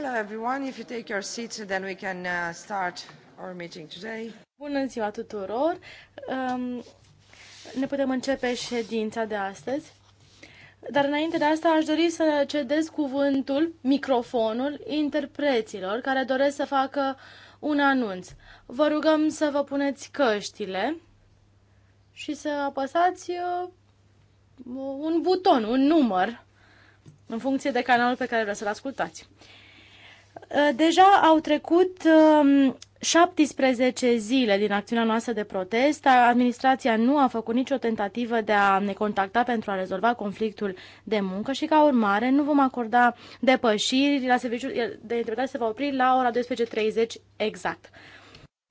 Hello everyone, if you take your seats then we can uh, start our meeting today. Bună ziua tuturor. Um, ne putem începe ședința de astăzi. Dar înainte de asta aș dori să cedez cuvântul, microfonul interpreților care doresc să facă un anunț. Vă rugăm să vă puneți căștile și să apăsați uh, un buton, un număr, în funcție de canalul pe care vreți să-l ascultați. Uh, deja au trecut 17 um, zile din acțiunea noastră de protest. Administrația nu a făcut nicio tentativă de a ne contacta pentru a rezolva conflictul de muncă și, ca urmare, nu vom acorda depășiri la serviciul de interpretare se va opri la ora 12.30 exact.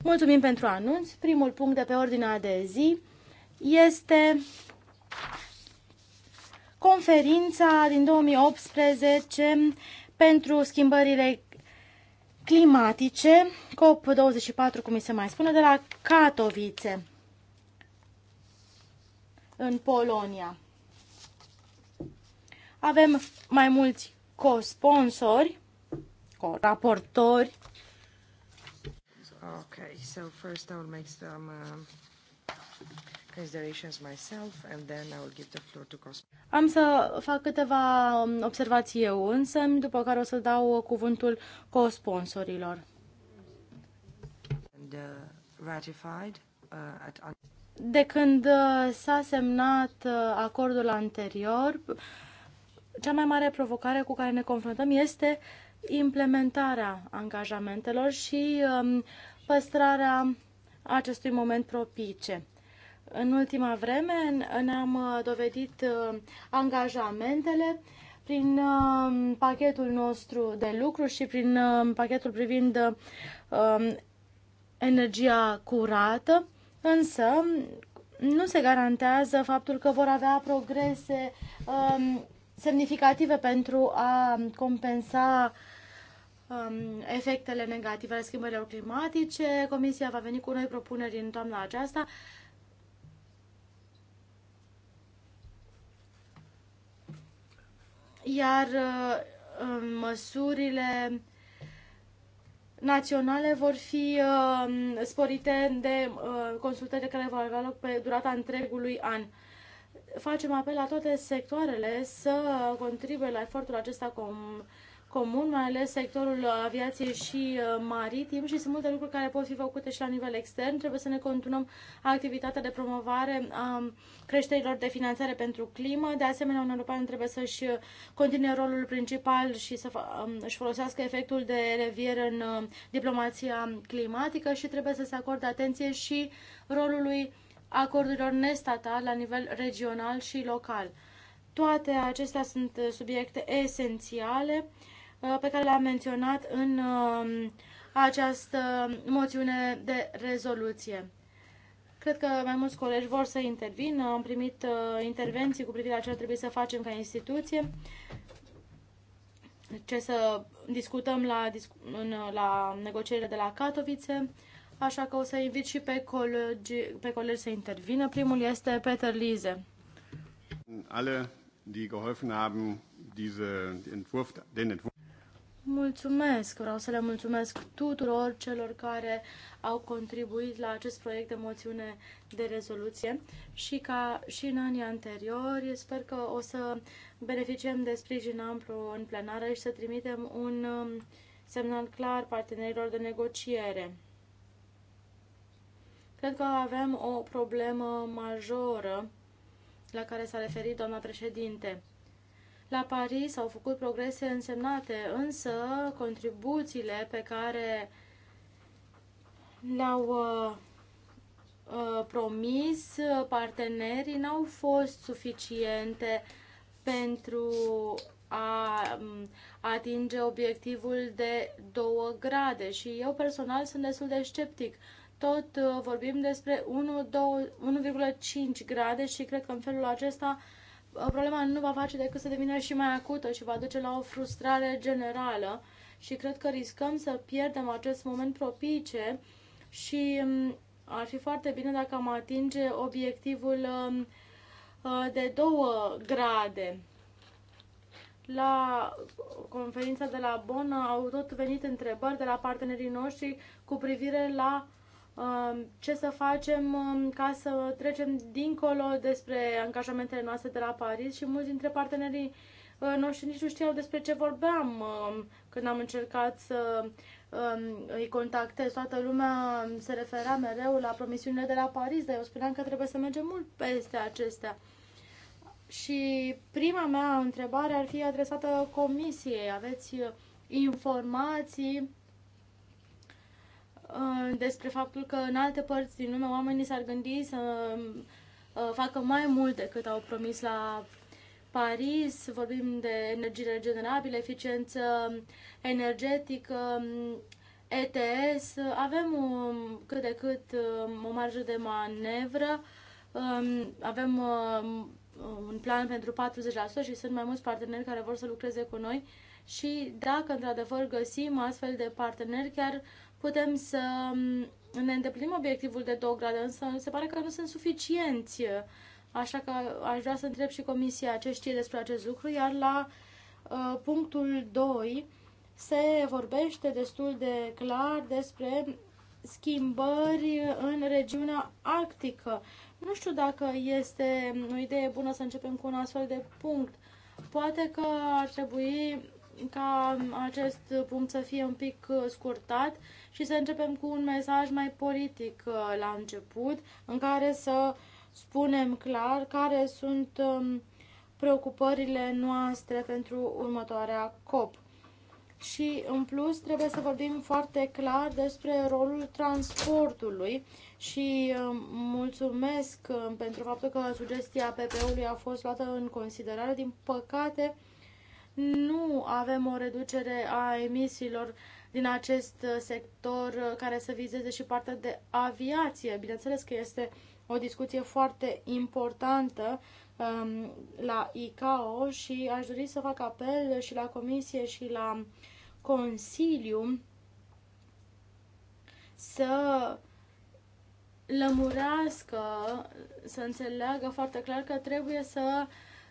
Mulțumim pentru anunț. Primul punct de pe ordinea de zi este conferința din 2018 pentru schimbările climatice, COP24, cum se mai spune, de la Katowice, în Polonia. Avem mai mulți co-sponsori, co-raportori. Ok, so first I'll make some uh, considerations myself and then I will give the floor to Am să fac câteva um, observații eu însă, după care o să dau uh, cuvântul co-sponsorilor. And, uh, ratified, uh, at... De când uh, s-a semnat uh, acordul anterior, cea mai mare provocare cu care ne confruntăm este implementarea angajamentelor și um, păstrarea acestui moment propice. În ultima vreme ne-am uh, dovedit uh, angajamentele prin uh, pachetul nostru de lucru și prin pachetul privind energia curată, însă nu se garantează faptul că vor avea progrese um, semnificative pentru a compensa um, efectele negative ale schimbărilor climatice. Comisia va veni cu noi propuneri în toamna aceasta iar uh, um, măsurile naționale vor fi um, sporite de uh, consultările care vor avea loc pe durata întregului an. Facem apel la toate sectoarele să contribuie la efortul acesta comun comun, mai ales sectorul aviației și uh, maritim și sunt multe lucruri care pot fi făcute și la nivel extern. Trebuie să ne continuăm activitatea de promovare a creșterilor de finanțare pentru climă. De asemenea, Uniunea Europeană trebuie să-și uh, continue rolul principal și să um, își folosească efectul de revier în uh, diplomația climatică și trebuie să se acorde atenție și rolului acordurilor nestatale la nivel regional și local. Toate acestea sunt subiecte esențiale Uh, pe care le-am menționat în um, această moțiune de rezoluție. Cred că mai mulți colegi vor să intervină. Am primit uh, intervenții cu privire la ce ar trebui să facem ca instituție, ce să discutăm la, în, la negocierile de la Katowice, așa că o să invit și pe colegi, pe colegi să intervină. Primul este Peter Lize. Alle, die geholfen haben, diese Entwurf, den Entwurf Mulțumesc! Vreau să le mulțumesc tuturor celor care au contribuit la acest proiect de moțiune de rezoluție și ca și în anii anteriori, sper că o să beneficiem de sprijin amplu în plenară și să trimitem un um, semnal clar partenerilor de negociere. Cred că avem o problemă majoră la care s-a referit doamna președinte. La Paris au făcut progrese însemnate, însă contribuțiile pe care le-au uh, uh, promis partenerii n-au fost suficiente pentru a um, atinge obiectivul de 2 grade și eu personal sunt destul de sceptic. Tot uh, vorbim despre 1,5 grade și cred că în felul acesta uh, Uh, problema nu va face decât să devină și mai acută și va duce la o frustrare generală și cred că riscăm să pierdem acest moment propice și um, ar fi foarte bine dacă am atinge obiectivul um, uh, de două grade. La conferința de la Bonn au tot venit întrebări de la partenerii noștri cu privire la uh, Um, ce să facem um, ca să trecem dincolo despre angajamentele noastre de la Paris și mulți dintre partenerii uh, noștri nici nu știau despre ce vorbeam um, când am încercat să îi contactez. Toată lumea se refera mereu la promisiunile de la Paris, dar eu spuneam că trebuie să mergem mult peste acestea. Și prima mea întrebare ar fi adresată comisiei. Aveți uh, informații Uh, despre faptul că în alte părți din lume oamenii s-ar gândi să uh, facă mai mult decât au promis la Paris, vorbim de energii regenerabile, eficiență energetică, ETS, avem cât de cât uh, o marjă de manevră, um, avem un plan pentru 40% și sunt mai mulți parteneri care vor să lucreze cu noi și dacă într-adevăr găsim astfel de parteneri, chiar uh, putem să mm, ne îndeplinim obiectivul de 2 grade, însă se pare că nu sunt suficienți. Așa că aș vrea să întreb și Comisia ce știe despre acest lucru, iar la uh, punctul 2 se vorbește destul de clar despre schimbări în regiunea arctică. Nu știu dacă este o idee bună să începem cu un astfel de punct. Poate că ar trebui ca acest punct să fie un pic scurtat și să începem cu un mesaj mai politic uh, la început, în care să spunem clar care sunt um, preocupările noastre pentru următoarea COP. Și, în plus, trebuie să vorbim foarte clar despre rolul transportului și um, mulțumesc um, pentru faptul că sugestia PP-ului a fost luată în considerare. Din păcate, nu avem o reducere a emisiilor din acest uh, sector uh, care să vizeze și partea de aviație. Bineînțeles că este o discuție foarte importantă um, la ICAO și aș dori să fac apel și la Comisie și la Consiliu să lămurească, să înțeleagă foarte clar că trebuie să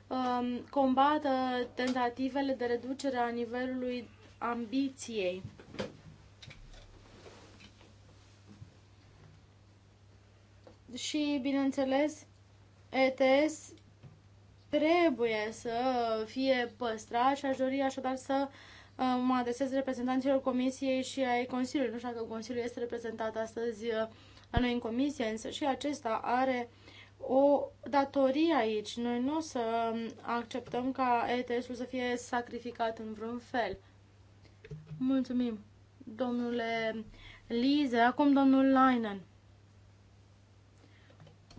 um, combată tentativele de reducere a nivelului ambiției. și, bineînțeles, ETS trebuie să fie păstrat și aș dori așadar să uh, mă adresez reprezentanților Comisiei și ai Consiliului. Nu știu dacă Consiliul este reprezentat astăzi uh, la noi în Comisie, însă și acesta are o datorie aici. Noi nu o să um, acceptăm ca ETS-ul să fie sacrificat în vreun fel. Mulțumim, domnule Lize. Acum domnul Leinen.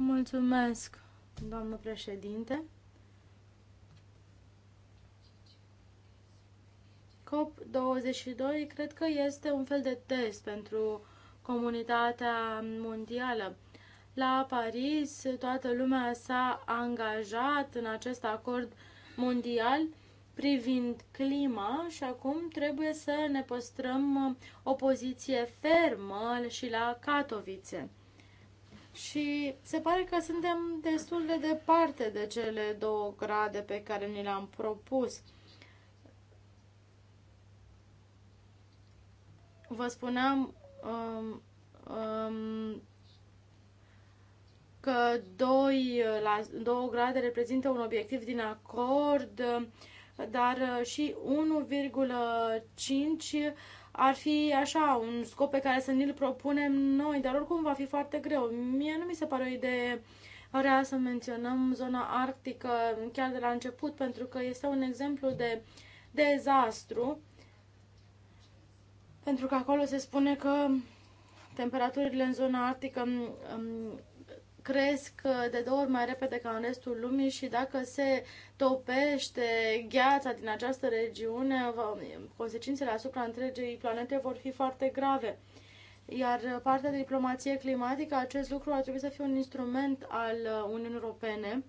Mulțumesc, doamnă președinte. COP22 cred că este un fel de test pentru comunitatea mondială. La Paris toată lumea s-a angajat în acest acord mondial privind clima și acum trebuie să ne păstrăm o poziție fermă și la Katowice și se pare că suntem destul de departe de cele două grade pe care ni le-am propus. Vă spuneam um, um, că 2, la, 2 grade reprezintă un obiectiv din acord, dar și 1,5 ar fi așa, un scop pe care să ne-l propunem noi, dar oricum va fi foarte greu. Mie nu mi se pare o idee rea să menționăm zona arctică chiar de la început, pentru că este un exemplu de dezastru, pentru că acolo se spune că temperaturile în zona arctică mm, cresc de două ori mai repede ca în restul lumii și dacă se topește gheața din această regiune, consecințele asupra întregii planete vor fi foarte grave. Iar partea de diplomație climatică, acest lucru ar trebui să fie un instrument al uh, Uniunii Europene,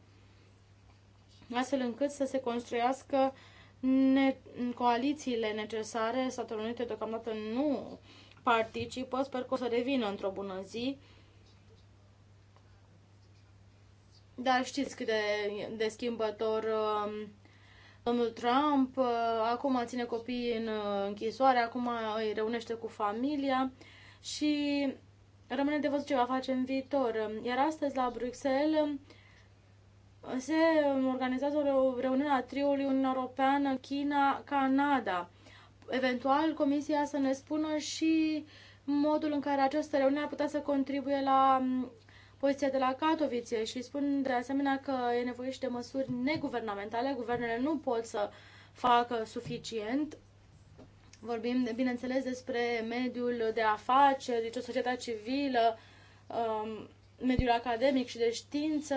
astfel încât să se construiască ne- coalițiile necesare. Statele Unite deocamdată nu participă, sper că o să revină într-o bună zi Dar știți cât de, de schimbător um, domnul Trump, uh, acum ține copiii în uh, închisoare, acum îi reunește cu familia și rămâne de văzut ce va face în viitor. Iar astăzi la Bruxelles se organizează o reuniune a triului Uniunea Europeană, China, Canada. Eventual, Comisia să ne spună și modul în care această reuniune ar putea să contribuie la um, poziția de la Katowice și spun de asemenea că e nevoie și de măsuri neguvernamentale. Guvernele nu pot să facă suficient. Vorbim, bineînțeles, despre mediul de afaceri, deci o societate civilă, um, mediul academic și de știință.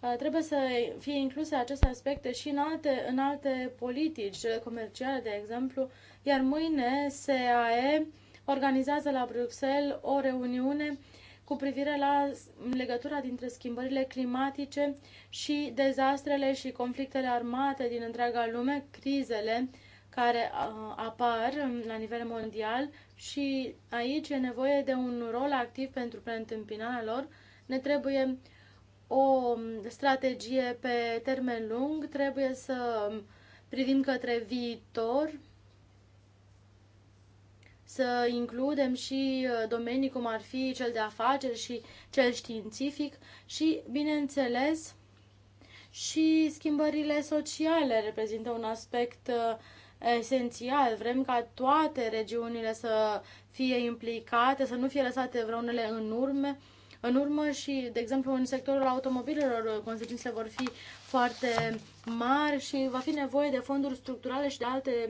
Uh, trebuie să fie incluse aceste aspecte și în alte, în alte politici comerciale, de exemplu, iar mâine SAE organizează la Bruxelles o reuniune cu privire la legătura dintre schimbările climatice și dezastrele și conflictele armate din întreaga lume, crizele care uh, apar um, la nivel mondial și aici e nevoie de un rol activ pentru preîntâmpinarea lor. Ne trebuie o um, strategie pe termen lung, trebuie să um, privim către viitor, să includem și uh, domenii cum ar fi cel de afaceri și cel științific și, bineînțeles, și schimbările sociale reprezintă un aspect uh, esențial. Vrem ca toate regiunile să fie implicate, să nu fie lăsate vreunele în urme, în urmă și, de exemplu, în sectorul automobilelor, uh, consecințele vor fi foarte mari și va fi nevoie de fonduri structurale și de alte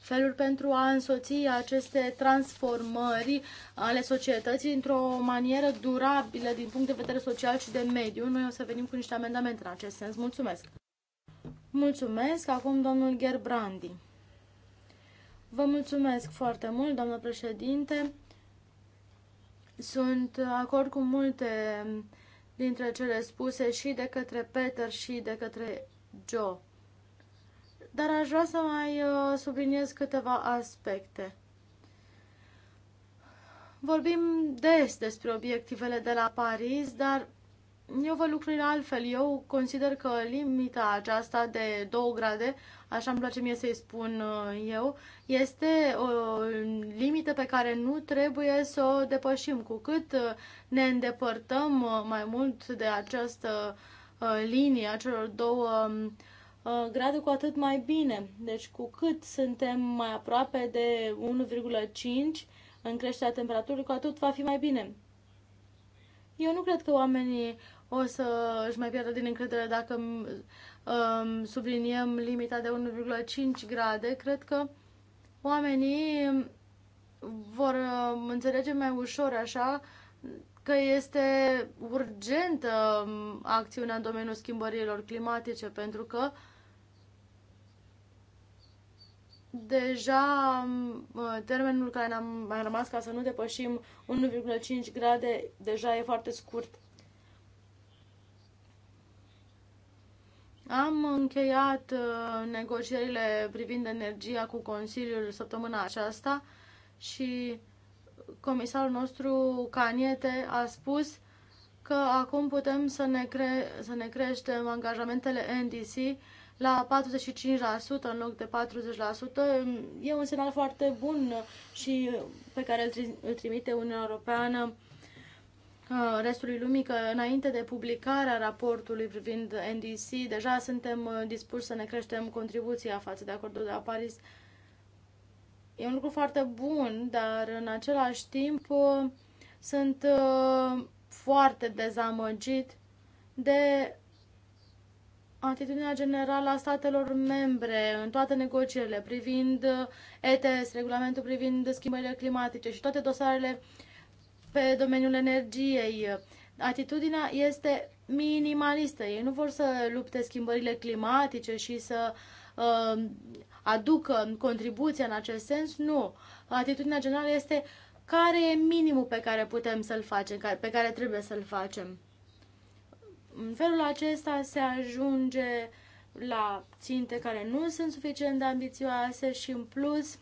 feluri pentru a însoți aceste transformări ale societății într-o manieră durabilă din punct de vedere social și de mediu. Noi o să venim cu niște amendamente în acest sens. Mulțumesc! Mulțumesc! Acum domnul Gerbrandi. Vă mulțumesc foarte mult, doamnă președinte. Sunt acord cu multe dintre cele spuse și de către Peter și de către Joe. Dar aș vrea să mai uh, subliniez câteva aspecte. Vorbim des despre obiectivele de la Paris, dar eu văd lucrurile altfel. Eu consider că limita aceasta de 2 grade, așa îmi place mie să-i spun uh, eu, este o limită pe care nu trebuie să o depășim. Cu cât uh, ne îndepărtăm mai mult de această uh, Uh, linii, celor două uh, grade, cu atât mai bine. Deci cu cât suntem mai aproape de 1,5 în creșterea temperaturii, cu atât va fi mai bine. Eu nu cred că oamenii o să își mai pierdă din încredere dacă um, subliniem limita de 1,5 grade. Cred că oamenii vor uh, înțelege mai ușor așa că este urgentă um, acțiunea în domeniul schimbărilor climatice, pentru că deja um, termenul care ne-a mai rămas ca să nu depășim 1,5 grade deja e foarte scurt. Am încheiat uh, negocierile privind energia cu Consiliul săptămâna aceasta și comisarul nostru Caniete a spus că acum putem să ne, cre- să ne creștem angajamentele NDC la 45% în loc de 40%. E un semnal foarte bun și pe care îl trimite Uniunea Europeană uh, restului lumii că înainte de publicarea raportului privind NDC, deja suntem uh, dispuși să ne creștem contribuția față de acordul de la Paris E un lucru foarte bun, dar în același timp uh, sunt uh, foarte dezamăgit de atitudinea generală a statelor membre în toate negocierile privind uh, ETS, regulamentul privind schimbările climatice și toate dosarele pe domeniul energiei. Atitudinea este minimalistă. Ei nu vor să lupte schimbările climatice și să uh, aducă contribuția în acest sens, nu. Atitudinea generală este care e minimul pe care putem să-l facem, pe care trebuie să-l facem. În felul acesta se ajunge la ținte care nu sunt suficient de ambițioase și în plus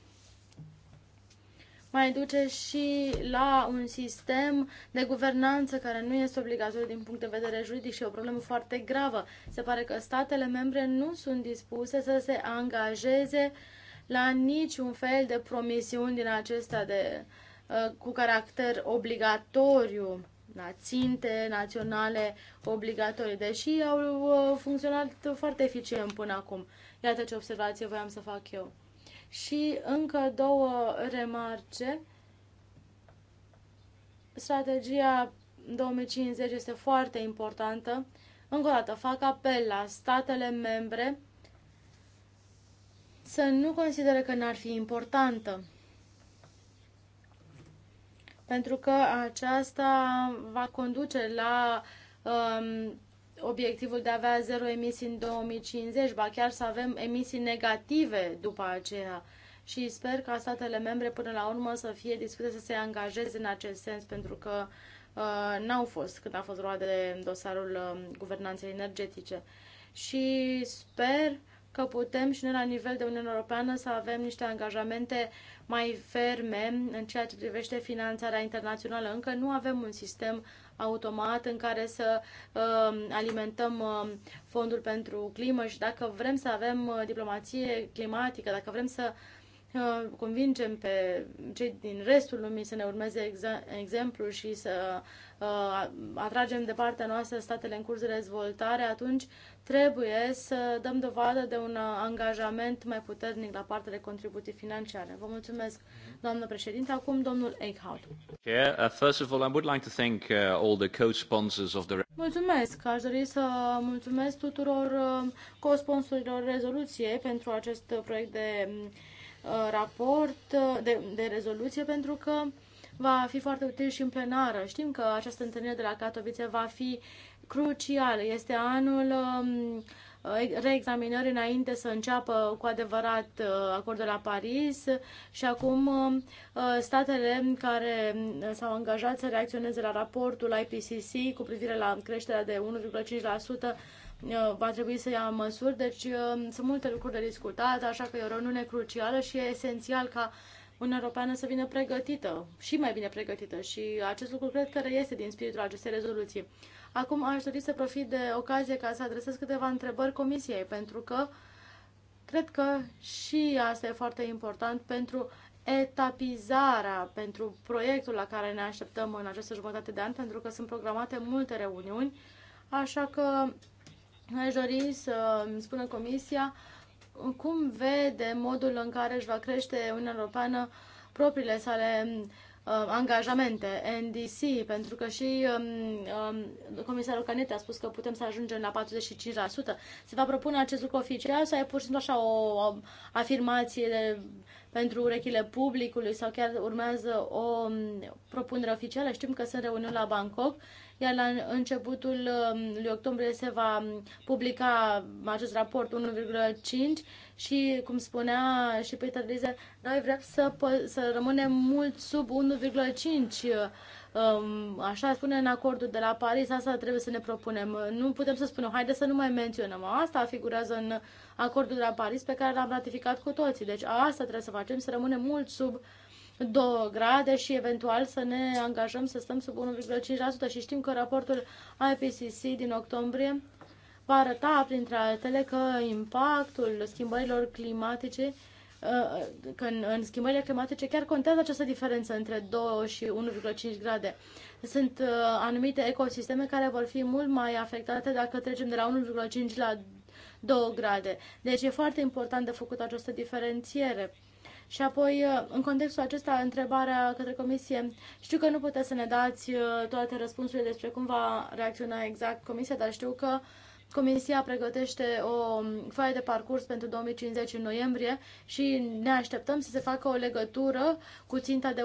mai duce și la un sistem de guvernanță care nu este obligatoriu din punct de vedere juridic și e o problemă foarte gravă. Se pare că statele membre nu sunt dispuse să se angajeze la niciun fel de promisiuni din acestea de, uh, cu caracter obligatoriu la ținte naționale obligatorii, deși au uh, funcționat foarte eficient până acum. Iată ce observație voiam să fac eu. Și încă două remarce. Strategia 2050 este foarte importantă. Încă o dată fac apel la statele membre să nu considere că n-ar fi importantă. Pentru că aceasta va conduce la um, obiectivul de a avea zero emisii în 2050, ba chiar să avem emisii negative după aceea. Și sper ca statele membre până la urmă să fie dispuse să se angajeze în acest sens, pentru că uh, n-au fost când a fost luat de dosarul uh, guvernanței energetice. Și sper că putem și noi la nivel de Uniunea Europeană să avem niște angajamente mai ferme în ceea ce privește finanțarea internațională. Încă nu avem un sistem uh, automat în care să uh, alimentăm uh, fondul pentru climă și dacă vrem să avem uh, diplomație climatică, dacă vrem să uh, convingem pe cei din restul lumii să ne urmeze exemplu și să atragem de partea noastră statele în curs de dezvoltare, atunci trebuie să dăm dovadă de un angajament mai puternic la partea de contribuții financiare. Vă mulțumesc, doamnă președinte. Acum, domnul Eichhout. Uh, uh, mulțumesc. Aș dori să mulțumesc tuturor uh, co-sponsorilor rezoluției pentru acest proiect de Uh, raport, uh, de, de rezoluție, pentru că va fi foarte util și în plenară. Știm că această întâlnire de la Katowice va fi crucială. Este anul um, uh, reexaminări înainte să înceapă cu adevărat acordul la Paris și acum statele care s-au angajat să reacționeze la raportul IPCC cu privire la creșterea de 1,5% Uh, va trebui să ia măsuri, deci uh, sunt multe lucruri de discutat, așa că e o reuniune crucială și e esențial ca Uniunea Europeană să vină pregătită, și mai bine pregătită și acest lucru cred că reiese din spiritul acestei rezoluții. Acum aș dori să profit de ocazie ca să adresez câteva întrebări Comisiei, pentru că cred că și asta e foarte important pentru etapizarea pentru proiectul la care ne așteptăm în această jumătate de an, pentru că sunt programate multe reuniuni, așa că Aș dori să îmi spună Comisia cum vede modul în care își va crește Uniunea Europeană propriile sale uh, angajamente, NDC, pentru că și um, um, comisarul Canete a spus că putem să ajungem la 45%. Se va propune acest lucru oficial sau e pur și simplu așa o, o afirmație de, pentru urechile publicului sau chiar urmează o um, propunere oficială? Știm că sunt reuniuni la Bangkok iar la începutul um, lui octombrie se va um, publica acest raport 1,5 și, cum spunea și Peter Lize, noi vrem să, să rămânem mult sub 1,5 um, așa spune în acordul de la Paris, asta trebuie să ne propunem. Nu putem să spunem, haide să nu mai menționăm. Asta figurează în acordul de la Paris pe care l-am ratificat cu toții. Deci asta trebuie să facem, să rămânem mult sub 2 grade și eventual să ne angajăm să stăm sub 1,5% și știm că raportul IPCC din octombrie va arăta, printre altele, că impactul schimbărilor climatice uh, că în, în schimbările climatice chiar contează această diferență între 2 și 1,5 grade. Sunt uh, anumite ecosisteme care vor fi mult mai afectate dacă trecem de la 1,5 la 2 grade. Deci e foarte important de făcut această diferențiere. Și apoi, uh, în contextul acesta, întrebarea către Comisie. Știu că nu puteți să ne dați uh, toate răspunsurile despre cum va reacționa exact Comisia, dar știu că Comisia pregătește o foaie de parcurs pentru 2050 în noiembrie și ne așteptăm să se facă o legătură cu ținta de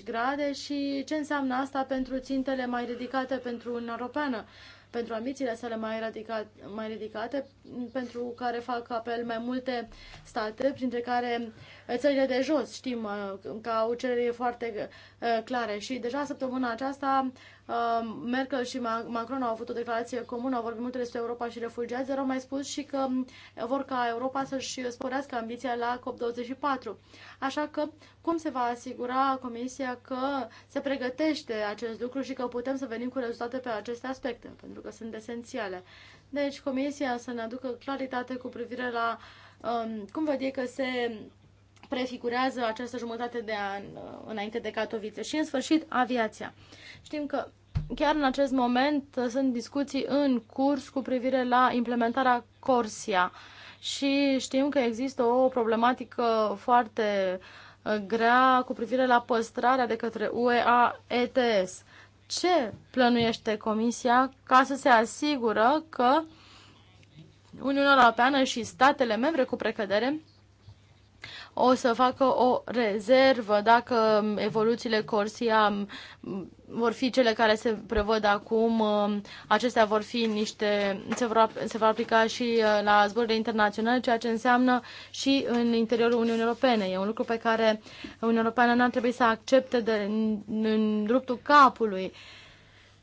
1,5 grade și ce înseamnă asta pentru țintele mai ridicate pentru Uniunea Europeană pentru ambițiile sale mai, radicat, mai ridicate, pentru care fac apel mai multe state, printre care eh, țările de jos, știm eh, că au cereri foarte eh, clare. Și deja săptămâna aceasta Uh, Merkel și Macron au avut o declarație comună, au vorbit multe despre Europa și refugiați, dar au mai spus și că mm, vor ca Europa să-și sporească ambiția la COP24. Așa că cum se va asigura Comisia că se pregătește acest lucru și că putem să venim cu rezultate pe aceste aspecte, pentru că sunt esențiale. Deci Comisia să ne aducă claritate cu privire la um, cum văd ei că se prefigurează această jumătate de an uh, înainte de Katowice. Și, în sfârșit, aviația. Știm că Chiar în acest moment uh, sunt discuții în curs cu privire la implementarea Corsia și știm că există o problematică foarte uh, grea cu privire la păstrarea de către UEA ETS. Ce plănuiește Comisia ca să se asigură că Uniunea Europeană și statele membre cu precădere o să facă o rezervă dacă um, evoluțiile Corsia um, vor fi cele care se prevăd acum. Um, acestea vor fi niște, se vor, se vor aplica și uh, la zborurile internaționale, ceea ce înseamnă și în interiorul Uniunii Europene. E un lucru pe care Uniunea Europeană n-ar trebui să accepte de, în, în ruptul capului. Uh,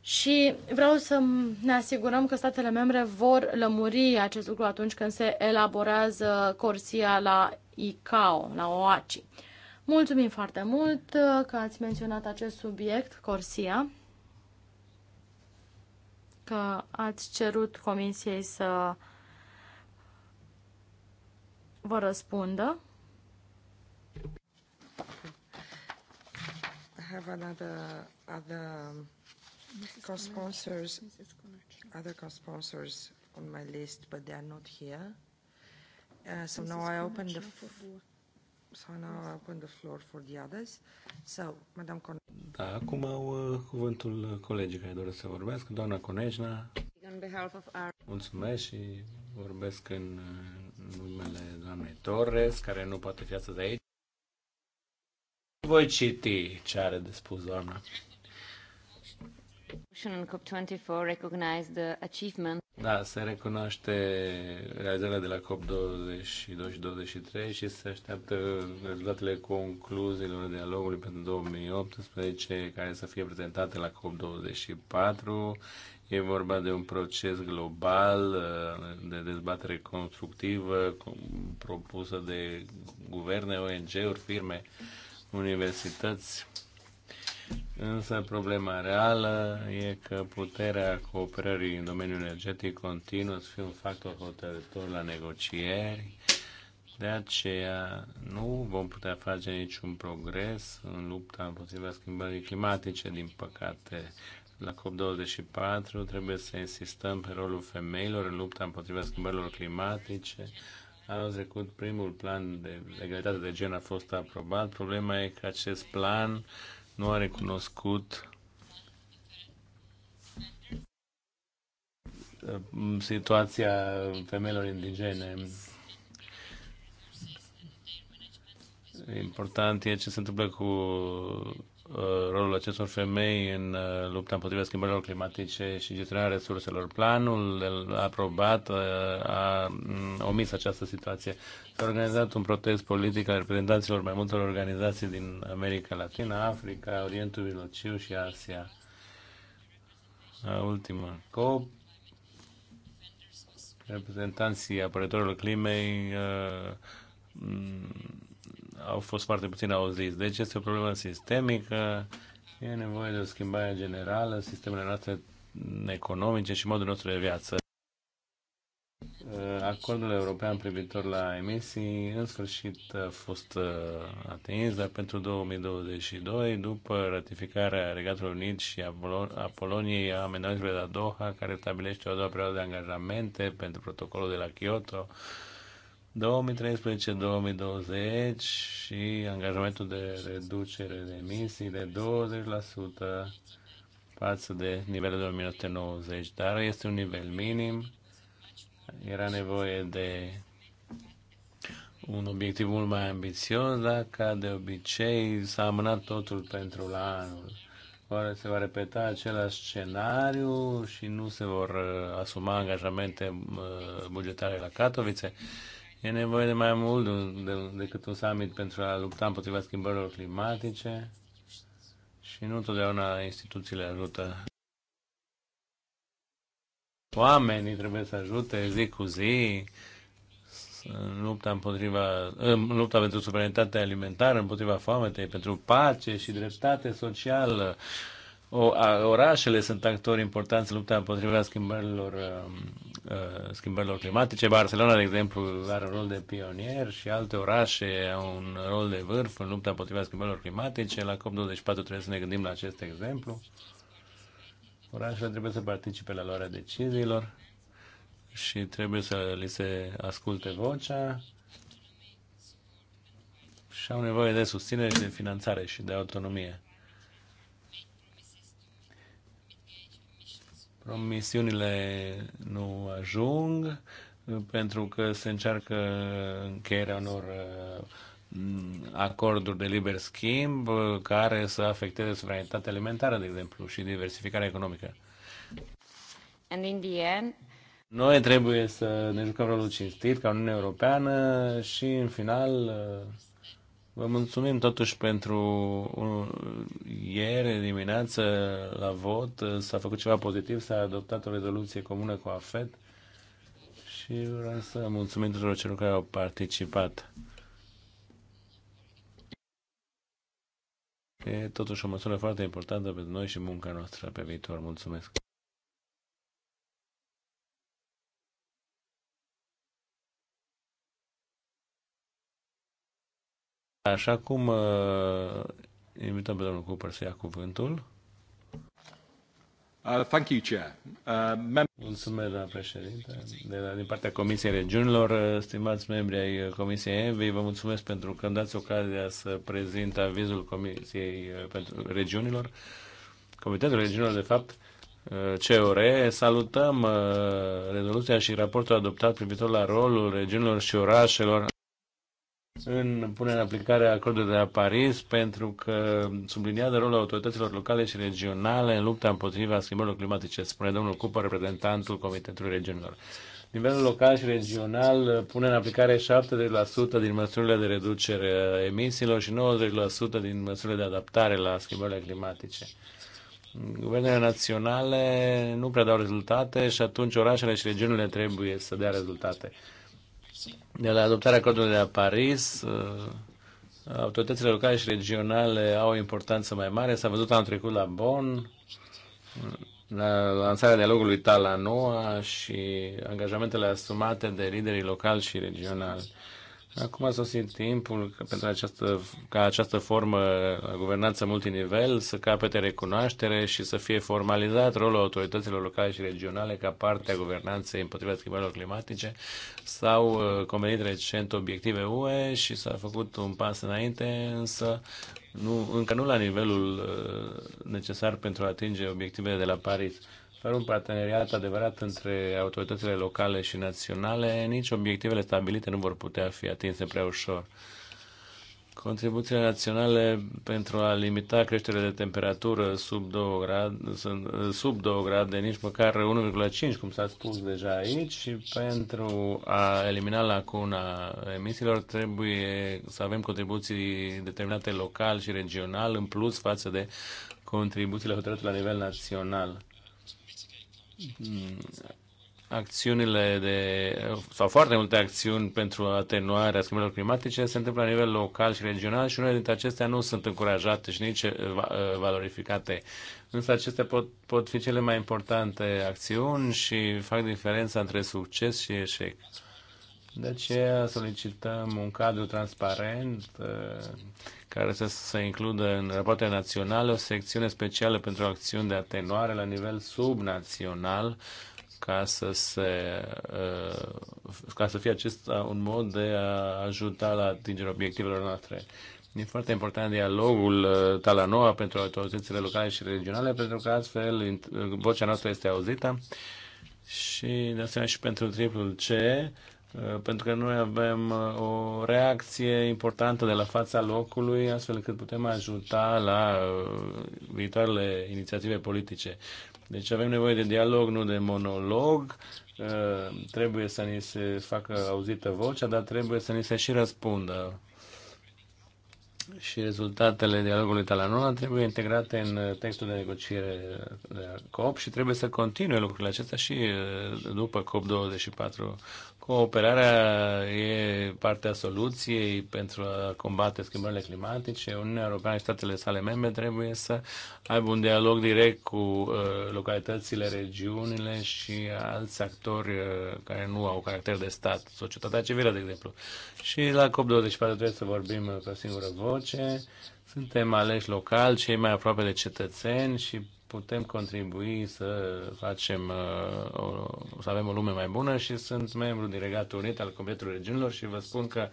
și vreau să ne asigurăm că statele membre vor lămuri acest lucru atunci când se elaborează Corsia la ICAO, la OACI. Mulțumim foarte mult uh, că ați menționat acest subiect, Corsia, că ați cerut Comisiei să vă răspundă. I have another, other Co-sponsors, other co-sponsors on my list, but they are not here. Uh, so Mrs. now I open the so now I open the floor for the others. So, Madame Con da, acum au uh, cuvântul colegii care doresc să vorbească, doamna Conejna. On behalf of our... Mulțumesc și vorbesc în numele doamnei Torres, care nu poate fi astăzi aici. Voi citi ce are de spus doamna. Da, se recunoaște realizarea de la COP22 și 23 și se așteaptă rezultatele concluziilor dialogului pentru 2018 care să fie prezentate la COP24. E vorba de un proces global uh, de dezbatere constructivă propusă de guverne, ONG-uri, firme, universități Însă problema reală e că puterea cooperării în domeniul energetic continuă să fie un factor hotărător la negocieri. De aceea nu vom putea face niciun progres în lupta împotriva schimbării climatice, din păcate. La COP24 trebuie să insistăm pe rolul femeilor în lupta împotriva schimbărilor climatice. Anul trecut primul plan de legalitate de gen a fost aprobat. Problema e că acest plan nu a recunoscut uh, situația femeilor indigene. Important e ce se întâmplă cu Uh, rolul acestor femei în uh, lupta împotriva schimbărilor climatice și gestionarea resurselor. Planul aprobat uh, a mm, omis această situație. S-a organizat un protest politic al reprezentanților mai multor organizații din America Latina, Africa, Orientul Mijlociu și Asia. A ultima COP. Reprezentanții apărătorilor climei mm, au fost foarte puțin auziți. Deci este o problemă sistemică, e nevoie de o schimbare generală, sistemele noastre economice și modul nostru de viață. Uh, acordul european privitor la emisii în sfârșit a fost uh, atins, dar pentru 2022, după ratificarea Regatului Unit și a, Poloniei a amendamentului de la Doha, care stabilește o a doua perioadă de angajamente pentru protocolul de la Kyoto, 2013-2020 și angajamentul de reducere de emisii de 20% față de nivelul 1990, dar este un nivel minim. Era nevoie de un obiectiv mult mai ambițios, dar ca de obicei s-a amânat totul pentru la anul. Oare se va repeta același scenariu și nu se vor uh, asuma angajamente uh, bugetare la Katowice? E nevoie de mai mult de, decât un summit pentru a lupta împotriva schimbărilor climatice și nu întotdeauna instituțiile ajută. Oamenii trebuie să ajute zi cu zi în lupta, împotriva, în lupta pentru suveranitatea alimentară, împotriva foametei, pentru pace și dreptate socială. O, a, orașele sunt actori importanți în lupta împotriva schimbărilor, um, uh, schimbărilor climatice. Barcelona, de exemplu, are un rol de pionier și alte orașe au un rol de vârf în lupta împotriva schimbărilor climatice. La COP24 trebuie să ne gândim la acest exemplu. Orașele trebuie să participe la luarea deciziilor și trebuie să li se asculte vocea și au nevoie de susținere și de finanțare și de autonomie. promisiunile nu ajung pentru că se încearcă încheierea unor uh, acorduri de liber schimb uh, care să afecteze suveranitatea alimentară, de exemplu, și diversificarea economică. And in the end... Noi trebuie să ne jucăm rolul cinstit ca Uniunea Europeană și, în final, uh, Vă mulțumim totuși pentru uh, ieri dimineață la vot. S-a făcut ceva pozitiv, s-a adoptat o rezoluție comună cu AFET și vreau să mulțumim tuturor celor care au participat. E totuși o măsură foarte importantă pentru noi și munca noastră pe viitor. Mulțumesc! Așa cum uh, invităm pe domnul Cooper să ia cuvântul. Uh, thank you, Chair. Uh, Mulțumesc, doamna președinte. De la, din partea Comisiei Regiunilor, uh, stimați membri ai uh, Comisiei ENVI, vă mulțumesc pentru că îmi dați ocazia să prezint avizul Comisiei uh, pentru Regiunilor. Comitetul Regiunilor, de fapt, CEOR. Salutăm rezoluția și raportul adoptat privitor la rolul regiunilor și orașelor în punerea în aplicare a acordului de la Paris pentru că subliniază rolul autorităților locale și regionale în lupta împotriva schimbărilor climatice, spune domnul Cupă, reprezentantul Comitetului Regiunilor. Nivelul local și regional pune în aplicare 70% din măsurile de reducere a emisiilor și 90% din măsurile de adaptare la schimbările climatice. Guvernele naționale nu prea dau rezultate și atunci orașele și regiunile trebuie să dea rezultate. De la adoptarea acordului de la Paris, uh, autoritățile locale și regionale au o importanță mai mare. S-a văzut anul trecut la Bonn, la lansarea dialogului Talanoa și angajamentele asumate de liderii locali și regionali. Acum a sosit timpul pentru această, ca această formă a guvernanță multinivel să capete recunoaștere și să fie formalizat rolul autorităților locale și regionale ca parte a guvernanței împotriva schimbărilor climatice. S-au uh, convenit recent obiective UE și s-a făcut un pas înainte, însă nu, încă nu la nivelul uh, necesar pentru a atinge obiectivele de la Paris. Fără un parteneriat adevărat între autoritățile locale și naționale, nici obiectivele stabilite nu vor putea fi atinse prea ușor. Contribuțiile naționale pentru a limita creșterea de temperatură sub 2 grade, sub 2 grade nici măcar 1,5, cum s-a spus deja aici, și pentru a elimina lacuna emisiilor trebuie să avem contribuții determinate local și regional, în plus față de contribuțiile hotărâte la nivel național. Mm. acțiunile de, sau foarte multe acțiuni pentru atenuarea schimbărilor climatice se întâmplă la nivel local și regional și unele dintre acestea nu sunt încurajate și nici uh, uh, valorificate. Însă acestea pot, pot fi cele mai importante acțiuni și fac diferența între succes și eșec. De aceea solicităm un cadru transparent uh, care să se includă în rapoartea națională o secțiune specială pentru acțiuni de atenuare la nivel subnațional ca să, se, uh, ca să fie acesta un mod de a ajuta la atingerea obiectivelor noastre. E foarte important dialogul uh, Talanoa pentru autoritățile locale și regionale, pentru că astfel uh, vocea noastră este auzită și de asemenea și pentru triplul C Uh, pentru că noi avem uh, o reacție importantă de la fața locului, astfel încât putem ajuta la uh, viitoarele inițiative politice. Deci avem nevoie de dialog, nu de monolog. Trebuie să ni se facă auzită vocea, dar trebuie să ni se și răspundă. Și rezultatele dialogului Talanona trebuie integrate în textul de negociere de COP și trebuie să continue lucrurile acestea și după COP24 Cooperarea e partea soluției pentru a combate schimbările climatice. Uniunea Europeană și statele sale membre trebuie să aibă un dialog direct cu uh, localitățile, regiunile și alți actori uh, care nu au caracter de stat, societatea civilă, de exemplu. Și la COP24 trebuie să vorbim uh, pe o singură voce. Suntem aleși local, cei mai aproape de cetățeni și putem contribui să facem, uh, să avem o lume mai bună și sunt membru din Regatul Unit al Comitetului Regiunilor și vă spun că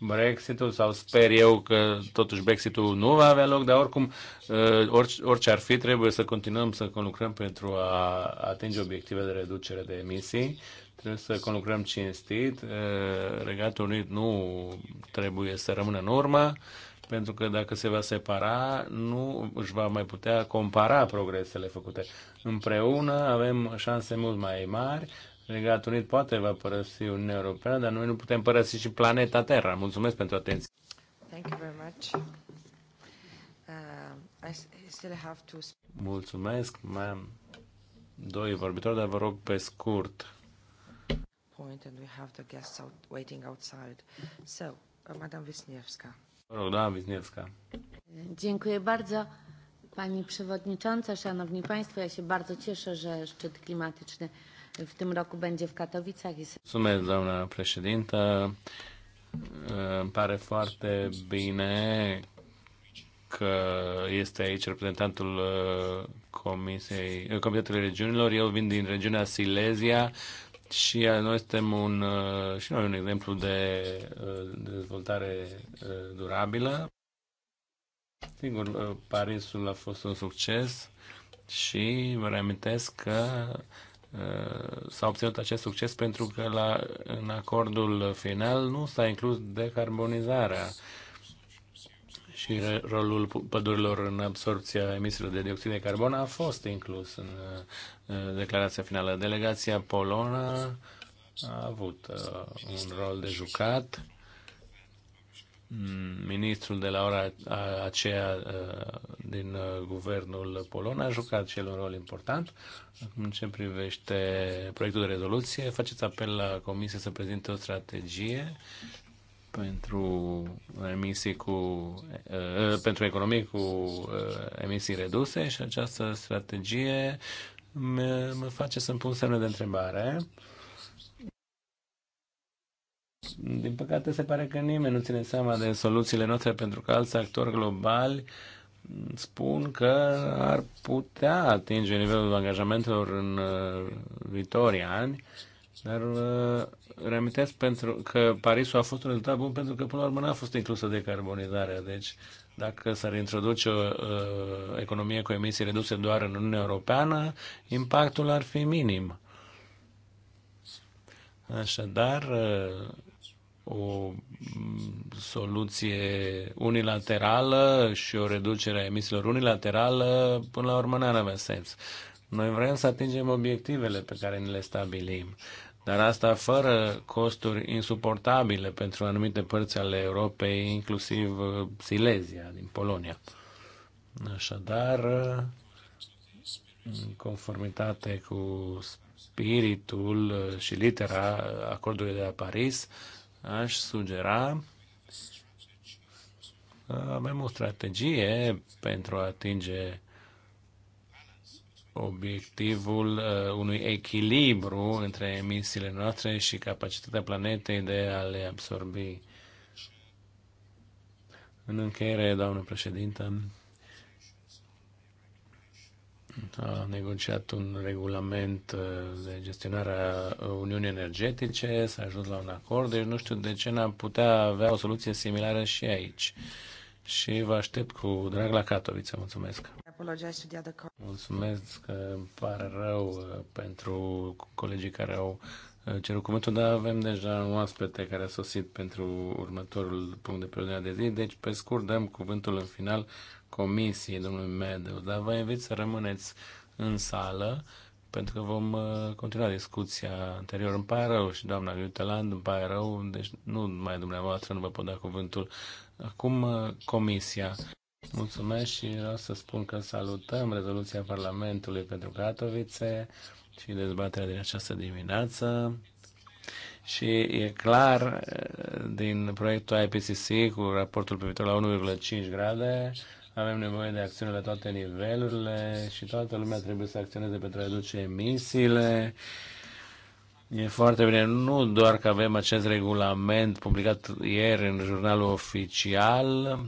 Brexitul sau sper eu că totuși Brexitul nu va avea loc, dar oricum uh, orice, orice ar fi trebuie să continuăm să conlucrăm pentru a atinge obiectivele de reducere de emisii. Trebuie să conlucrăm cinstit. Uh, Regatul Unit nu trebuie să rămână în urmă pentru că dacă se va separa, nu își va mai putea compara progresele făcute. Împreună avem șanse mult mai mari. Regatul Unit poate va părăsi Uniunea Europeană, dar noi nu putem părăsi și planeta Terra. Mulțumesc pentru atenție. Thank you very much. Uh, I still have to... Mulțumesc. Mai am doi vorbitori, dar vă rog pe scurt. Point and we have the guests out, waiting outside. So, uh, Madame Wisniewska. Mă rog, doamna Wisniewska. Dziękuję bardzo. Pani Przewodnicząca, Szanowni Państwo, ja się bardzo cieszę, że szczyt klimatyczny w tym roku będzie w Katowicach. Mulțumesc, doamna președintă. pare foarte bine că este aici reprezentantul uh, Comisiei, uh, Comitetului Regiunilor. Eu vin din regiunea Silesia, și noi suntem un, uh, și noi un exemplu de uh, dezvoltare uh, durabilă. Sigur, Parisul a fost un succes și vă reamintesc că s-a obținut acest succes pentru că la, în acordul final nu s-a inclus decarbonizarea și rolul pădurilor în absorpția emisiilor de dioxid de carbon a fost inclus în declarația finală. Delegația polonă a avut uh, un rol de jucat. Mm, ministrul de la ora aceea uh, din uh, guvernul polon a jucat și el un rol important. În ce privește proiectul de rezoluție, faceți apel la Comisie să prezinte o strategie pentru emisii cu, uh, pentru economii cu uh, emisii reduse și această strategie mă, mă face să-mi pun semne de întrebare. Din păcate se pare că nimeni nu ține seama de soluțiile noastre pentru că alți actori globali spun că ar putea atinge nivelul angajamentelor în uh, viitorii ani, dar uh, reamintesc pentru că Parisul a fost un rezultat bun pentru că până la urmă n-a fost inclusă decarbonizarea. Deci dacă s-ar introduce o uh, economie cu emisii reduse doar în Uniunea Europeană, impactul ar fi minim. Așadar, uh, o soluție unilaterală și o reducere a emisiilor unilaterală, până la urmă, n-ar avea sens. Noi vrem să atingem obiectivele pe care ni le stabilim dar asta fără costuri insuportabile pentru anumite părți ale Europei, inclusiv uh, Silezia din Polonia. Așadar, uh, în conformitate cu spiritul uh, și litera acordului de la Paris, aș sugera că avem o strategie pentru a atinge obiectivul uh, unui echilibru între emisiile noastre și capacitatea planetei de a le absorbi. În încheiere, doamnă președintă, a negociat un regulament uh, de gestionare a Uniunii Energetice, s-a ajuns la un acord, deci nu știu de ce n-am putea avea o soluție similară și aici. Și vă aștept cu drag la Katowice. Mulțumesc! Mulțumesc că pare rău uh, pentru colegii care au uh, cerut cuvântul, dar avem deja un oaspete care a sosit pentru următorul punct de pe de zi, deci pe scurt dăm cuvântul în final comisiei domnului Medeu, dar vă invit să rămâneți în sală pentru că vom uh, continua discuția anterior. Îmi pare rău și doamna Iuteland, îmi pare rău, deci nu mai dumneavoastră nu vă pot da cuvântul. Acum comisia. Mulțumesc și vreau să spun că salutăm rezoluția Parlamentului pentru Katowice și dezbaterea din această dimineață. Și e clar din proiectul IPCC cu raportul privitor la 1,5 grade, avem nevoie de acțiune la toate nivelurile și toată lumea trebuie să acționeze pentru a reduce emisiile E foarte bine. Nu doar că avem acest regulament publicat ieri în jurnalul oficial,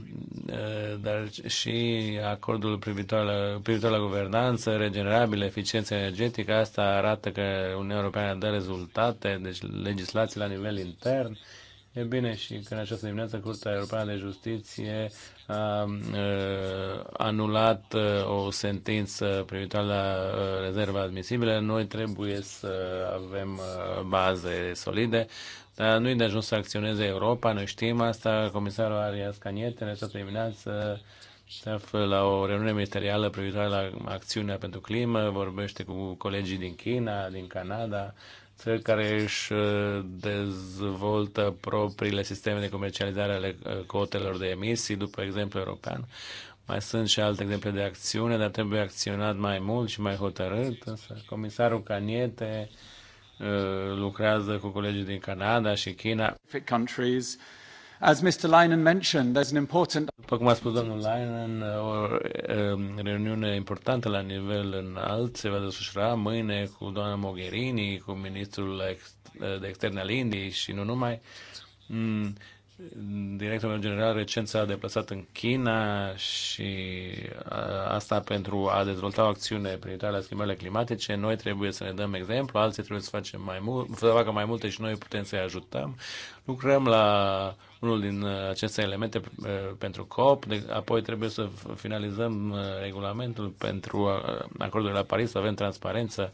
eh, dar și acordul privitor la, privitor la guvernanță, regenerabilă, eficiență energetică. Asta arată că Uniunea Europeană dă rezultate, deci legislații la nivel intern E bine și că în această dimineață Curtea Europeană de Justiție a anulat o sentință privitoare la rezerva admisibilă. Noi trebuie să avem baze solide, dar nu-i de ajuns să acționeze Europa, noi știm asta. Comisarul Arias Caniete în această dimineață se află la o reuniune ministerială privitoare la acțiunea pentru climă, vorbește cu colegii din China, din Canada, țări care își uh, dezvoltă propriile sisteme de comercializare ale uh, cotelor de emisii, după exemplu european. Mai sunt și alte exemple de acțiune, dar trebuie acționat mai mult și mai hotărât. Însă comisarul Caniete uh, lucrează cu colegii din Canada și China As Mr. Leinen mentioned, there's an important... După cum a spus domnul Leinen, o reuniune importantă la nivel înalt se va desfășura mâine cu doamna Mogherini, cu ministrul de externe al Indiei și nu numai. Mm, directorul general recent s-a deplasat în China și asta pentru a dezvolta o acțiune privitoare la schimbările climatice. Noi trebuie să ne dăm exemplu, alții trebuie să, facem mai mult, să facă mai multe și noi putem să-i ajutăm. Lucrăm la unul din uh, aceste elemente uh, pentru COP, de, apoi trebuie să finalizăm uh, regulamentul pentru acordul la Paris, să avem transparență,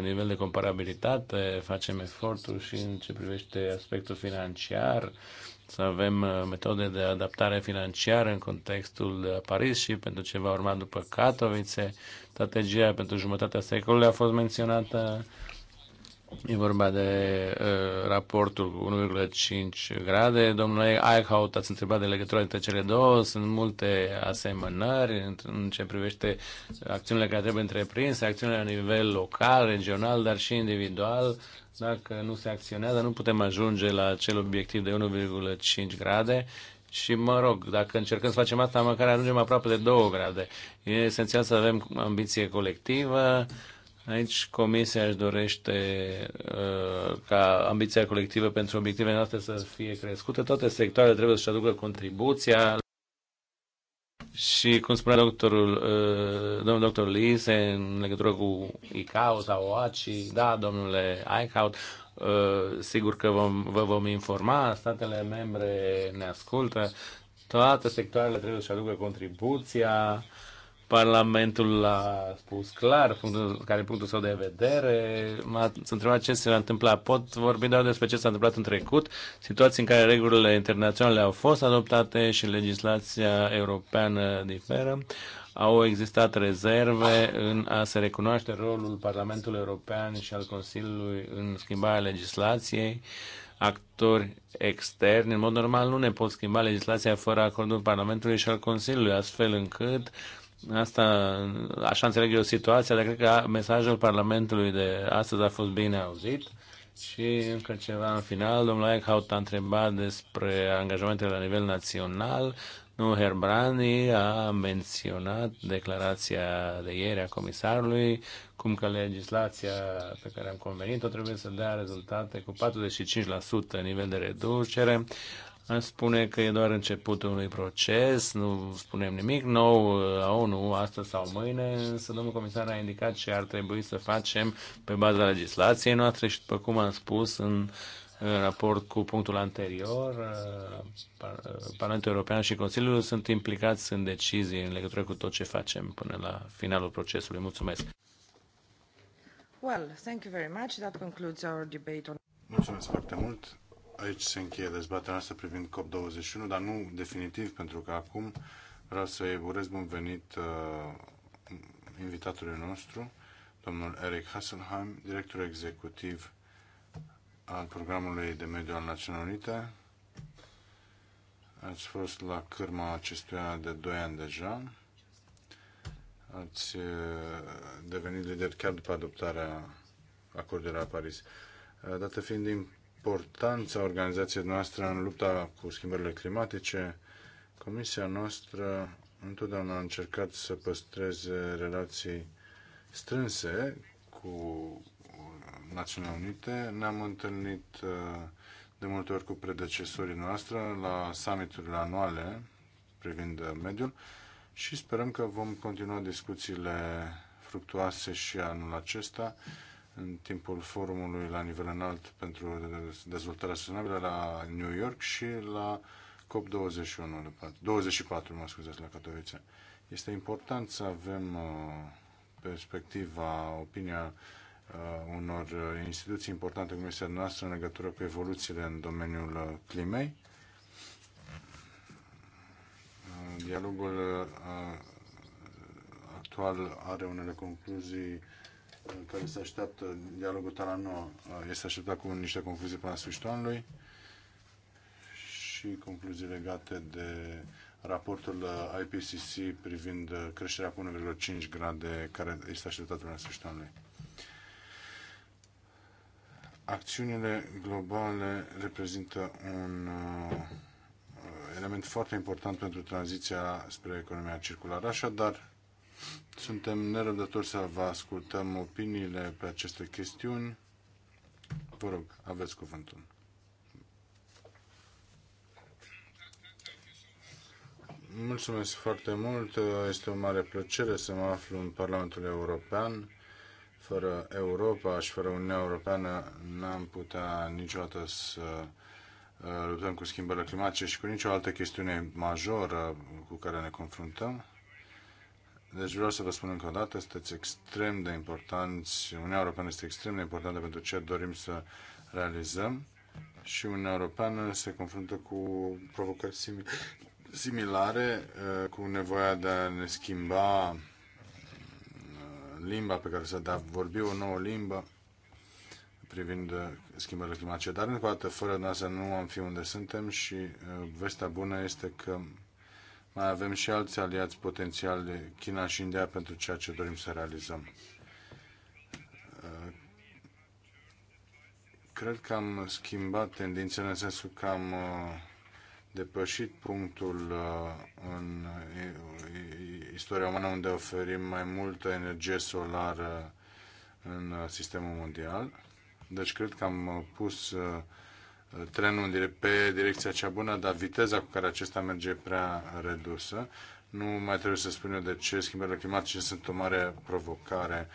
nivel de comparabilitate, facem eforturi și în ce privește aspectul financiar, să avem metode de adaptare financiară în contextul Paris și pentru ce va urma după Katowice. Strategia pentru jumătatea secolului a fost menționată E vorba de uh, raportul 1,5 grade. Domnule Eichhout, ați întrebat de legătura dintre cele două. Sunt multe asemănări în ce privește acțiunile care trebuie întreprinse, acțiunile la nivel local, regional, dar și individual. Dacă nu se acționează, nu putem ajunge la acel obiectiv de 1,5 grade. Și mă rog, dacă încercăm să facem asta, măcar ajungem aproape de 2 grade. E esențial să avem ambiție colectivă. Uh, Aici Comisia își dorește uh, ca ambiția colectivă pentru obiectivele noastre să fie crescută. Toate sectoarele trebuie să-și aducă contribuția și, cum spunea doctorul, uh, domnul doctor Lise, în legătură cu ICAO sau OACI, da, domnule ICAO, uh, sigur că vom, vă vom informa, statele membre ne ascultă, toate sectoarele trebuie să-și aducă contribuția Parlamentul a spus clar punctul, care punctul său de vedere. m a întrebat ce se va întâmpla. Pot vorbi doar despre ce s-a întâmplat în trecut, situații în care regulile internaționale au fost adoptate și legislația europeană diferă. Au existat rezerve în a se recunoaște rolul Parlamentului European și al Consiliului în schimbarea legislației actori externi. În mod normal nu ne pot schimba legislația fără acordul Parlamentului și al Consiliului, astfel încât Asta, așa înțeleg eu situația, dar cred că mesajul Parlamentului de astăzi a fost bine auzit. Și încă ceva în final, domnul Eichhout a întrebat despre angajamentele la nivel național. Nu, Herbrani a menționat declarația de ieri a comisarului, cum că legislația pe care am convenit-o trebuie să dea rezultate cu 45% nivel de reducere am spune că e doar începutul unui proces, nu spunem nimic nou la uh, ONU astăzi sau mâine, însă domnul comisar a indicat ce ar trebui să facem pe baza legislației noastre și, după cum am spus, în în raport cu punctul anterior, uh, uh, Parlamentul European și Consiliul sunt implicați în decizii în legătură cu tot ce facem până la finalul procesului. Mulțumesc! Well, thank you very much. That concludes our debate on... Mulțumesc foarte mult! aici se încheie dezbaterea noastră privind COP21, dar nu definitiv, pentru că acum vreau să-i urez bun venit uh, invitatului nostru, domnul Eric Hasselheim, director executiv al programului de mediu al Națiunilor Unite. Ați fost la cârma acestuia de 2 ani deja. Ați uh, devenit lider chiar după adoptarea acordului la Paris. Uh, dată fiind importanța organizației noastre în lupta cu schimbările climatice. Comisia noastră întotdeauna a încercat să păstreze relații strânse cu Națiunile Unite. Ne-am întâlnit uh, de multe ori cu predecesorii noastre la summiturile anuale privind mediul și sperăm că vom continua discuțiile fructuoase și anul acesta în timpul forumului la nivel înalt pentru dezvoltarea sustenabilă la New York și la COP21, 24, mă scuzați, la Katowice. Este important să avem uh, perspectiva, opinia uh, unor uh, instituții importante cum este noastră în legătură cu evoluțiile în domeniul climei. Dialogul actual are unele concluzii care se așteaptă, dialogul Talano este așteptat cu niște concluzii până la sfârșitul anului și concluzii legate de raportul IPCC privind creșterea cu 1,5 grade care este așteptat până la sfârșitul anului. Acțiunile globale reprezintă un uh, element foarte important pentru tranziția spre economia circulară. Așadar, suntem nerăbdători să vă ascultăm opiniile pe aceste chestiuni. Vă rog, aveți cuvântul. Mulțumesc foarte mult. Este o mare plăcere să mă aflu în Parlamentul European. Fără Europa și fără Uniunea Europeană n-am putea niciodată să uh, luptăm cu schimbările climatice și cu nicio altă chestiune majoră cu care ne confruntăm. Deci vreau să vă spun încă o dată, sunteți extrem de importanți, Uniunea Europeană este extrem de importantă pentru ce dorim să realizăm și Uniunea Europeană se confruntă cu provocări similare, uh, cu nevoia de a ne schimba uh, limba pe care să a vorbi o nouă limbă privind uh, schimbările climatice. Dar, încă o dată, fără noastră nu am fi unde suntem și vestea bună este că mai avem și alți aliați potențiali, China și India, pentru ceea ce dorim să realizăm. Uh, cred că am schimbat tendințele în sensul că am uh, depășit punctul uh, în istoria umană unde oferim mai multă energie solară în sistemul mondial. Deci cred că am pus trenul pe direcția cea bună, dar viteza cu care acesta merge e prea redusă. Nu mai trebuie să spun eu de ce schimbările climatice sunt o mare provocare,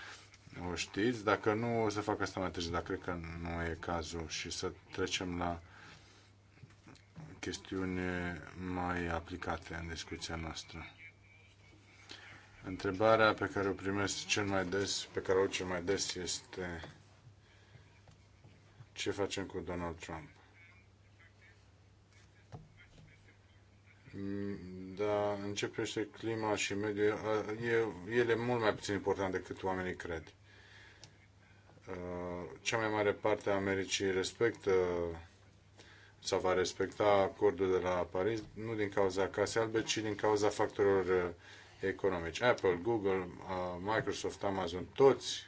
o știți. Dacă nu, o să fac asta mai târziu, dar cred că nu e cazul și să trecem la chestiuni mai aplicate în discuția noastră. Întrebarea pe care o primesc cel mai des, pe care o cel mai des este ce facem cu Donald Trump. da, începește clima și mediul, ele e mult mai puțin important decât oamenii cred. Cea mai mare parte a Americii respectă sau va respecta acordul de la Paris, nu din cauza Casei Albe, ci din cauza factorilor economici. Apple, Google, Microsoft, Amazon, toți,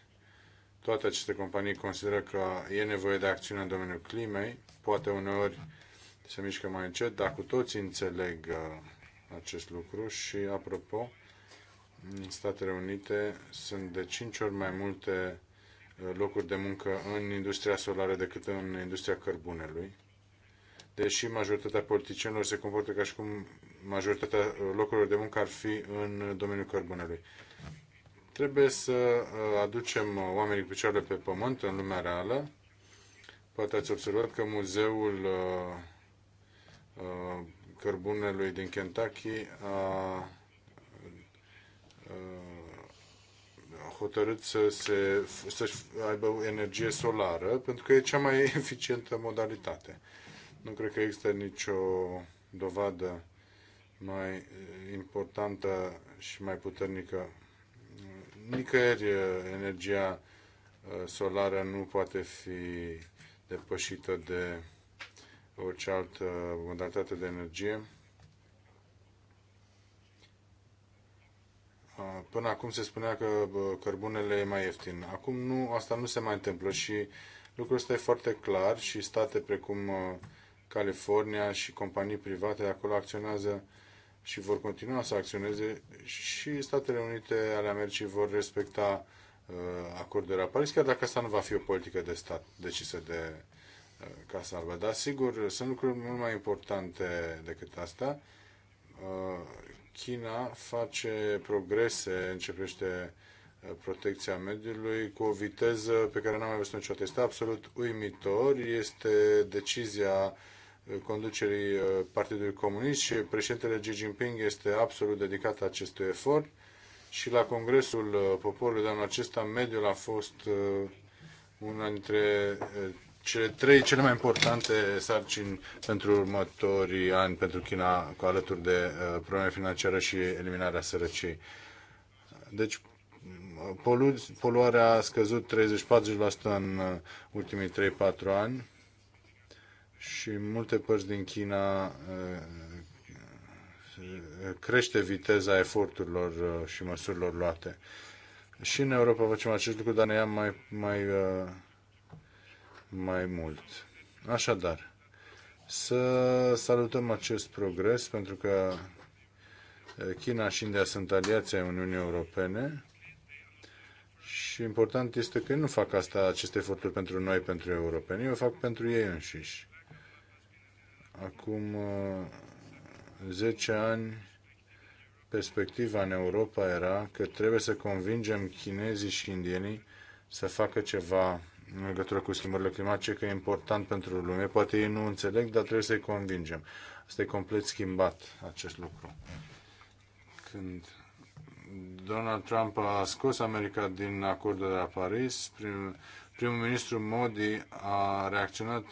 toate aceste companii consideră că e nevoie de acțiune în domeniul climei, poate uneori se mișcă mai încet, dar cu toți înțeleg uh, acest lucru și, apropo, în Statele Unite sunt de 5 ori mai multe uh, locuri de muncă în industria solară decât în industria cărbunelui. Deși majoritatea politicienilor se comportă ca și cum majoritatea uh, locurilor de muncă ar fi în domeniul cărbunelui. Trebuie să aducem oamenii cu picioarele pe pământ în lumea reală. Poate ați observat că muzeul Uh, cărbunelui din Kentucky a uh, hotărât să se, să aibă energie solară, pentru că e cea mai eficientă modalitate. Nu cred că există nicio dovadă mai importantă și mai puternică. Nicăieri uh, energia solară nu poate fi depășită de orice altă modalitate de energie. Până acum se spunea că cărbunele e mai ieftin. Acum nu, asta nu se mai întâmplă și lucrul ăsta e foarte clar și state precum uh, California și companii private acolo acționează și vor continua să acționeze și Statele Unite ale Americii vor respecta uh, acordul de la Paris, chiar dacă asta nu va fi o politică de stat decisă de ca salvă. Dar sigur, sunt lucruri mult mai importante decât asta. China face progrese, începește uh, protecția mediului cu o viteză pe care n-am mai văzut niciodată. Este absolut uimitor, este decizia uh, conducerii uh, Partidului Comunist și președintele Xi Jinping este absolut dedicat acestui efort și la Congresul Poporului de anul acesta mediul a fost una dintre cele trei cele mai importante sarcini pentru următorii ani pentru China, cu alături de uh, probleme financiare și eliminarea sărăciei. Deci, polu- poluarea a scăzut 30-40% în uh, ultimii 3-4 ani și multe părți din China uh, crește viteza eforturilor și măsurilor luate. Și în Europa facem acest lucru, dar ne ia mai, mai mai mult. Așadar, să salutăm acest progres pentru că China și India sunt aliații ai Uniunii Europene și important este că ei nu fac asta, aceste eforturi pentru noi, pentru europeni, eu fac pentru ei înșiși. Acum 10 uh, ani perspectiva în Europa era că trebuie să convingem chinezii și indienii să facă ceva în legătură cu schimbările climatice, că e important pentru lume. Poate ei nu înțeleg, dar trebuie să-i convingem. Asta e complet schimbat, acest lucru. Când Donald Trump a scos America din acordul de la Paris, prim, primul ministru Modi a reacționat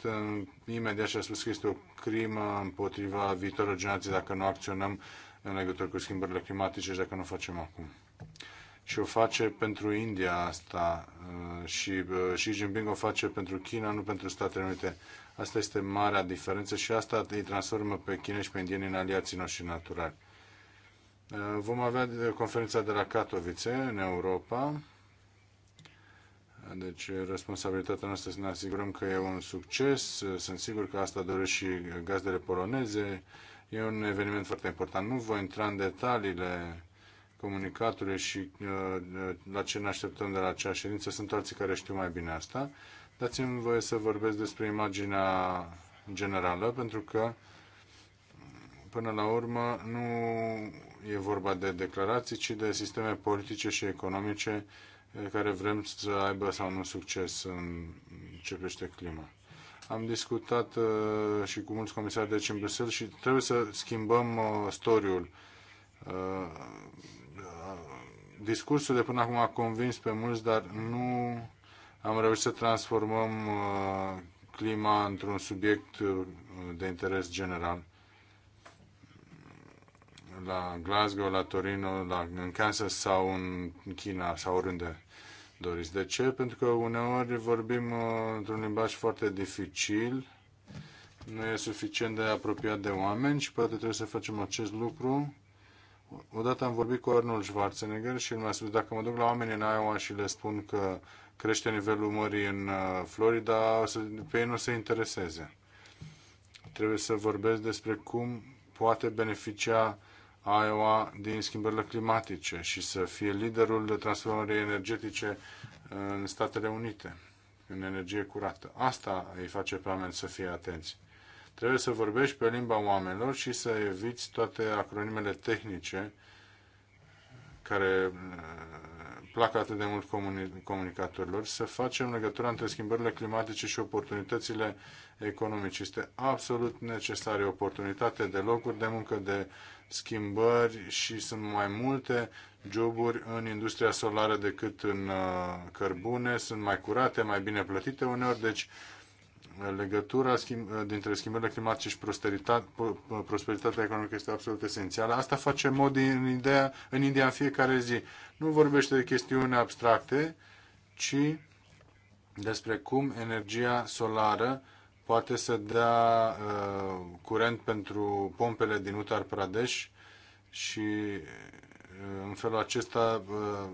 imediat și a spus că este o crimă împotriva viitorului generației dacă nu acționăm în legătură cu schimbările climatice și dacă nu facem acum și o face pentru India asta uh, și uh, Xi Jinping o face pentru China, nu pentru Statele Unite. Asta este marea diferență și asta îi transformă pe China și pe indieni în aliații noștri naturali. Uh, vom avea conferința de la Katowice în Europa. Deci responsabilitatea noastră să ne asigurăm că e un succes. Sunt sigur că asta doresc și gazdele poloneze. E un eveniment foarte important. Nu voi intra în detaliile comunicatului și uh, la ce ne așteptăm de la acea ședință. Sunt alții care știu mai bine asta. Dați-mi voie să vorbesc despre imaginea generală, pentru că până la urmă nu e vorba de declarații, ci de sisteme politice și economice uh, care vrem să aibă sau nu succes în ce privește clima. Am discutat uh, și cu mulți comisari de aici în Bruxelles și trebuie să schimbăm storiul discursul de până acum a convins pe mulți, dar nu am reușit să transformăm uh, clima într-un subiect uh, de interes general. La Glasgow, la Torino, la, în Kansas sau în China sau oriunde doriți. De ce? Pentru că uneori vorbim uh, într-un limbaj foarte dificil, nu e suficient de apropiat de oameni și poate trebuie să facem acest lucru Odată am vorbit cu Arnold Schwarzenegger și el mi-a spus dacă mă duc la oameni în Iowa și le spun că crește nivelul mării în uh, Florida, pe ei nu se intereseze. Trebuie să vorbesc despre cum poate beneficia Iowa din schimbările climatice și să fie liderul transformării energetice uh, în Statele Unite, în energie curată. Asta îi face pe oameni să fie atenți. Trebuie să vorbești pe limba oamenilor și să eviți toate acronimele tehnice care uh, plac atât de mult comuni- comunicatorilor, să facem legătura între schimbările climatice și oportunitățile economice. Este absolut necesară oportunitate de locuri de muncă, de schimbări și sunt mai multe joburi în industria solară decât în uh, cărbune, sunt mai curate, mai bine plătite uneori, deci legătura dintre schimbările climatice și prosperitatea economică este absolut esențială. Asta face mod în, India, în India în fiecare zi. Nu vorbește de chestiuni abstracte, ci despre cum energia solară poate să dea uh, curent pentru pompele din Uttar Pradesh și uh, în felul acesta uh,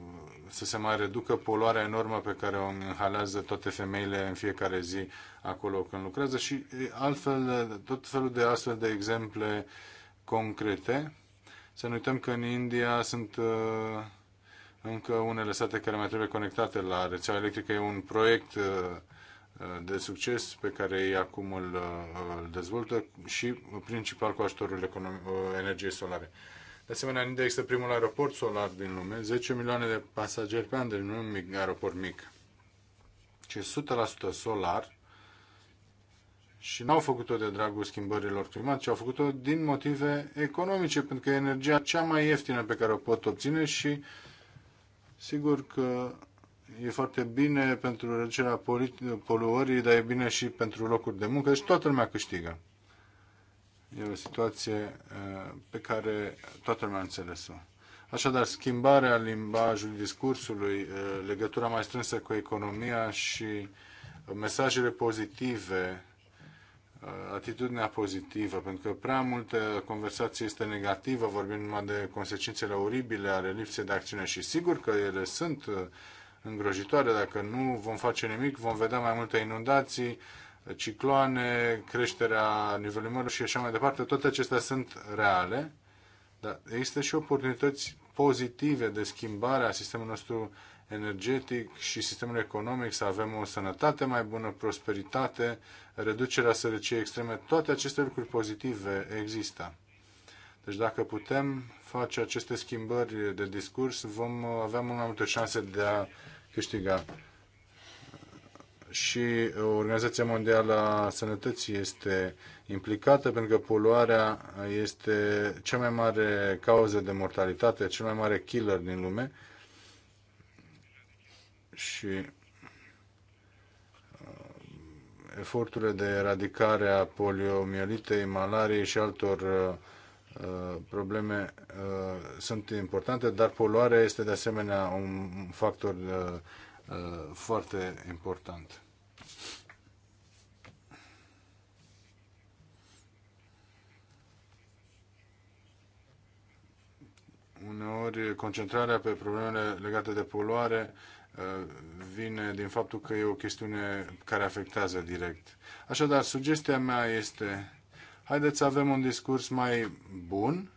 să se mai reducă poluarea enormă pe care o inhalează toate femeile în fiecare zi acolo când lucrează și altfel, tot felul de astfel de exemple concrete. Să nu uităm că în India sunt uh, încă unele sate care mai trebuie conectate la rețeaua electrică. E un proiect uh, uh, de succes pe care ei acum îl, îl dezvoltă și principal cu ajutorul energiei solare. De asemenea, India este primul aeroport solar din lume, 10 milioane de pasageri pe an, deci nu un mic, aeroport mic, ci 100% solar. Și n-au făcut-o de dragul schimbărilor climatice, au făcut-o din motive economice, pentru că e energia cea mai ieftină pe care o pot obține și sigur că e foarte bine pentru reducerea poluării, dar e bine și pentru locuri de muncă, deci toată lumea câștigă. E o situație uh, pe care toată lumea a înțeles-o. Așadar, schimbarea limbajului discursului, uh, legătura mai strânsă cu economia și mesajele pozitive, uh, atitudinea pozitivă, pentru că prea multă conversație este negativă, vorbim numai de consecințele oribile ale lipsei de acțiune și sigur că ele sunt îngrojitoare. Dacă nu vom face nimic, vom vedea mai multe inundații, cicloane, creșterea nivelului mărului și așa mai departe, toate acestea sunt reale, dar există și oportunități pozitive de schimbare a sistemului nostru energetic și sistemul economic, să avem o sănătate mai bună, prosperitate, reducerea sărăciei extreme, toate aceste lucruri pozitive există. Deci dacă putem face aceste schimbări de discurs, vom avea mult mai multe șanse de a câștiga și Organizația Mondială a Sănătății este implicată pentru că poluarea este cea mai mare cauză de mortalitate, cel mai mare killer din lume și uh, eforturile de eradicare a poliomielitei, malariei și altor uh, uh, probleme sunt importante, dar poluarea este de asemenea un factor de Eh, foarte important. Uneori, concentrarea pe problemele legate de poluare eh, vine din faptul că e o chestiune care afectează direct. Așadar, sugestia mea este, haideți să avem un discurs mai bun,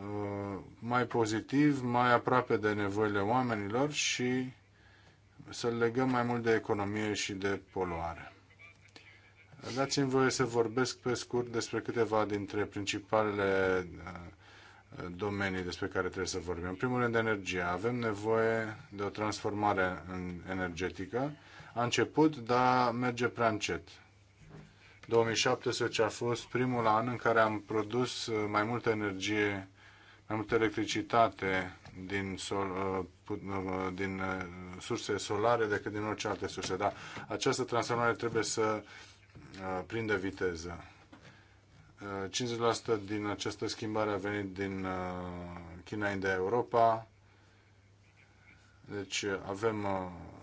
eh, mai pozitiv, mai aproape de nevoile oamenilor și să legăm mai mult de economie și de poluare. Dați-mi voie să vorbesc pe scurt despre câteva dintre principalele uh, domenii despre care trebuie să vorbim. În primul rând, energia. Avem nevoie de o transformare energetică. A început, dar merge prea încet. 2017 a fost primul an în care am produs uh, mai multă energie, mai multă electricitate din sol, uh, Uh, din uh, surse solare decât din orice alte surse. Dar această transformare trebuie să uh, prindă viteză. 50% din această schimbare a venit din China, India, Europa. Deci avem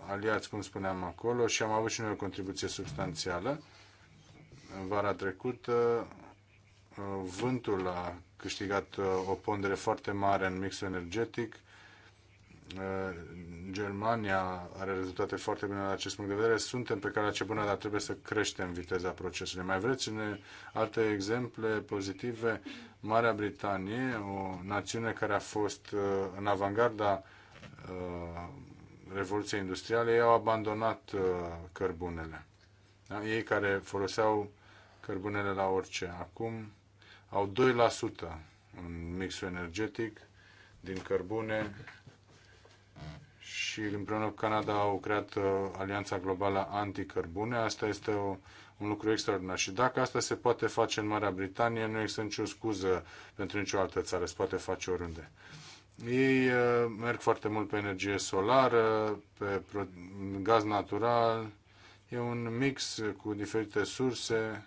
aliați, cum spuneam, acolo și am avut și noi o contribuție substanțială. În vara trecută, vântul a câștigat o pondere foarte mare în mixul energetic Germania are rezultate foarte bune la acest punct de vedere. Suntem pe calea ce bună, dar trebuie să creștem viteza procesului. Mai vreți ne alte exemple pozitive? Marea Britanie, o națiune care a fost uh, în avangarda uh, Revoluției Industriale, ei au abandonat uh, cărbunele. Da? Ei care foloseau cărbunele la orice. Acum au 2% în mixul energetic din cărbune și împreună cu Canada au creat uh, Alianța Globală Anticărbune. Asta este o, un lucru extraordinar. Și dacă asta se poate face în Marea Britanie, nu există nicio scuză pentru nicio altă țară. Se poate face oriunde. Ei uh, merg foarte mult pe energie solară, pe gaz natural. E un mix cu diferite surse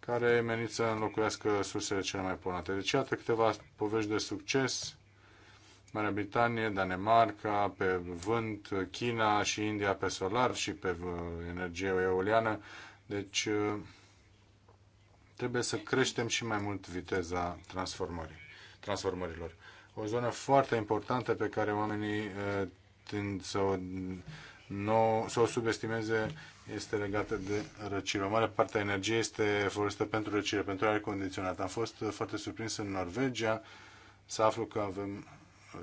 care e menit să înlocuiască sursele cele mai polate. Deci, iată câteva povești de succes Marea Britanie, Danemarca, pe vânt, China și India pe solar și pe uh, energie eoliană. Deci uh, trebuie să creștem și mai mult viteza transformării, transformărilor. O zonă foarte importantă pe care oamenii uh, tind să o, nu, să o subestimeze este legată de răcire. O mare parte a energiei este folosită pentru răcire, pentru aer condiționat. Am fost foarte surprins în Norvegia să aflu că avem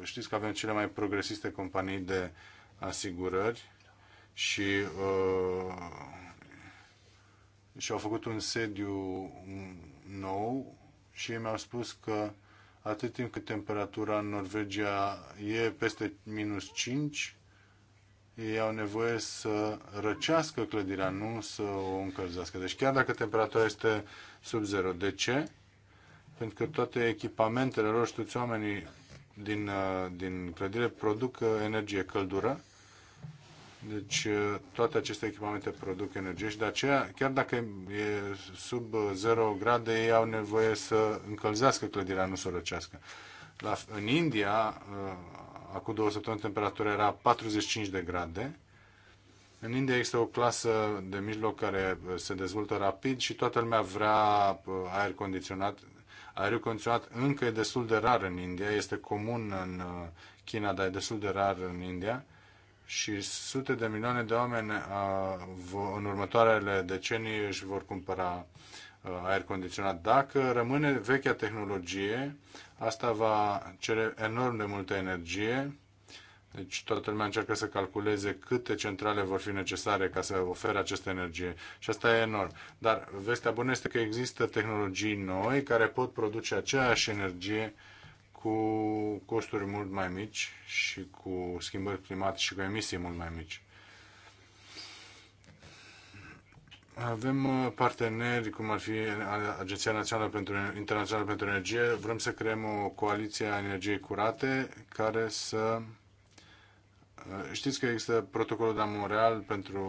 Știți că avem cele mai progresiste companii de asigurări și uh, și-au făcut un sediu nou și ei mi-au spus că atât timp cât temperatura în Norvegia e peste minus 5, ei au nevoie să răcească clădirea, nu să o încălzească. Deci chiar dacă temperatura este sub zero. De ce? Pentru că toate echipamentele lor și toți oamenii din, uh, din clădire produc uh, energie, căldură. Deci uh, toate aceste echipamente produc energie și de aceea, chiar dacă e sub 0 grade, ei au nevoie să încălzească clădirea, nu să o răcească. La, în India, acum două săptămâni, temperatura era 45 de grade. În India există o clasă de mijloc care se dezvoltă rapid și toată lumea vrea aer condiționat Aerul condiționat încă e destul de rar în India, este comun în uh, China, dar e destul de rar în India și sute de milioane de oameni uh, în următoarele decenii își vor cumpăra uh, aer condiționat. Dacă rămâne vechea tehnologie, asta va cere enorm de multă energie deci toată lumea încearcă să calculeze câte centrale vor fi necesare ca să ofere această energie. Și asta e enorm. Dar vestea bună este că există tehnologii noi care pot produce aceeași energie cu costuri mult mai mici și cu schimbări climatice și cu emisii mult mai mici. Avem uh, parteneri, cum ar fi Agenția Națională pentru, Internațională pentru Energie. Vrem să creăm o coaliție a energiei curate care să Știți că există protocolul de Montreal pentru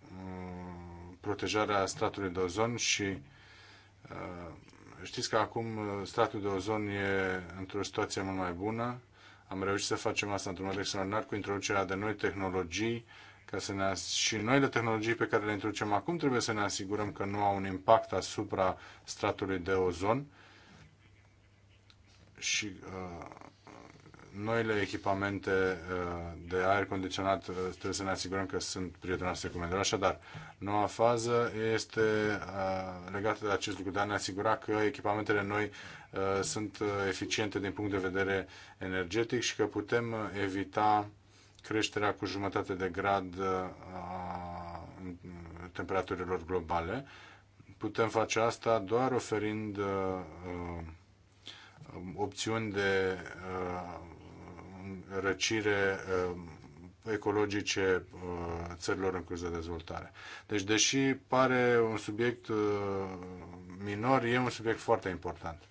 uh, protejarea stratului de ozon și uh, știți că acum uh, stratul de ozon e într-o situație mult mai bună. Am reușit să facem asta într-un mod extraordinar cu introducerea de noi tehnologii ca să ne și noile tehnologii pe care le introducem acum trebuie să ne asigurăm că nu au un impact asupra stratului de ozon și uh, noile echipamente uh, de aer condiționat uh, trebuie să ne asigurăm că sunt prietenoase cu mediul. Așadar, noua fază este uh, legată de acest lucru, de a ne asigura că echipamentele noi sunt eficiente din punct de vedere energetic și că putem evita creșterea cu jumătate de grad a temperaturilor globale. Putem face asta doar oferind opțiuni de răcire uh, ecologice uh, țărilor în curs de dezvoltare. Deci, deși pare un subiect uh, minor, e un subiect foarte important.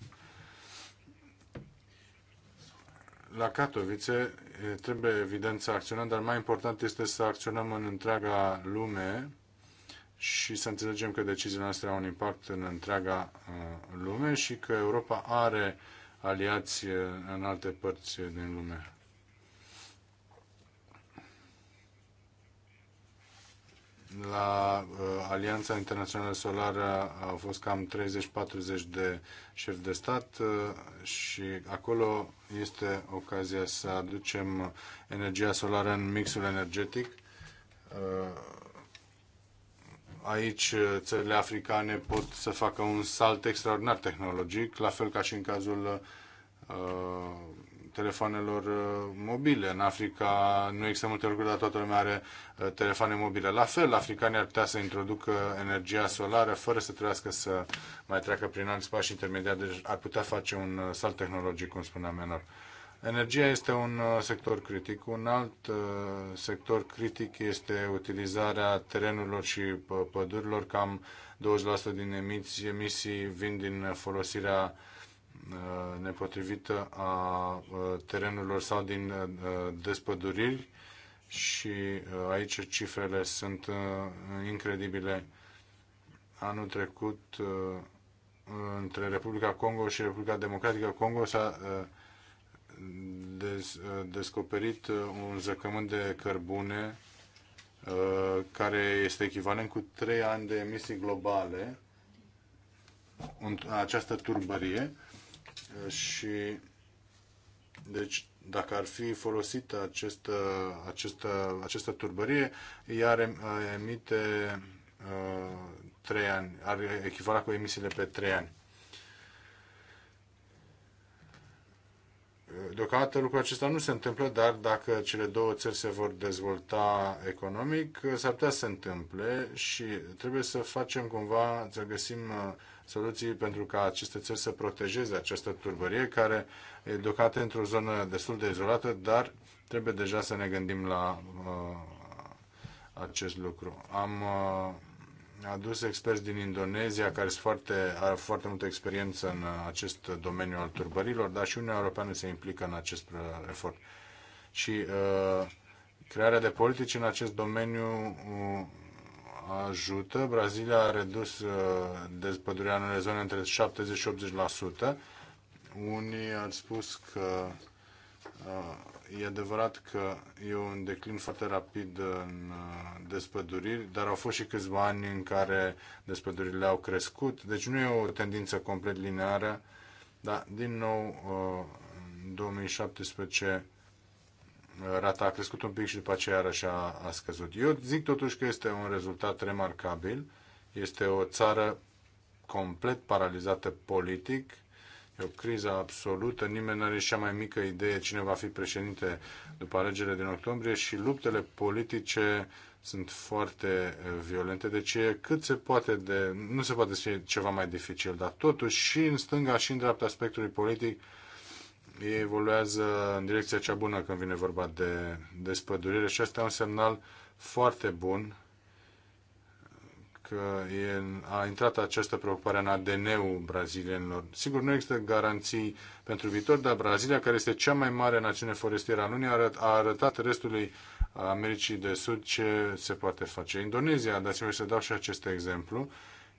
La Katowice trebuie evident să acționăm, dar mai important este să acționăm în întreaga lume și să înțelegem că deciziile noastre au un impact în întreaga lume și că Europa are aliați în alte părți din lume. la uh, Alianța Internațională Solară au fost cam 30-40 de șefi de stat uh, și acolo este ocazia să aducem energia solară în mixul energetic. Uh, aici țările africane pot să facă un salt extraordinar tehnologic, la fel ca și în cazul telefoanelor uh, mobile. În Africa nu există multe lucruri, dar toată lumea are uh, telefoane mobile. La fel, africanii ar putea să introducă energia solară fără să trebuiască să mai treacă prin alți pași intermediari, deci ar putea face un uh, salt tehnologic, cum spuneam, menor Energia este un sector critic. Un alt sector critic este utilizarea terenurilor și pădurilor. Cam 20% din emisii, emisii vin din folosirea Uh, nepotrivită a uh, terenurilor sau din uh, despăduriri și aici cifrele sunt incredibile. Anul trecut între Republica Congo și Republica Democratică Congo s-a des, descoperit un zăcământ de cărbune care este echivalent cu 3 ani de emisii globale în această turbărie și deci dacă ar fi folosită această, această, această turbărie, ea uh, emite uh, 3 ani, ar echivala cu emisiile pe 3 ani. Deocamdată lucrul acesta nu se întâmplă, dar dacă cele două țări se vor dezvolta economic, s-ar putea să se întâmple și trebuie să facem cumva, să găsim uh, soluții pentru ca aceste țări să protejeze această turbărie care e ducată într-o zonă destul de izolată, dar trebuie deja să ne gândim la uh, acest lucru. Am uh, adus experți din Indonezia care sunt foarte, are foarte multă experiență în acest domeniu al turbărilor, dar și Uniunea Europeană se implică în acest uh, efort. Și uh, crearea de politici în acest domeniu uh, ajută. Brazilia a redus uh, despădurea în zone între 70 și 80%. Unii ar spus că uh, e adevărat că e un declin foarte rapid în uh, despăduriri, dar au fost și câțiva ani în care despădurile au crescut, deci nu e o tendință complet lineară, dar din nou în 2017 rata a crescut un pic și după aceea iarăși a, a scăzut. Eu zic totuși că este un rezultat remarcabil. Este o țară complet paralizată politic. E o criză absolută. Nimeni nu are cea mai mică idee cine va fi președinte după alegerile din octombrie și luptele politice sunt foarte violente. Deci e cât se poate de... Nu se poate să fie ceva mai dificil, dar totuși și în stânga și în dreapta spectrului politic ei evoluează în direcția cea bună când vine vorba de despădurire și asta e un semnal foarte bun că e, a intrat această preocupare în ADN-ul brazilienilor. Sigur, nu există garanții pentru viitor, dar Brazilia, care este cea mai mare națiune forestieră a lumii, a arătat restului Americii de Sud ce se poate face. Indonezia, dați-mi să dau și acest exemplu,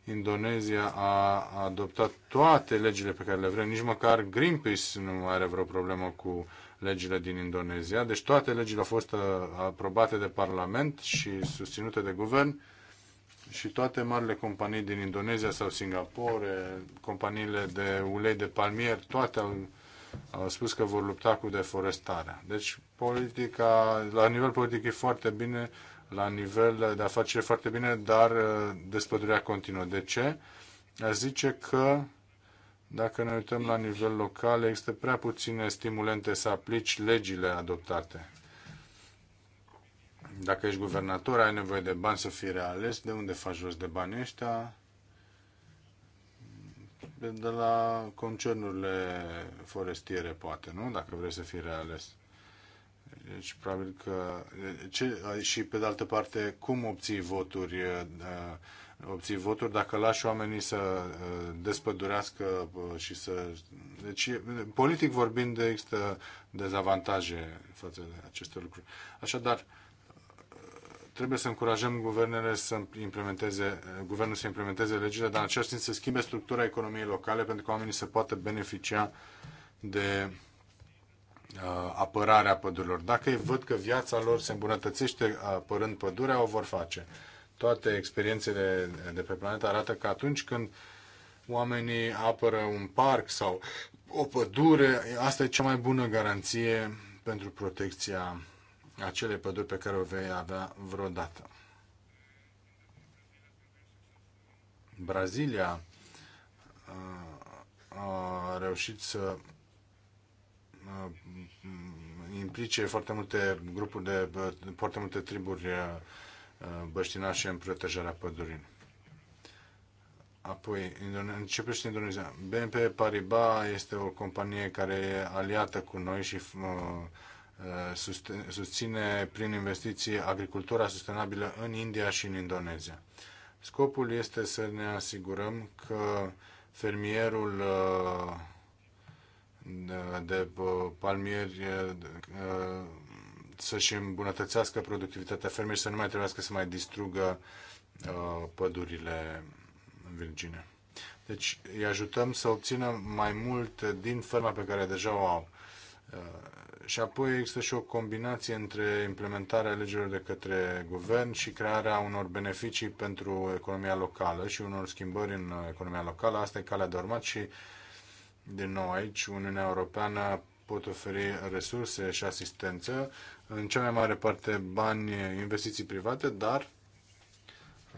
Indonezia a adoptat toate legile pe care le vrea, nici măcar Greenpeace nu are vreo problemă cu legile din Indonezia. Deci toate legile au fost uh, aprobate de Parlament și susținute de guvern și toate marile companii din Indonezia sau Singapore, companiile de ulei de palmier, toate au, au spus că vor lupta cu deforestarea. Deci politica, la nivel politic e foarte bine la nivel de afaceri foarte bine, dar uh, despădurea continuă. De ce? a zice că dacă ne uităm la nivel local, există prea puține stimulente să aplici legile adoptate. Dacă ești guvernator, ai nevoie de bani să fii reales. De unde faci jos de bani ăștia? De la concernurile forestiere, poate, nu? Dacă vrei să fii reales. Deci, probabil că... Ce, și, pe de altă parte, cum obții voturi? Uh, obții voturi dacă lași oamenii să uh, despădurească uh, și să... Deci, politic vorbind, există dezavantaje față de aceste lucruri. Așadar, trebuie să încurajăm guvernele să implementeze, guvernul să implementeze legile, dar în același timp să schimbe structura economiei locale pentru că oamenii să poată beneficia de Uh, apărarea pădurilor. Dacă ei văd că viața lor se îmbunătățește apărând pădurea, o vor face. Toate experiențele de pe planetă arată că atunci când oamenii apără un parc sau o pădure, asta e cea mai bună garanție pentru protecția acelei păduri pe care o vei avea vreodată. Brazilia uh, a reușit să Uh, implice foarte multe grupuri de, foarte multe triburi uh, băștinașe în protejarea pădurii. Apoi, și Indonezia. BNP Paribas este o companie care e aliată cu noi și uh, susține prin investiții agricultura sustenabilă în India și în Indonezia. Scopul este să ne asigurăm că fermierul de uh, palmieri uh, uh, să-și îmbunătățească productivitatea fermei și să nu mai trebuiască să mai distrugă pădurile în Virginia. Deci îi ajutăm să obțină mai mult din ferma pe care deja o au. Și apoi există și o combinație între implementarea legilor de către guvern și crearea unor beneficii pentru economia locală și unor schimbări în economia locală. Asta e calea de urmat și uh, din nou aici, Uniunea Europeană pot oferi resurse și asistență, în cea mai mare parte bani investiții private, dar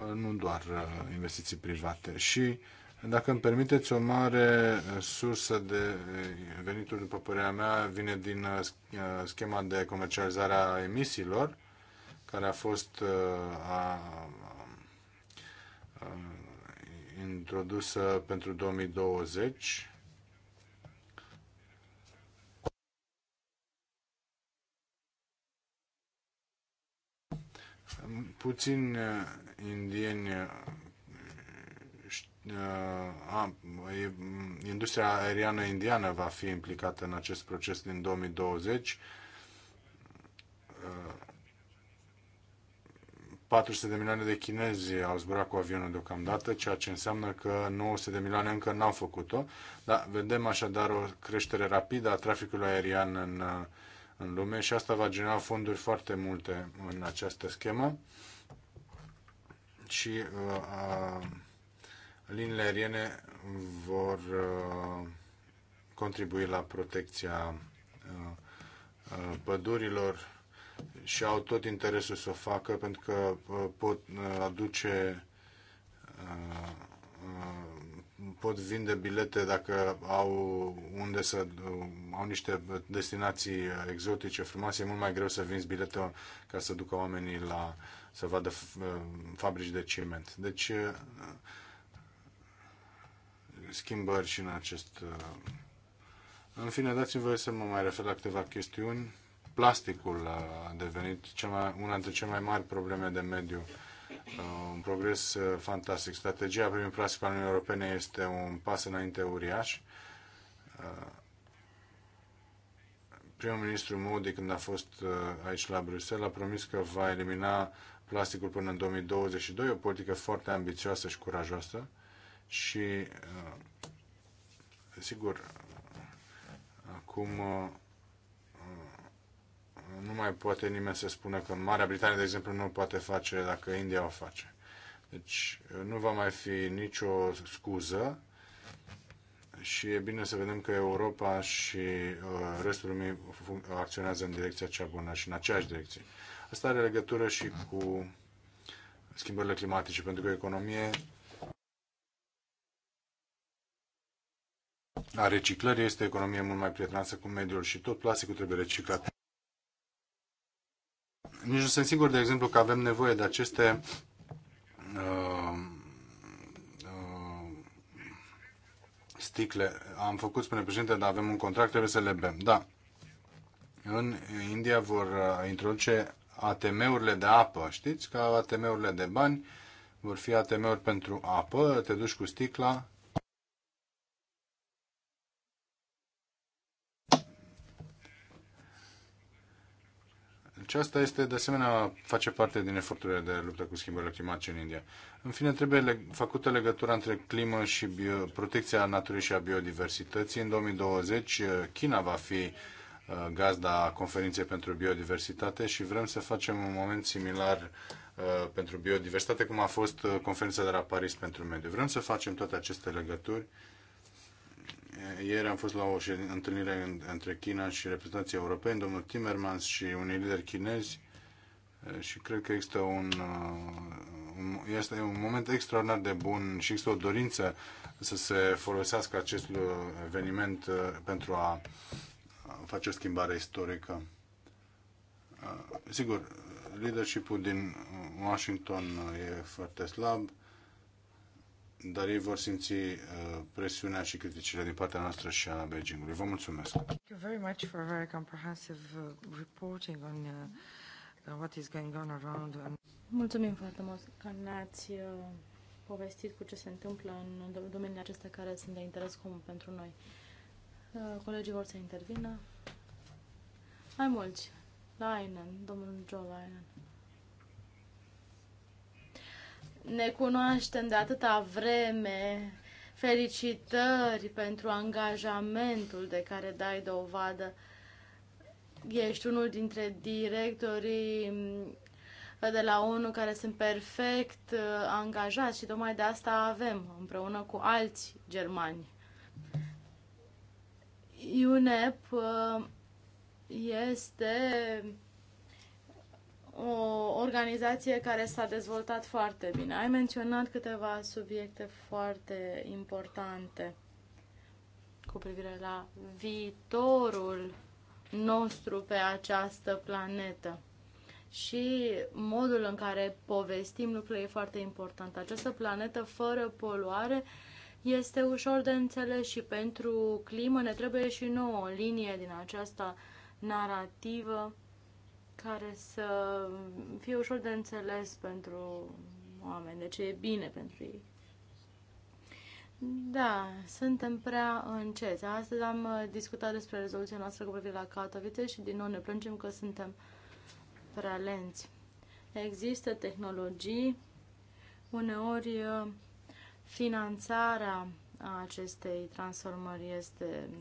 uh, nu doar uh, investiții private. Și, dacă îmi permiteți, o mare sursă de uh, venituri, după părerea mea, vine din schema de comercializare a emisiilor, care a fost a, introdusă pentru 2020 puțin uh, indieni uh, uh, a, industria aeriană indiană va fi implicată în acest proces din 2020. 400 de milioane de chinezi au zburat cu avionul deocamdată, ceea ce înseamnă că 900 de milioane încă n-au făcut-o. Da, vedem așadar o creștere rapidă a traficului aerian în în lume și asta va genera fonduri foarte multe în această schemă și uh, a, liniile aeriene vor uh, contribui la protecția uh, uh, pădurilor și au tot interesul să o facă pentru că uh, pot uh, aduce uh, uh, pot vinde bilete dacă au unde să au niște destinații exotice frumoase, e mult mai greu să vinzi bilete ca să ducă oamenii la să vadă fabrici de ciment. Deci schimbări și în acest în fine, dați-mi voie să mă mai refer la câteva chestiuni. Plasticul a devenit cea mai, una dintre cele mai mari probleme de mediu Uh, un progres uh, fantastic. Strategia primei plastic al Uniunii Europene este un pas înainte uriaș. Uh, primul ministru Modi, când a fost aici la Bruxelles, a promis că va elimina plasticul până în 2022, o politică foarte ambițioasă și curajoasă și, sigur, acum nu mai poate nimeni să spună că Marea Britanie, de exemplu, nu poate face dacă India o face. Deci uh, nu va mai fi nicio scuză și e bine să vedem că Europa și uh, restul lumii acționează în direcția cea bună și în aceeași direcție. Asta are legătură și cu schimbările climatice, pentru că economie a reciclării este economie mult mai prietenoasă cu mediul și tot plasticul trebuie reciclat. Nici nu sunt sigur, de exemplu, că avem nevoie de aceste uh, uh, sticle. Am făcut, spune președinte, dar avem un contract, trebuie să le bem. Da. În India vor uh, introduce ATM-urile de apă. Știți că ATM-urile de bani vor fi ATM-uri pentru apă. Te duci cu sticla, Deci asta este, de asemenea, face parte din eforturile de luptă cu schimbările climatice în India. În fine, trebuie leg- făcută legătura între climă și bio- protecția naturii și a biodiversității. În 2020, uh, China va fi uh, gazda conferinței pentru biodiversitate și vrem să facem un moment similar uh, pentru biodiversitate, cum a fost conferința de la Paris pentru mediu. Vrem să facem toate aceste legături ieri am fost la o întâlnire între China și reprezentanții europeni, domnul Timmermans și unii lideri chinezi și cred că există un, uh, un, este un moment extraordinar de bun și există o dorință să se folosească acest uh, eveniment uh, pentru a face o schimbare istorică. Sigur, leadership-ul din Washington e foarte slab, dar ei vor simți uh, presiunea și criticile din partea noastră și a Beijingului. Vă mulțumesc! Thank you very much for a very comprehensive uh, reporting on uh, uh, what is going on around. Mulțumim foarte mult că ne-ați uh, povestit cu ce se întâmplă în domeniile acestea care sunt de interes comun pentru noi. Uh, colegii vor să intervină. Mai mulți. Lainen, domnul Joe Lainen ne cunoaștem de atâta vreme. Felicitări pentru angajamentul de care dai dovadă. Ești unul dintre directorii mm, de la ONU care sunt perfect uh, angajați și tocmai de asta avem împreună cu alți germani. UNEP uh, este o organizație care s-a dezvoltat foarte bine. Ai menționat câteva subiecte foarte importante cu privire la viitorul nostru pe această planetă. Și modul în care povestim lucrurile e foarte important. Această planetă fără poluare este ușor de înțeles și pentru climă ne trebuie și nouă o linie din această narrativă care să fie ușor de înțeles pentru oameni, de deci ce e bine pentru ei. Da, suntem prea înceți. Astăzi am uh, discutat despre rezoluția noastră cu privire la Katowice și din nou ne plângem că suntem prea lenți. Există tehnologii, uneori uh, finanțarea acestei transformări este uh,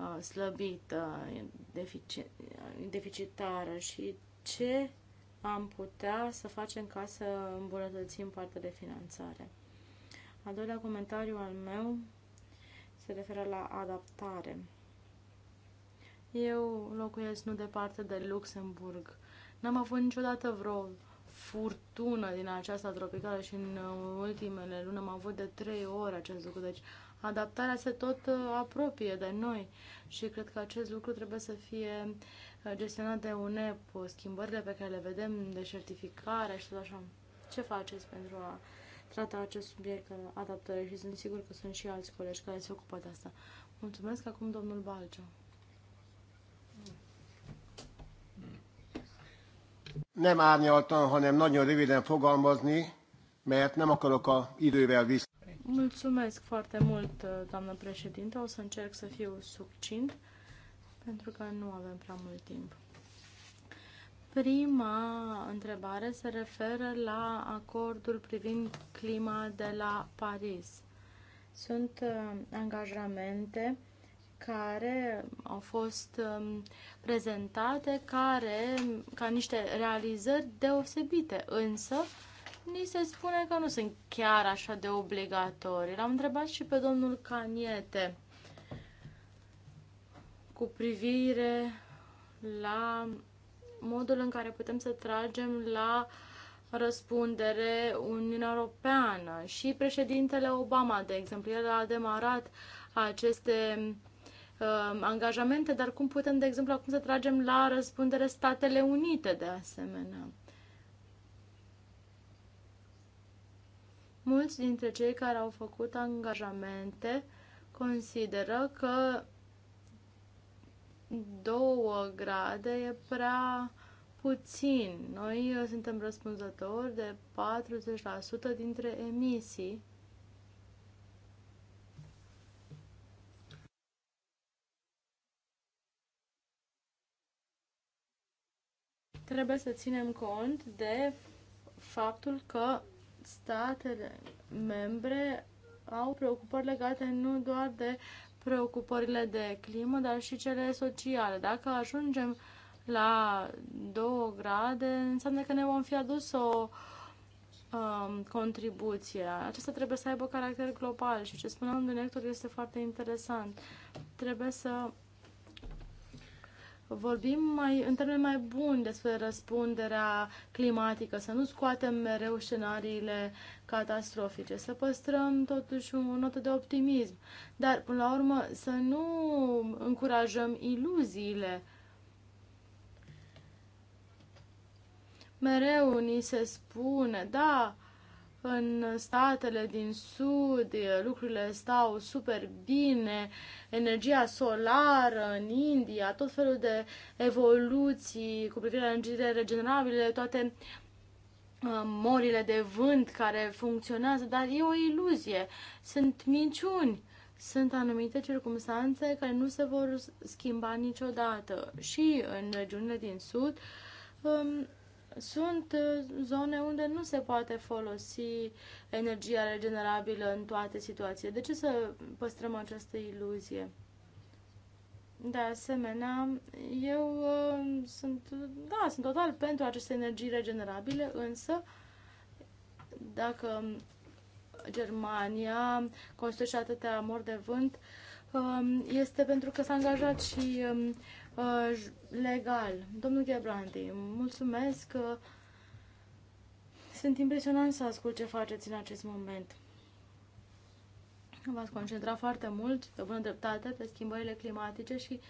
Uh, slăbită, deficitară și ce am putea să facem ca să îmbunătățim partea de finanțare. Al doilea comentariu al meu se referă la adaptare. Eu locuiesc nu departe de Luxemburg. N-am avut niciodată vreo furtună din aceasta tropicală și în ultimele luni am avut de trei ori acest lucru. Deci adaptarea se tot uh, apropie de noi și cred că acest lucru trebuie să fie uh, gestionat de UNEP, uh, schimbările pe care le vedem de certificare și tot așa. Ce faceți pentru a trata acest subiect adaptare. și sunt sigur că sunt și alți colegi care se ocupă de asta. Mulțumesc acum domnul Balcea. Nem árnyaltan, hanem nagyon röviden fogalmazni, mert nem akarok a idővel vissza. Mulțumesc foarte mult, uh, doamnă președinte. O să încerc să fiu succint, pentru că nu avem prea mult timp. Prima întrebare se referă la acordul privind clima de la Paris. Sunt uh, angajamente care au fost um, prezentate care, ca niște realizări deosebite, însă ni se spune că nu sunt chiar așa de obligatorii. L-am întrebat și pe domnul Caniete cu privire la modul în care putem să tragem la răspundere Uniunea Europeană. Și președintele Obama, de exemplu, el a demarat aceste uh, angajamente, dar cum putem, de exemplu, acum să tragem la răspundere Statele Unite, de asemenea? Mulți dintre cei care au făcut angajamente consideră că două grade e prea puțin. Noi suntem răspunzători de 40% dintre emisii. Trebuie să ținem cont de faptul că statele membre au preocupări legate nu doar de preocupările de climă, dar și cele sociale. Dacă ajungem la 2 grade, înseamnă că ne vom fi adus o um, contribuție. Aceasta trebuie să aibă caracter global și ce spuneam director este foarte interesant. Trebuie să vorbim mai, în termeni mai buni despre răspunderea climatică, să nu scoatem mereu scenariile catastrofice, să păstrăm totuși o notă de optimism, dar până la urmă să nu încurajăm iluziile. Mereu ni se spune, da, în statele din sud lucrurile stau super bine, energia solară în India, tot felul de evoluții cu privire la energiile regenerabile, toate morile de vânt care funcționează, dar e o iluzie. Sunt minciuni. Sunt anumite circunstanțe care nu se vor schimba niciodată. Și în regiunile din sud, um, sunt uh, zone unde nu se poate folosi energia regenerabilă în toate situațiile. De ce să păstrăm această iluzie? De asemenea, eu uh, sunt, da, sunt total pentru aceste energii regenerabile, însă dacă Germania construiește atâtea mor de vânt, uh, este pentru că s-a angajat și uh, Uh, legal. Domnul Ghebrandi, mulțumesc. Sunt impresionant să ascult ce faceți în acest moment. V-ați concentrat foarte mult, pe bună dreptate, pe schimbările climatice și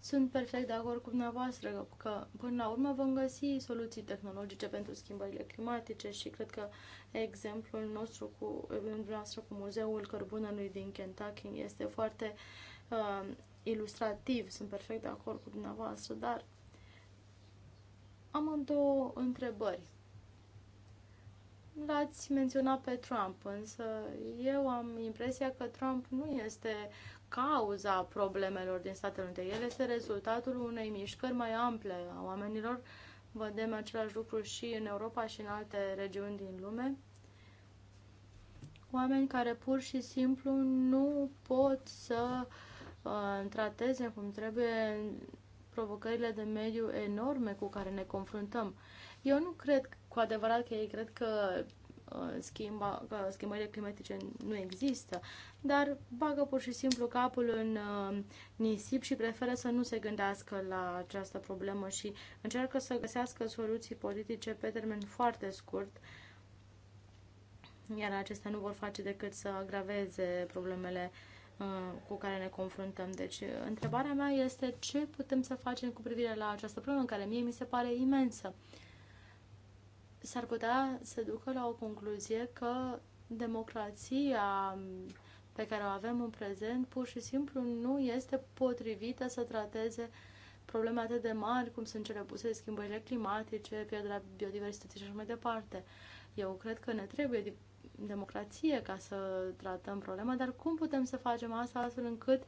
sunt perfect de acord cu dumneavoastră că până la urmă vom găsi soluții tehnologice pentru schimbările climatice și cred că exemplul nostru cu, noastră cu muzeul cărbunelui din Kentucky este foarte uh, ilustrativ, sunt perfect de acord cu dumneavoastră, dar am două întrebări. L-ați menționat pe Trump, însă eu am impresia că Trump nu este cauza problemelor din Statele Unite. El este rezultatul unei mișcări mai ample a oamenilor. Vedem același lucru și în Europa și în alte regiuni din lume. Oameni care pur și simplu nu pot să uh, Uh, trateze cum trebuie provocările de mediu enorme cu care ne confruntăm. Eu nu cred cu adevărat că ei cred că uh, schimba, că schimbările climatice nu există, dar bagă pur și simplu capul în uh, nisip și preferă să nu se gândească la această problemă și încearcă să găsească soluții politice pe termen foarte scurt, iar acestea nu vor face decât să agraveze problemele uh, Uh, cu care ne confruntăm. Deci, uh, întrebarea mea este ce putem să facem cu privire la această problemă, care mie mi se pare imensă. S-ar putea să ducă la o concluzie că democrația pe care o avem în prezent pur și simplu nu este potrivită să trateze probleme atât de mari cum sunt cele puse de schimbările climatice, pierderea biodiversității și așa mai departe. Eu cred că ne trebuie democrație ca să tratăm problema, dar cum putem să facem asta astfel încât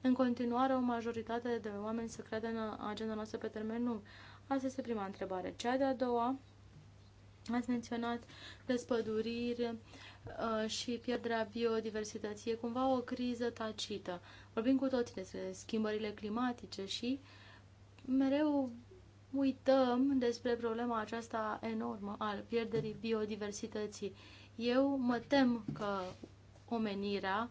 în continuare o majoritate de oameni să creadă în agenda noastră pe termen lung? Asta este prima întrebare. Cea de-a doua, ați menționat despădurire uh, și pierderea biodiversității. E cumva o criză tacită. Vorbim cu toții despre schimbările climatice și mereu uităm despre problema aceasta enormă al pierderii biodiversității. Eu mă tem că omenirea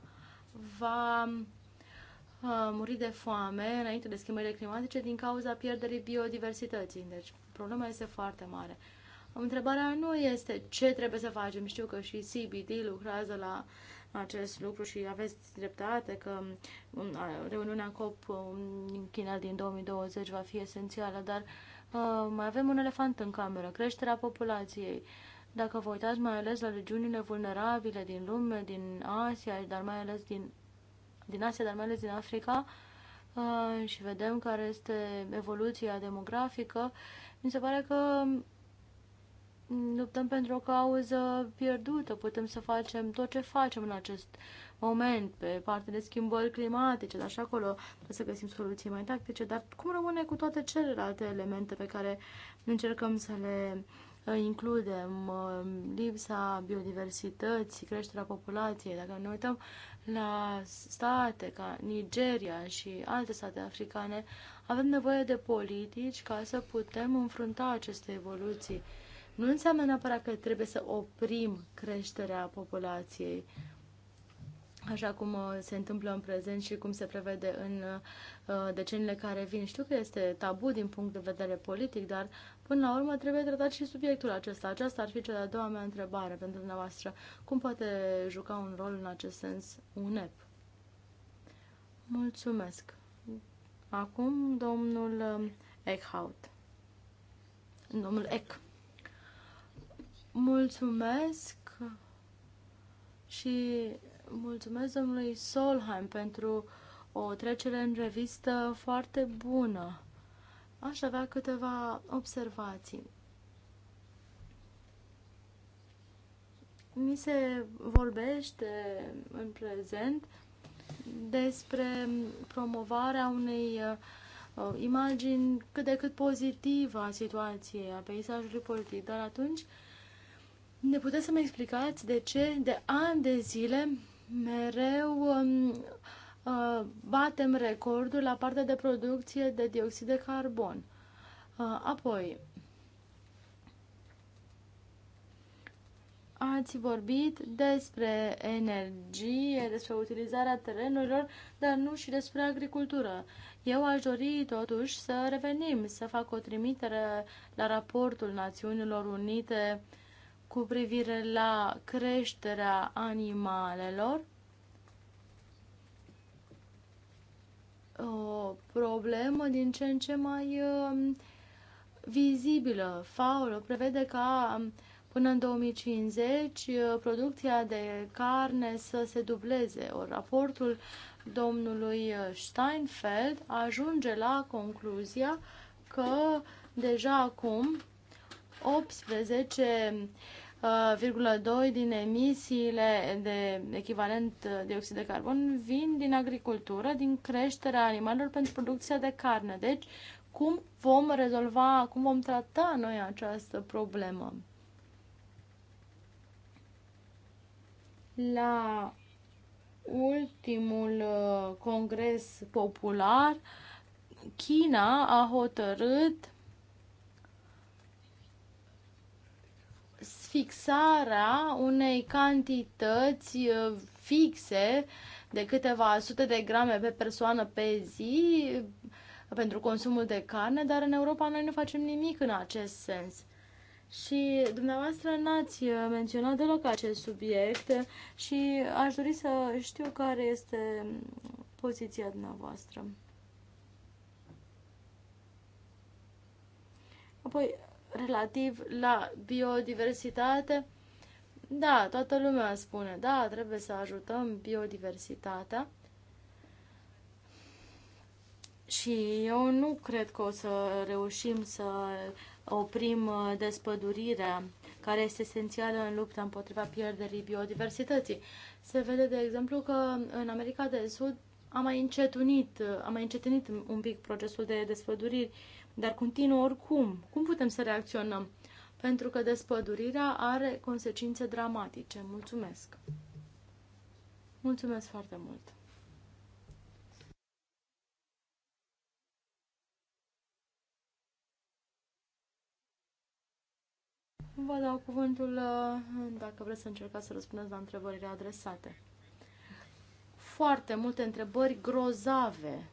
va uh, muri de foame înainte de schimbările climatice din cauza pierderii biodiversității. Deci problema este foarte mare. Întrebarea nu este ce trebuie să facem. Știu că și CBD lucrează la acest lucru și aveți dreptate că um, reuniunea COP în um, China din 2020 va fi esențială, dar uh, mai avem un elefant în cameră, creșterea populației. Dacă vă uitați mai ales la regiunile vulnerabile din lume, din Asia, dar mai ales din, din Asia, dar mai ales din Africa, uh, și vedem care este evoluția demografică, mi se pare că mm, luptăm pentru o cauză pierdută. Putem să facem tot ce facem în acest moment, pe partea de schimbări climatice, dar și acolo trebuie să găsim soluții mai tactice. Dar cum rămâne cu toate celelalte elemente pe care încercăm să le includem um, lipsa biodiversității, creșterea populației. Dacă ne uităm la state ca Nigeria și alte state africane, avem nevoie de politici ca să putem înfrunta aceste evoluții. Nu înseamnă neapărat că trebuie să oprim creșterea populației, așa cum uh, se întâmplă în prezent și cum se prevede în uh, deceniile care vin. Știu că este tabu din punct de vedere politic, dar Până la urmă, trebuie tratat și subiectul acesta. Aceasta ar fi cea de-a doua mea întrebare pentru dumneavoastră. Cum poate juca un rol în acest sens UNEP? Mulțumesc. Acum, domnul um, Eckhout. Domnul Eck. Mulțumesc și mulțumesc domnului Solheim pentru o trecere în revistă foarte bună aș avea câteva observații. Mi se vorbește în prezent despre promovarea unei uh, imagini cât de cât pozitivă a situației, a peisajului politic, dar atunci ne puteți să-mi explicați de ce de ani de zile mereu um, Uh, batem recordul la partea de producție de dioxid de carbon. Uh, apoi, ați vorbit despre energie, despre utilizarea terenurilor, dar nu și despre agricultură. Eu aș dori totuși să revenim, să fac o trimitere la raportul Națiunilor Unite cu privire la creșterea animalelor o problemă din ce în ce mai um, vizibilă. FAO prevede ca um, până în 2050 uh, producția de carne să se dubleze. O raportul domnului uh, Steinfeld ajunge la concluzia că deja acum 18 0,2 uh, din emisiile de echivalent uh, de oxid de carbon vin din agricultură, din creșterea animalelor pentru producția de carne. Deci, cum vom rezolva, cum vom trata noi această problemă? La ultimul uh, congres popular, China a hotărât fixarea unei cantități uh, fixe de câteva sute de grame pe persoană pe zi uh, pentru consumul de carne, dar în Europa noi nu facem nimic în acest sens. Și dumneavoastră n-ați uh, menționat deloc acest subiect și aș dori să știu care este um, poziția dumneavoastră. Apoi, relativ la biodiversitate, da, toată lumea spune, da, trebuie să ajutăm biodiversitatea. Și eu nu cred că o să reușim să oprim uh, despădurirea care este esențială în lupta împotriva pierderii biodiversității. Se vede, de exemplu, că în America de Sud a mai încetunit, uh, a mai încetunit un pic procesul de despăduriri, dar continuă oricum. Cum putem să reacționăm? Pentru că despădurirea are consecințe dramatice. Mulțumesc! Mulțumesc foarte mult! Vă dau cuvântul uh, dacă vreți să încercați să răspundeți la întrebările adresate. Foarte multe întrebări grozave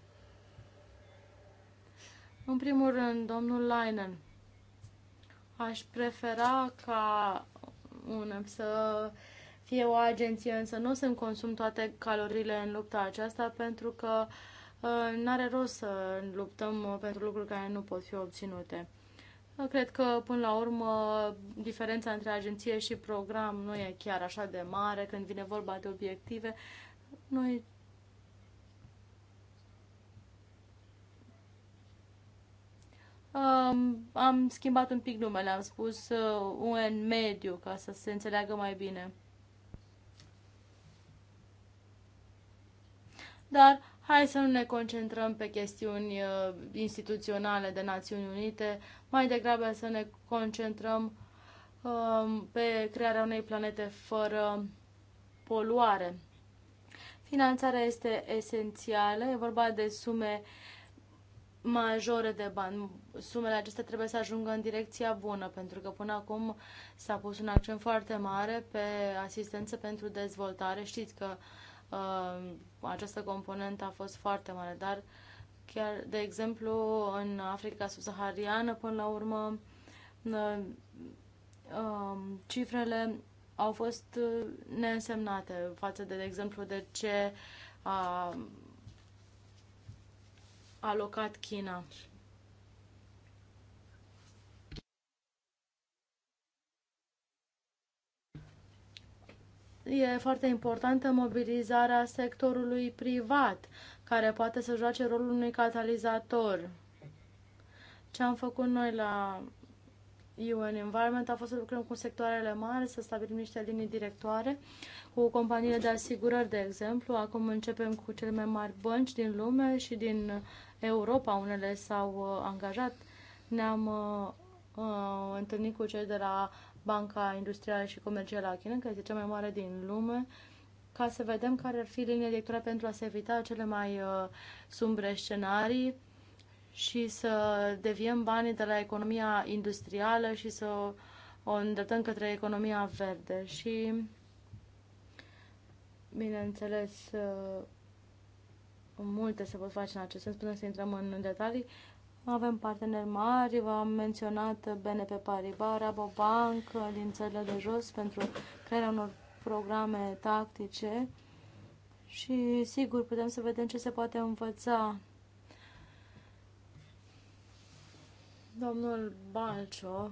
în primul rând, domnul Leinen, aș prefera ca un să fie o agenție, însă nu o să-mi consum toate calorile în lupta aceasta pentru că uh, n-are rost să luptăm ă, pentru lucruri care nu pot fi obținute. Ă, cred că, până la urmă, diferența între agenție și program nu e chiar așa de mare când vine vorba de obiective. Noi um, am schimbat un pic numele, am spus uh, UN Mediu ca să se înțeleagă mai bine. Dar hai să nu ne concentrăm pe chestiuni uh, instituționale de Națiuni Unite, mai degrabă să ne concentrăm uh, pe crearea unei planete fără poluare. Finanțarea este esențială, e vorba de sume uh, majore de bani. Sumele acestea trebuie să ajungă în direcția bună, pentru că până acum s-a pus un accent foarte mare pe asistență pentru dezvoltare. Știți că uh, această componentă a fost foarte mare, dar chiar, de exemplu, în Africa subsahariană, până la urmă, uh, uh, cifrele au fost uh, neînsemnate față de, de exemplu, de ce a uh, alocat China. E foarte importantă mobilizarea sectorului privat, care poate să joace rolul unui catalizator. Ce am făcut noi la UN Environment a fost să lucrăm cu sectoarele mari, să stabilim niște linii directoare cu companiile de asigurări, de exemplu. Acum începem cu cele mai mari bănci din lume și din Europa, unele s-au uh, angajat. Ne-am uh, uh, întâlnit cu cei de la Banca Industrială și Comercială a Chinei, care este cea mai mare din lume, ca să vedem care ar fi linia directoare pentru a se evita cele mai uh, sumbre scenarii și să deviem banii de la economia industrială și să o îndreptăm către economia verde. Și, bineînțeles, uh, Multe se pot face în acest sens, până să intrăm în detalii. Avem parteneri mari, v-am menționat BNP Paribas, Rabobank uh, din țările de jos pentru crearea unor programe tactice și sigur putem să vedem ce se poate învăța. Domnul Balcio,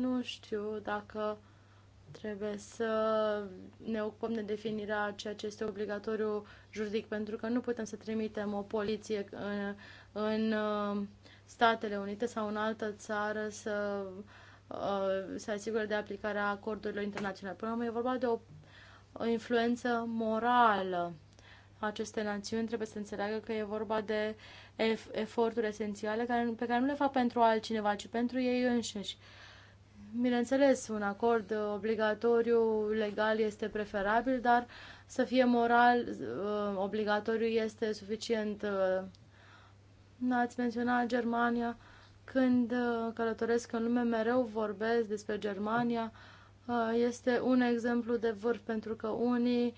nu știu dacă Trebuie să ne ocupăm de definirea ceea ce este obligatoriu juridic, pentru că nu putem să trimitem o poliție în, în uh, Statele Unite sau în altă țară să uh, se asigure de aplicarea acordurilor internaționale. Până la urmă, e vorba de o, o influență morală. Aceste națiuni trebuie să înțeleagă că e vorba de eforturi esențiale care, pe care nu le fac pentru altcineva, ci pentru ei înșiși. Bineînțeles, un acord uh, obligatoriu legal este preferabil, dar să fie moral uh, obligatoriu este suficient. Uh, ați menționat Germania. Când călătoresc în lume, mereu vorbesc despre Germania. Este un exemplu de vârf, pentru că unii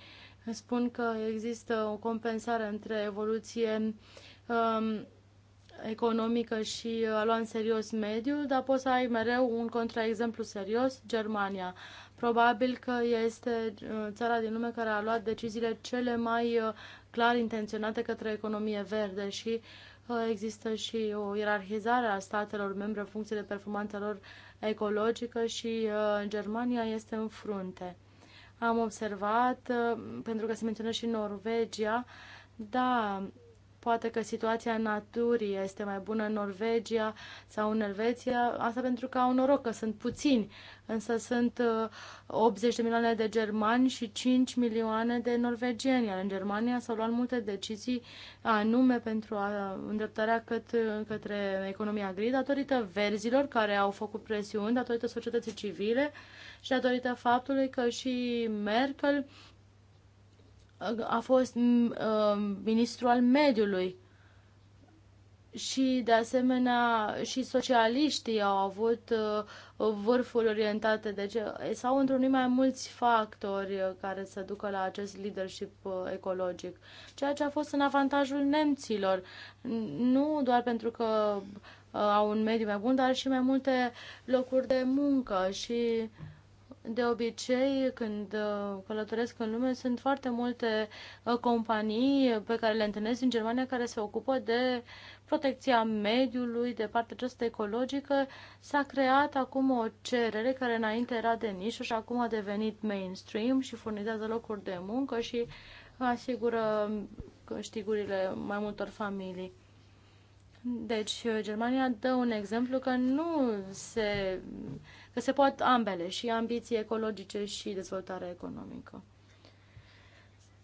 spun că există o compensare între evoluție um, economică și uh, a lua în serios mediul, dar poți să ai mereu un contraexemplu serios, Germania. Probabil că este uh, țara din lume care a luat deciziile cele mai uh, clar intenționate către economie verde și există și o ierarhizare a statelor membre în funcție de performanța lor ecologică și Germania este în frunte. Am observat, pentru că se menționă și Norvegia, da, Poate că situația naturii este mai bună în Norvegia sau în Elveția, asta pentru că au noroc că sunt puțini, însă sunt 80 uh, de milioane de germani și 5 milioane de norvegieni, iar în Germania s-au luat multe decizii anume pentru a, îndreptarea cât, către economia gri, datorită verzilor care au făcut presiuni, datorită societății civile și datorită faptului că și Merkel a fost uh, ministru al mediului și de asemenea și socialiștii au avut uh, vârfuri orientate, deci s-au întrunit mai mulți factori uh, care să ducă la acest leadership ecologic, ceea ce a fost în avantajul nemților, nu doar pentru că au un mediu mai bun, dar și mai multe locuri de muncă și uh, de obicei, când uh, călătoresc în lume, sunt foarte multe uh, companii pe care le întâlnesc din Germania care se ocupă de protecția mediului, de partea aceasta ecologică. S-a creat acum o cerere care înainte era de nișă și acum a devenit mainstream și furnizează locuri de muncă și asigură câștigurile mai multor familii. Deci, uh, Germania dă un exemplu că nu se, că se pot ambele, și ambiții ecologice și dezvoltarea economică.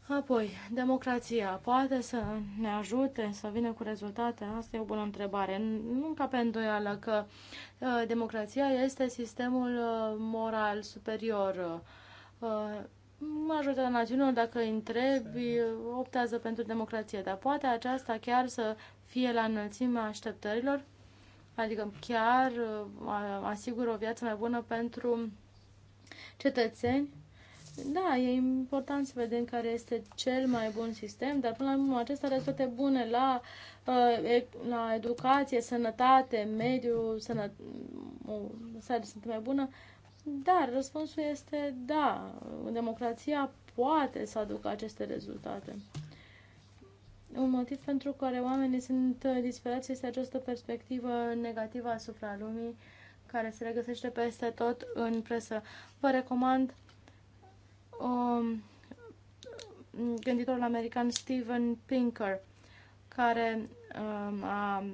Apoi, democrația poate să ne ajute să vină cu rezultate? Asta e o bună întrebare. Nu ca pe îndoială că uh, democrația este sistemul uh, moral superior. Uh, majoritatea națiunilor, dacă întrebi, optează pentru democrație, dar poate aceasta chiar să fie la înălțimea așteptărilor, adică chiar uh, asigură o viață mai bună pentru cetățeni. Da, e important să vedem care este cel mai bun sistem, dar până la urmă acesta are toate bune la, uh, la educație, sănătate, mediu, sănătate, o sănătate mai bună. Dar răspunsul este da, democrația poate să aducă aceste rezultate. Un motiv pentru care oamenii sunt uh, disperați este această perspectivă negativă asupra lumii, care se regăsește peste tot în presă. Vă recomand um, gânditorul american Steven Pinker, care um, a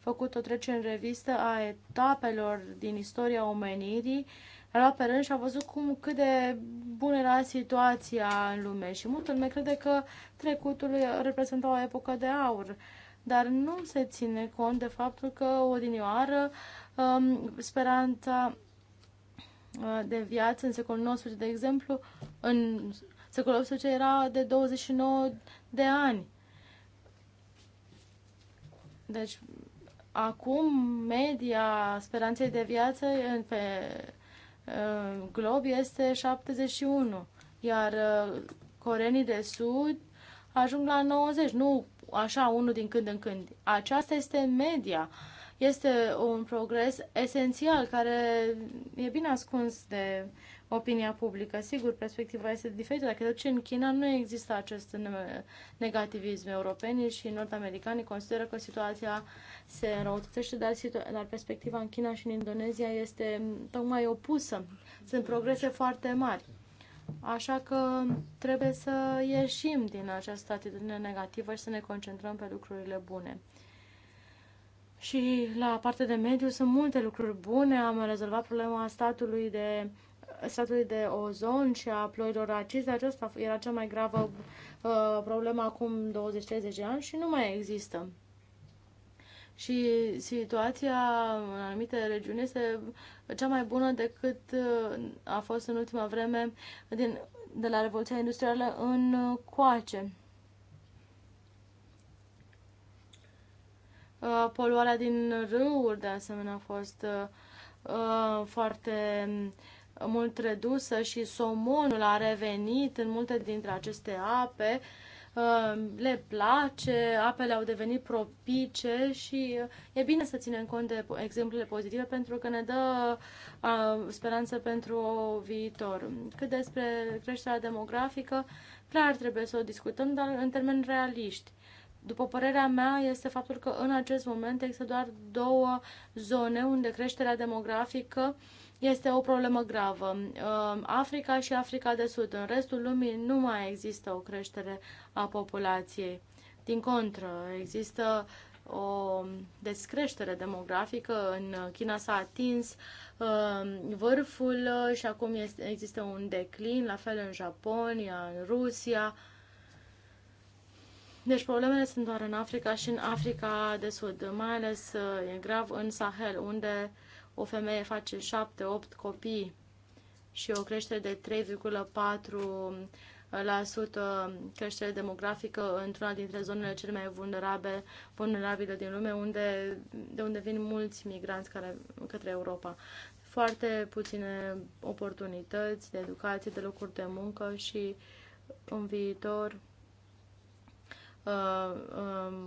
făcut o trecere în revistă a etapelor din istoria omenirii uh, a luat pe rând și a văzut cum, cât de bună era situația în lume. Și multul lume crede că trecutul reprezenta o epocă de aur, dar nu se ține cont de faptul că odinioară um, speranța uh, de viață în secolul 19, de exemplu, în secolul 18 era de 29 de ani. Deci, acum media speranței de viață pe Ehm, glob este 71, iar ehm, corenii de sud ajung la 90, nu așa unul din când în când. Aceasta este media. Este un progres esențial care e bine ascuns de opinia publică. Sigur, perspectiva este diferită. Dacă duci în China, nu există acest negativism. Europenii și nord-americanii consideră că situația se înrăutățește, dar, dar perspectiva în China și în Indonezia este tocmai opusă. Sunt progrese foarte mari. Așa că trebuie să ieșim din această atitudine negativă și să ne concentrăm pe lucrurile bune. Și la partea de mediu sunt multe lucruri bune. Am rezolvat problema statului de statului de ozon și a ploilor acide. Aceasta era cea mai gravă uh, problemă acum 20-30 de ani și nu mai există și situația în anumite regiuni este cea mai bună decât uh, a fost în ultima vreme din, de la Revoluția Industrială în uh, coace. Uh, poluarea din râuri, de asemenea, a fost foarte mult redusă și somonul a revenit în multe dintre aceste ape Uh, le place, apele au devenit propice și uh, e bine să ținem cont de exemplele pozitive pentru că ne dă uh, speranță pentru viitor. Cât despre creșterea demografică, clar trebuie să o discutăm, dar în termeni realiști. După părerea mea, este faptul că în acest moment există doar două zone unde creșterea demografică uh, este o problemă gravă. Ă, Africa și Africa de Sud, în restul lumii nu mai există o creștere a populației. Din contră, există o descreștere demografică. În China s-a atins ă, vârful și acum este, există un declin, la fel în Japonia, în Rusia. Deci problemele sunt doar în Africa și în Africa de Sud, mai ales ă, e grav în Sahel, unde uh, o femeie face 7-8 copii și o creștere de 3,4% la sută creștere demografică într-una dintre zonele cele mai vulnerabile, vulnerabile din lume, unde, de unde vin mulți migranți care, către Europa. Foarte puține oportunități de educație, de locuri de muncă și în viitor uh, uh,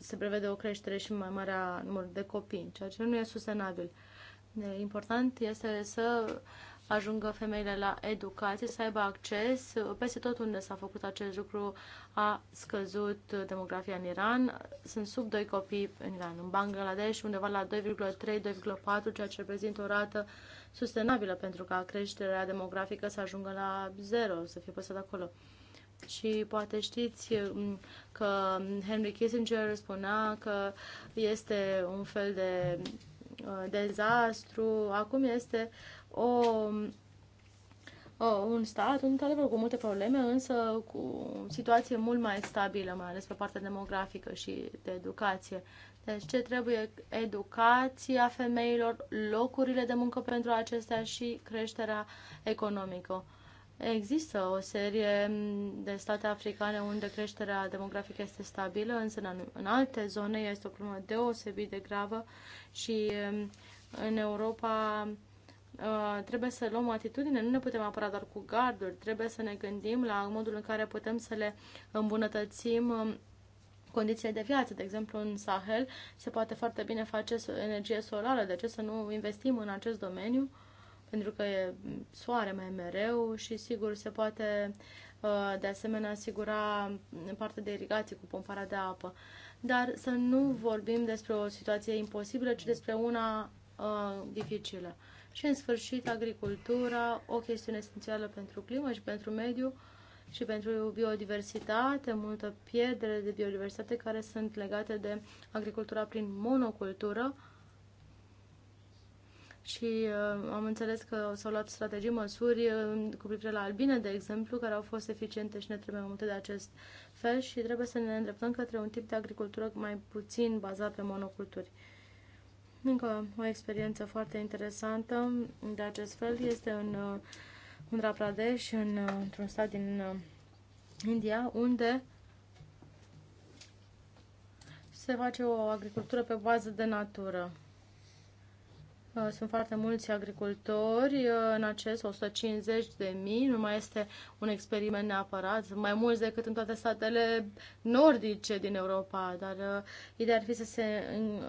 se prevede o creștere și mai mare a numărului de copii, ceea ce nu e sustenabil. Uh, important este să ajungă femeile la educație, să aibă acces. Peste tot unde s-a făcut acest lucru a scăzut demografia în Iran. Sunt sub doi copii în Iran. În Bangladesh undeva la 2,3-2,4, ceea ce reprezintă o rată sustenabilă pentru ca creșterea demografică să ajungă la zero, să fie păsat acolo. Și poate știți că Henry Kissinger spunea că este un fel de Uh, dezastru, acum este o, o, uh, un stat, într-adevăr, cu multe probleme, însă cu situație mult mai stabilă, mai ales pe partea demografică și de educație. Deci ce trebuie? Educația femeilor, locurile de muncă pentru acestea și creșterea economică. Există o serie de state africane unde creșterea demografică este stabilă, însă în alte zone este o problemă deosebit de gravă și în Europa ă, trebuie să luăm o atitudine, nu ne putem apăra doar cu garduri, trebuie să ne gândim la modul în care putem să le îmbunătățim ă, condițiile de viață. De exemplu, în Sahel se poate foarte bine face energie solară, de ce să nu investim în acest domeniu? pentru că e soare mai mereu și sigur se poate uh, de asemenea asigura partea de irigație cu pompara de apă. Dar să nu vorbim despre o situație imposibilă, ci despre una uh, dificilă. Și în sfârșit, agricultura, o chestiune esențială pentru climă și pentru mediu și pentru biodiversitate, multă pietre de biodiversitate care sunt legate de agricultura prin monocultură, și uh, am înțeles că s-au luat strategii, măsuri uh, cu privire la albine, de exemplu, care au fost eficiente și ne trebuie multe de acest fel și trebuie să ne îndreptăm către un tip de agricultură mai puțin bazat pe monoculturi. Încă o experiență foarte interesantă de acest fel este în uh, Andhra Pradesh, în, uh, într-un stat din uh, India, unde se face o agricultură pe bază de natură. Sunt foarte mulți agricultori uh, în acest 150 de mii, nu mai este un experiment neapărat, mai mulți decât în toate statele nordice din Europa, dar uh, ideea ar fi să se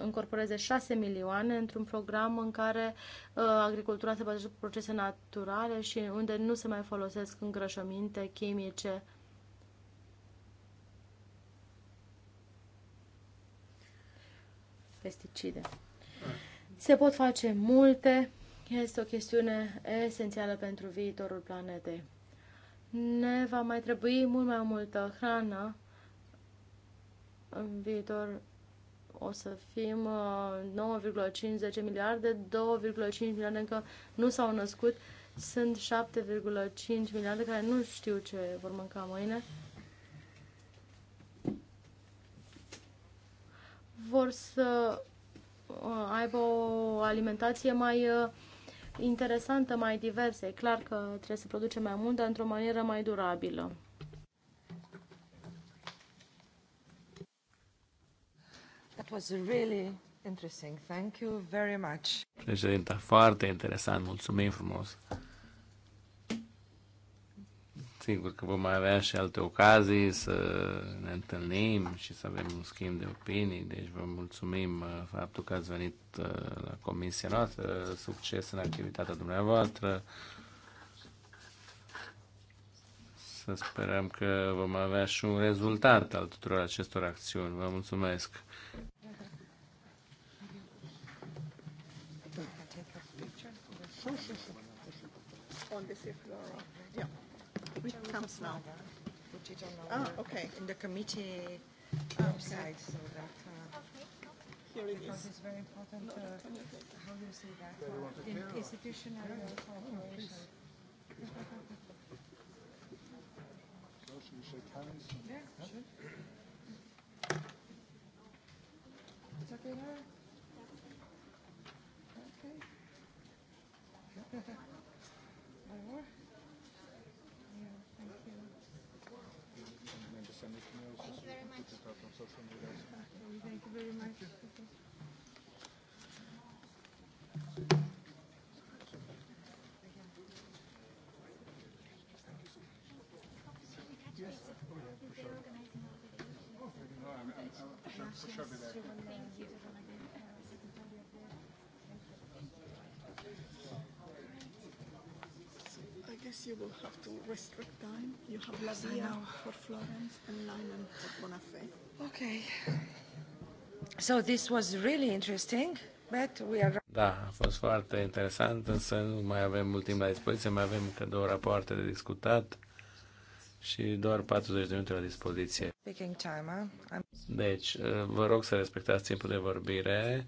încorporeze 6 milioane într-un program în care uh, agricultura se bazează pe procese naturale și unde nu se mai folosesc îngrășăminte chimice. pesticide. Se pot face multe, este o chestiune esențială pentru viitorul planetei. Ne va mai trebui mult mai multă hrană în viitor o să fim 95 uh, miliarde, 2,5 miliarde încă nu s-au născut, sunt 7,5 miliarde care nu știu ce vor mânca mâine. Vor să Uh, aibă o alimentație mai uh, interesantă, mai diversă. E clar că trebuie să producem mai mult, dar într-o manieră mai durabilă. That was really interesting. Thank you very much. Președinta, foarte interesant. Mulțumim frumos. Sigur că vom mai avea și alte ocazii să ne întâlnim și să avem un schimb de opinii, deci vă mulțumim uh, faptul că ați venit uh, la comisia noastră, succes în activitatea dumneavoastră. Să sperăm că vom avea și un rezultat al tuturor acestor acțiuni. Vă mulțumesc! On the floor, yeah. It comes now. Put it on our, ah, okay. In the committee website, so that. Uh, Here it because is. it's very important uh, how you see that uh, in institutional yeah. cooperation. so should we shake hands? Yeah, sure. It's okay now? Okay. social media. thank you very much. Yes. Oh, yeah, for sure. Oh, no, I'm, I'm, I'm, I'm sure be there. Thank you. colleagues, you will have to restrict time. You have yes, Lavia for Florence and Lyman for Bonafé. Okay. So this was really interesting, but we are... Da, a fost foarte interesant, însă nu mai avem mult timp la dispoziție, mai avem încă două rapoarte de discutat și doar 40 de minute la dispoziție. Deci, uh, vă rog să respectați timpul de vorbire.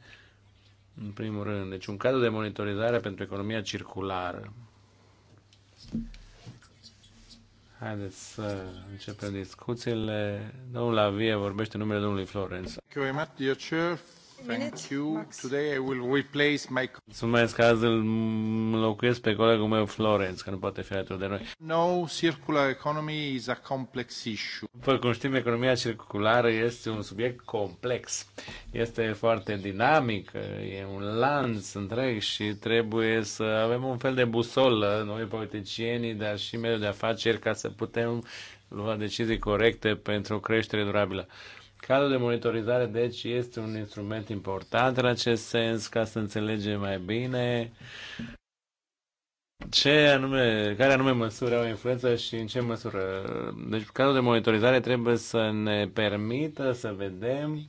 În primul rând, deci un cadru de monitorizare pentru economia circulară. Haideți să începem discuțiile. Domnul Avie vorbește numele domnului Florenț. Mulțumesc, azi îl locuiesc pe colegul meu Florence, că nu poate fi alături de noi. No, circular economy is a complex issue. După cum știm, economia circulară este un subiect complex. Este foarte dinamic, e un lanț întreg și trebuie să avem un fel de busolă, noi politicienii, dar și mediul de afaceri, ca să putem lua decizii corecte pentru o creștere durabilă. Cadrul de monitorizare, deci, este un instrument important în acest sens ca să înțelegem mai bine ce anume, care anume măsuri au influență și în ce măsură. Deci, cadrul de monitorizare trebuie să ne permită să vedem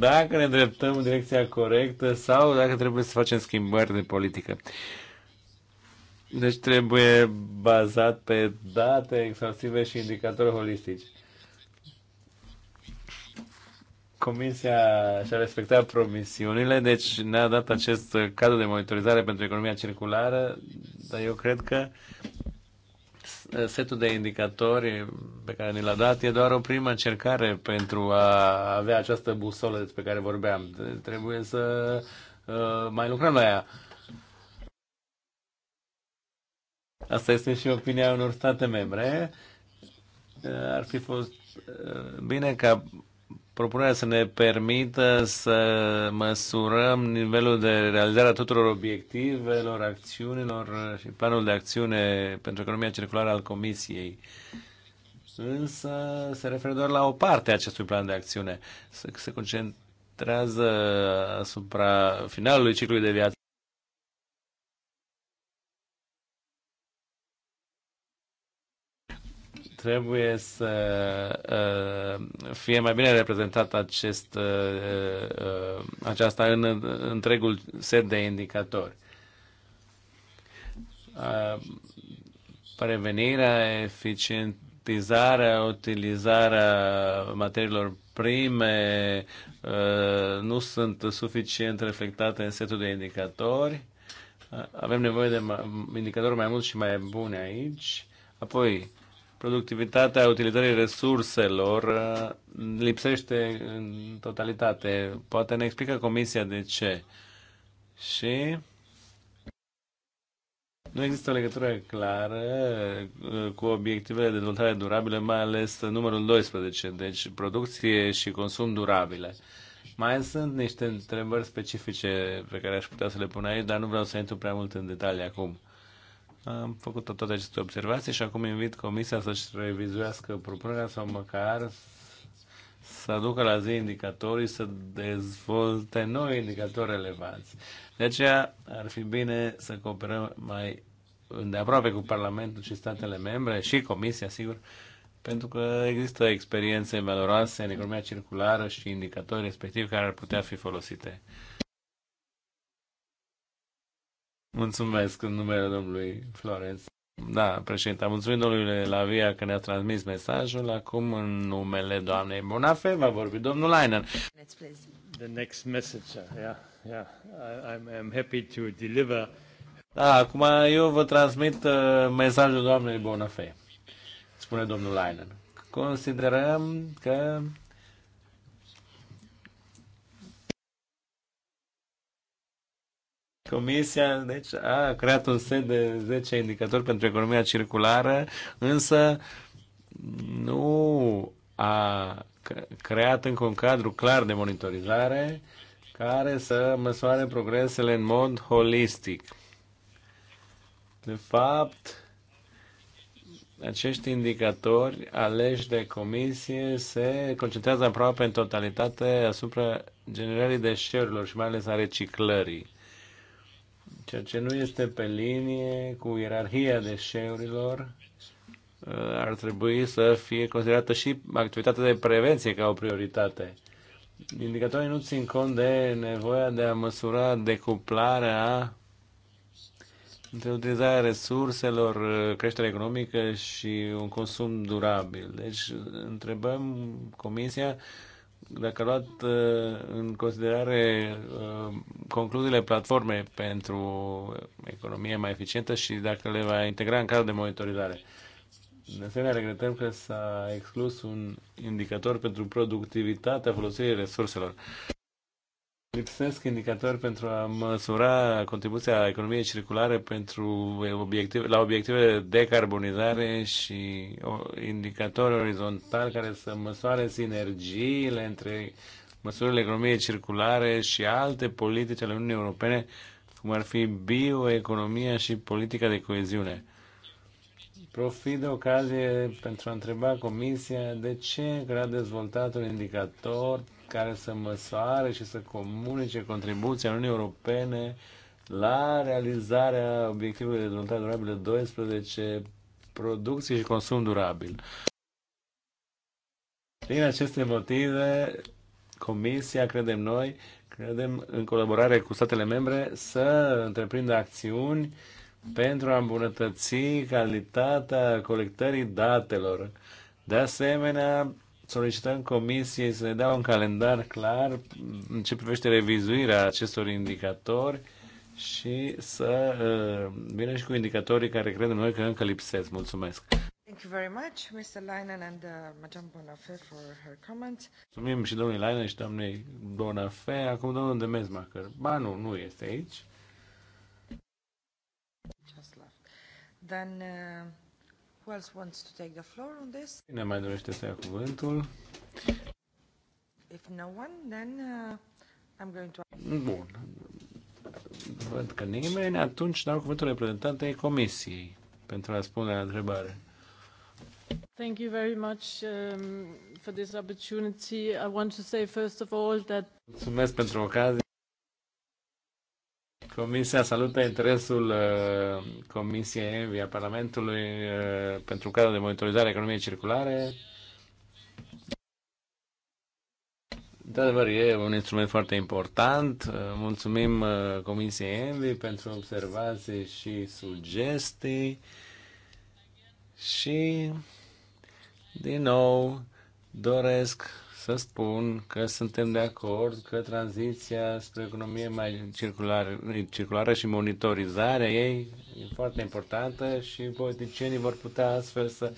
dacă ne îndreptăm în direcția corectă sau dacă trebuie să facem schimbări de politică. Deci trebuie bazat pe date exhaustive și indicatori holistici. Comisia și-a respectat promisiunile, deci ne-a dat acest cadru de monitorizare pentru economia circulară, dar eu cred că setul de indicatori pe care ni l-a dat e doar o primă încercare pentru a avea această busolă despre care vorbeam. Trebuie să uh, mai lucrăm la ea. Asta este și opinia unor state membre. Uh, ar fi fost uh, bine ca propunerea să ne permită să măsurăm nivelul de realizare a tuturor obiectivelor, acțiunilor și planul de acțiune pentru economia circulară al Comisiei. Însă se referă doar la o parte a acestui plan de acțiune. să se concentrează asupra finalului ciclului de viață. trebuie să uh, fie mai bine reprezentat acest, uh, uh, aceasta în întregul set de indicatori. Prevenirea, eficientizarea, utilizarea materiilor prime nu sunt suficient reflectate în setul de indicatori. Avem nevoie de indicatori mai mulți și mai bune aici. Apoi, productivitatea utilizării resurselor uh, lipsește în totalitate. Poate ne explică Comisia de ce. Și nu există o legătură clară uh, cu obiectivele de dezvoltare durabile mai ales numărul 12, deci producție și consum durabile. Mai sunt niște întrebări specifice pe care aș putea să le pun aici, dar nu vreau să intru prea mult în detalii acum. Am făcut toate aceste observații și acum invit Comisia să-și revizuiască propunerea sau măcar să aducă la zi indicatorii, să dezvolte noi indicatori relevanți. De aceea ar fi bine să cooperăm mai îndeaproape cu Parlamentul și statele membre și Comisia, sigur, pentru că există experiențe valoroase în economia circulară și indicatori respectiv care ar putea fi folosite. Mulțumesc în numele domnului Florenț. Da, președinte, mulțumim domnului Lavia că ne-a transmis mesajul. Acum, în numele doamnei Bonafe, va vorbi domnul Leinen. The next messenger, uh, yeah, yeah. I, I'm, I'm happy to deliver. Da, acum eu vă transmit uh, mesajul doamnei Bonafe, spune domnul Leinen. Considerăm că Comisia deci, a creat un set de 10 indicatori pentru economia circulară, însă nu a creat încă un cadru clar de monitorizare care să măsoare progresele în mod holistic. De fapt, acești indicatori aleși de comisie se concentrează aproape în totalitate asupra generării deșeurilor și mai ales a reciclării ceea ce nu este pe linie cu ierarhia deșeurilor uh, ar trebui să fie considerată și activitatea de prevenție ca o prioritate. Indicatorii nu țin cont de nevoia de a măsura decuplarea între utilizarea resurselor, uh, creșterea economică și un consum durabil. Deci întrebăm Comisia dacă luat uh, în considerare uh, concluziile platformei pentru economie mai eficientă și dacă le va integra în cadrul de monitorizare. De asemenea, regretăm că s-a exclus un indicator pentru productivitatea folosirii resurselor lipsesc indicatori pentru a măsura contribuția economiei circulare pentru obiective, la obiectivele de decarbonizare și indicatori orizontali care să măsoare sinergiile între măsurile economiei circulare și alte politici ale Uniunii Europene, cum ar fi bioeconomia și politica de coeziune. Profit de ocazie pentru a întreba Comisia de ce a dezvoltat un indicator care să măsoare și să comunice contribuția Uniunii Europene la realizarea obiectivului de dezvoltare durabilă 12, producție și consum durabil. Din aceste motive, Comisia, credem noi, credem în colaborare cu statele membre să întreprindă acțiuni uh, pentru a îmbunătăți calitatea colectării datelor. De asemenea, solicităm comisiei să ne dea un calendar clar în ce privește revizuirea acestor indicatori și să uh, vină și cu indicatorii care credem noi că încă lipsesc. Mulțumesc! Thank you very much, Mr. Leinen and uh, Madame Bonafé for her comments. Mulțumim și domnului Leinen și doamnei Bonafé. Acum domnul de Mesmacher. Ba nu, nu este aici. Then, uh, who else wants to take the floor on this? Cine mai dorește să ia cuvântul? If no one, then uh, I'm going to... Bun. Văd că nimeni, atunci dau cuvântul reprezentantei Comisiei pentru a spune la întrebare. Thank you very much um, for this opportunity. I want to say first of all that Mulțumesc pentru ocazie. Comisia salută interesul uh, Comisiei Envia Parlamentului uh, pentru cadrul de monitorizare a economiei circulare. Într-adevăr, e un instrument foarte important. Uh, mulțumim uh, Comisiei Envi pentru observații și sugestii. Și, din nou, doresc să spun că suntem de acord că tranziția spre economie mai circulară, circulară și monitorizarea ei e foarte importantă și politicienii vor putea astfel să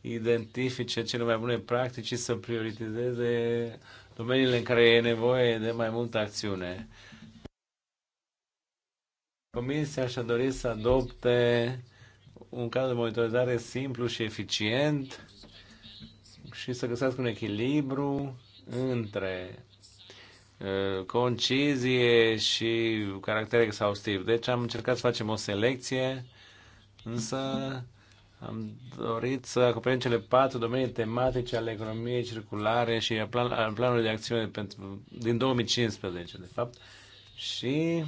identifice cele mai bune practici și să prioritizeze domeniile în care e nevoie de mai multă acțiune. Comisia și-a dorit să adopte un cadru de monitorizare simplu și eficient și să găsească un echilibru între concizie și caracter exhaustiv. Deci am încercat să facem o selecție, însă am dorit să acoperim cele patru domenii tematice ale economiei circulare și al plan, planului de acțiune pentru, din 2015, de fapt. Și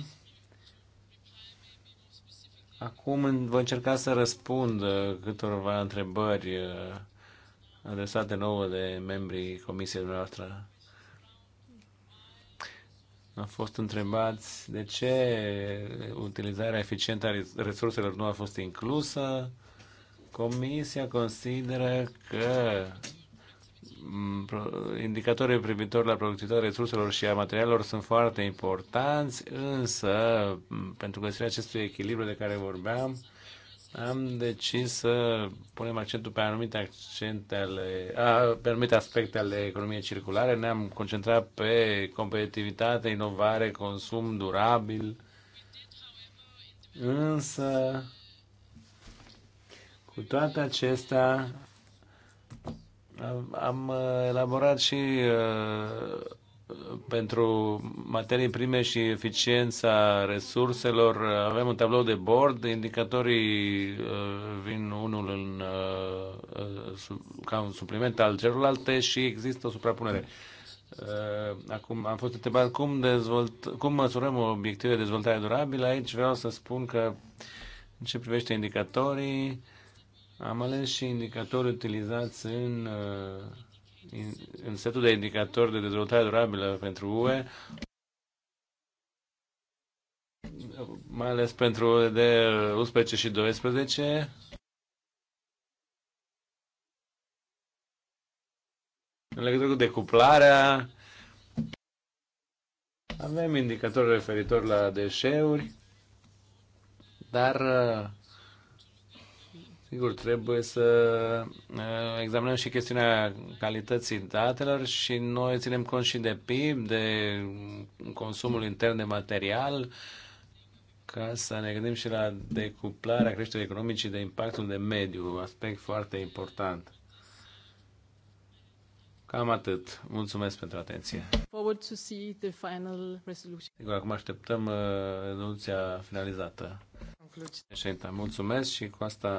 acum voi încerca să răspund câtorva întrebări de nouă de membrii comisiei noastre. a fost întrebați de ce utilizarea eficientă a resurselor nu a fost inclusă. Comisia consideră că mm, indicatorii privitori la productivitatea resurselor și a materialelor sunt foarte importanți, însă mm, pentru găsirea acestui echilibru de care vorbeam, am decis să punem accentul pe anumite, accente ale, a, pe anumite aspecte ale economiei circulare. Ne-am concentrat pe competitivitate, inovare, consum durabil. Însă, cu toate acestea, am, elaborat și uh, pentru materii prime și eficiența resurselor avem un tablou de bord, indicatorii uh, vin unul în, uh, uh, ca un supliment al celorlalte și există o suprapunere. Acum am fost întrebat cum, dezvolt, cum măsurăm obiective de dezvoltare durabilă. Aici vreau să spun că în ce privește indicatorii, am ales și indicatori utilizați în uh, în setul de indicatori de dezvoltare durabilă pentru UE, mai ales pentru de 11 și 12, în legătură cu decuplarea, avem indicatori referitor la deșeuri, dar Sigur, trebuie să uh, examinăm și chestiunea calității datelor și noi ținem cont și de PIB, de consumul intern de material, ca să ne gândim și la decuplarea creșterii economice de impactul de mediu, aspect foarte important. Cam atât. Mulțumesc pentru atenție. Forward to see the final resolution. Sigur, acum așteptăm uh, rezoluția finalizată. Președinte, mulțumesc și cu asta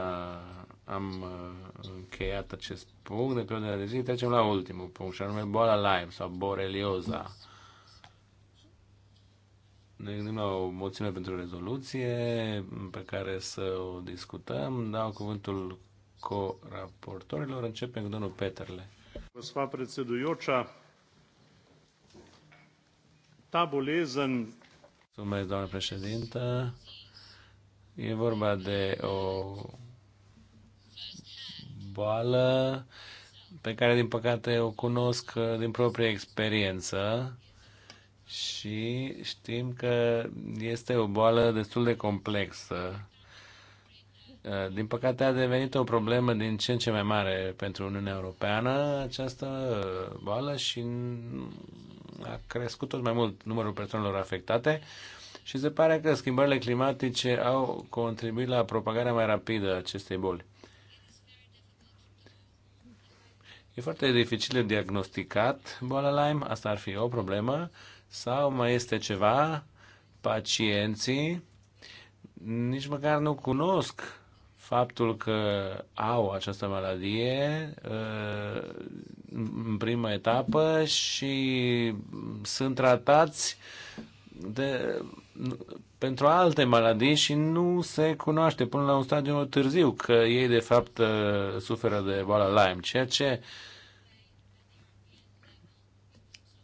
am uh, încheiat acest punct de pe ordinea de zi. Trecem la ultimul punct și anume boala Lyme sau borelioza. Ne gândim la o moțiune pentru rezoluție pe care să o discutăm. Dau cuvântul co-raportorilor. Începem cu domnul Peterle. Gospa predsedujoča, ta bolezen... Mulțumesc, doamnă președintă. E vorba de o boală pe care, din păcate, o cunosc uh, din proprie experiență și știm că este o boală destul de complexă Uh, din păcate a devenit o problemă din ce în ce mai mare pentru Uniunea Europeană această boală și a crescut tot mai mult numărul persoanelor afectate și se pare că schimbările climatice au contribuit la propagarea mai rapidă a acestei boli. E foarte dificil de diagnosticat boala Lyme, asta ar fi o problemă, sau mai este ceva, pacienții nici măcar nu cunosc faptul că au această maladie uh, în prima etapă și sunt tratați de, pentru alte maladii și nu se cunoaște până la un stadiu târziu că ei de fapt uh, suferă de boala Lyme, ceea ce uh,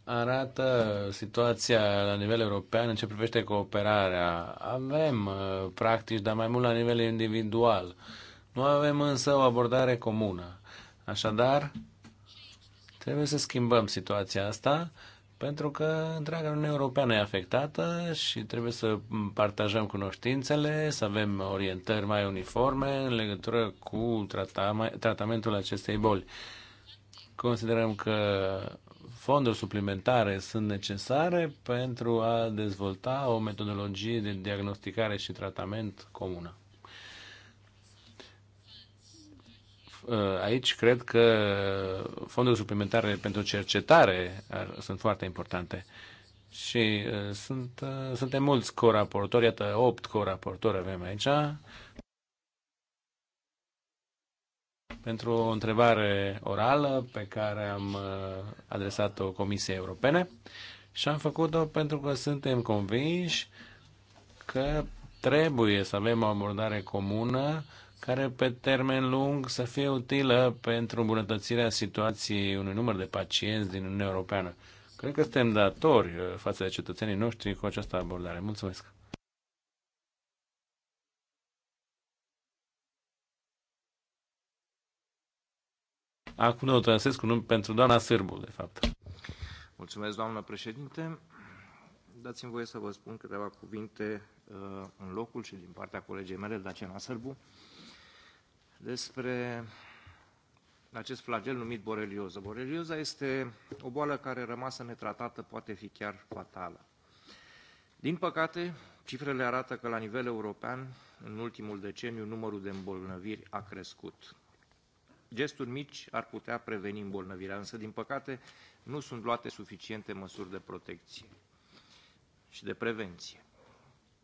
arată situația la nivel european în ce privește cooperarea. Avem uh, practici, dar mai mult la nivel individual. Nu avem însă o abordare comună. Așadar, trebuie să schimbăm situația asta pentru că întreaga Uniune Europeană e afectată și trebuie să partajăm cunoștințele, să avem orientări mai uniforme în legătură cu tratamentul acestei boli. Considerăm că fonduri suplimentare sunt necesare pentru a dezvolta o metodologie de diagnosticare și tratament comună. Aici cred că fondurile suplimentare pentru cercetare sunt foarte importante. Și uh, sunt, uh, suntem mulți coraportori, iată, opt coraportori avem aici pentru o întrebare orală pe care am uh, adresat-o Comisiei Europene și am făcut-o pentru că suntem convinși că trebuie să avem o abordare comună care pe termen lung să fie utilă pentru îmbunătățirea situației unui număr de pacienți din Uniunea Europeană. Cred că suntem datori uh, față de cetățenii noștri cu această abordare. Mulțumesc! Acum o transesc cu pentru doamna Sârbu, de fapt. Mulțumesc, doamnă președinte. Dați-mi voie să vă spun câteva cuvinte uh, în locul și din partea colegii mele, Dacena Sârbu, despre acest flagel numit borelioză. Borelioza este o boală care rămasă netratată poate fi chiar fatală. Din păcate, cifrele arată că la nivel european, în ultimul deceniu, numărul de îmbolnăviri a crescut. Gesturi mici ar putea preveni îmbolnăvirea, însă, din păcate, nu sunt luate suficiente măsuri de protecție și de prevenție.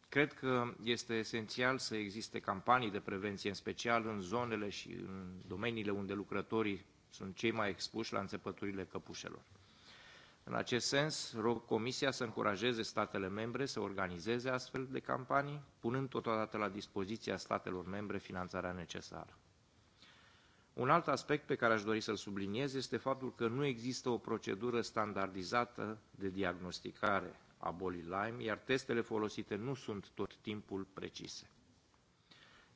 Cred că este esențial să existe campanii de prevenție, în special în zonele și în domeniile unde lucrătorii sunt cei mai expuși la înțepăturile căpușelor. În acest sens, rog Comisia să încurajeze statele membre să organizeze astfel de campanii, punând totodată la dispoziția statelor membre finanțarea necesară. Un alt aspect pe care aș dori să-l subliniez este faptul că nu există o procedură standardizată de diagnosticare a bolii Lyme, iar testele folosite nu sunt tot timpul precise.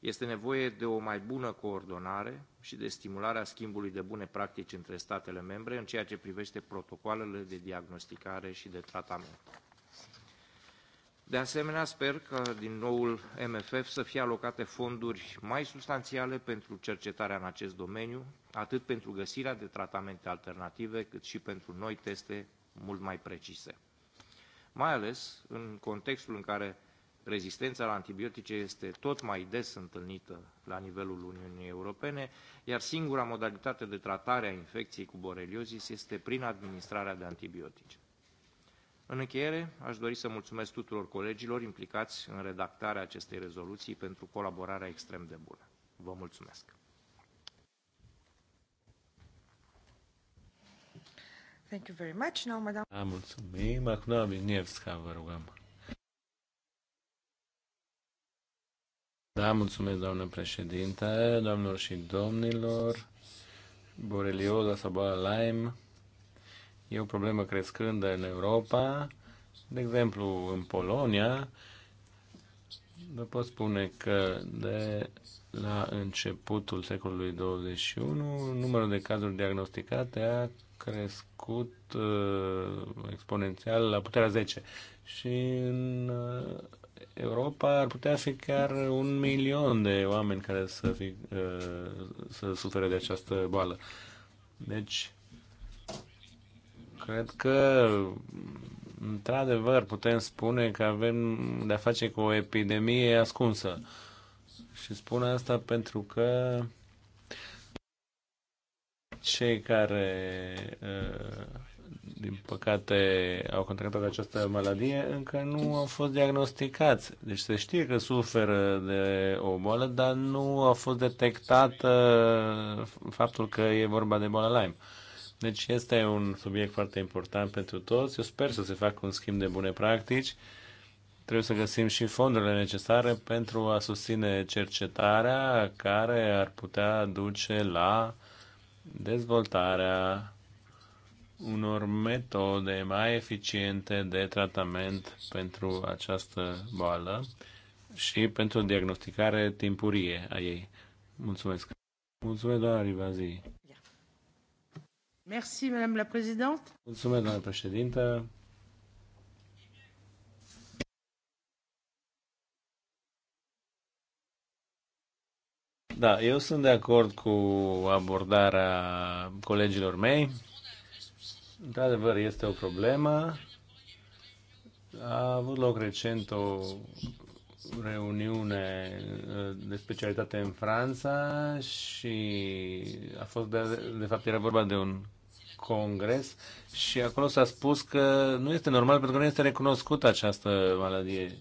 Este nevoie de o mai bună coordonare și de stimularea schimbului de bune practici între statele membre în ceea ce privește protocoalele de diagnosticare și de tratament. De asemenea, sper că din noul MFF să fie alocate fonduri mai substanțiale pentru cercetarea în acest domeniu, atât pentru găsirea de tratamente alternative, cât și pentru noi teste mult mai precise. Mai ales în contextul în care rezistența la antibiotice este tot mai des întâlnită la nivelul Uniunii Europene, iar singura modalitate de tratare a infecției cu boreliozis este prin administrarea de antibiotice. În încheiere, aș dori să mulțumesc tuturor colegilor implicați în redactarea acestei rezoluții pentru colaborarea extrem de bună. Vă mulțumesc! Thank you very much. Now, madam... Da, mulțumim. Acum, doamna Binievska, vă rugăm. Da, mulțumesc, doamnă președinte, doamnelor și domnilor. Borelioza sau boala E o problemă crescândă în Europa. De exemplu, în Polonia, vă pot spune că de la începutul secolului 21, numărul de cazuri diagnosticate a crescut uh, exponențial la puterea 10. Și în uh, Europa ar putea fi chiar un milion de oameni care să, fi, uh, să sufere de această boală. Deci, Cred că, într-adevăr, putem spune că avem de-a face cu o epidemie ascunsă. Și spun asta pentru că cei care, uh, din păcate, au contractat această maladie încă nu au fost diagnosticați. Deci se știe că suferă de o boală, dar nu a fost detectat faptul că e vorba de boală Lyme. Deci este un subiect foarte important pentru toți. Eu sper să se facă un schimb de bune practici. Trebuie să găsim și fondurile necesare pentru a susține cercetarea care ar putea duce la dezvoltarea unor metode mai eficiente de tratament pentru această boală și pentru diagnosticare timpurie a ei. Mulțumesc! Mulțumesc, doamna Rivazi! Merci, la Mulțumesc, doamnă președintă. Da, eu sunt de acord cu abordarea colegilor mei. Într-adevăr, este o problemă. A avut loc recent o reuniune uh, de specialitate în Franța și a fost, de, de fapt, era vorba de un congres și acolo s-a spus că nu este normal pentru că nu este recunoscută această maladie.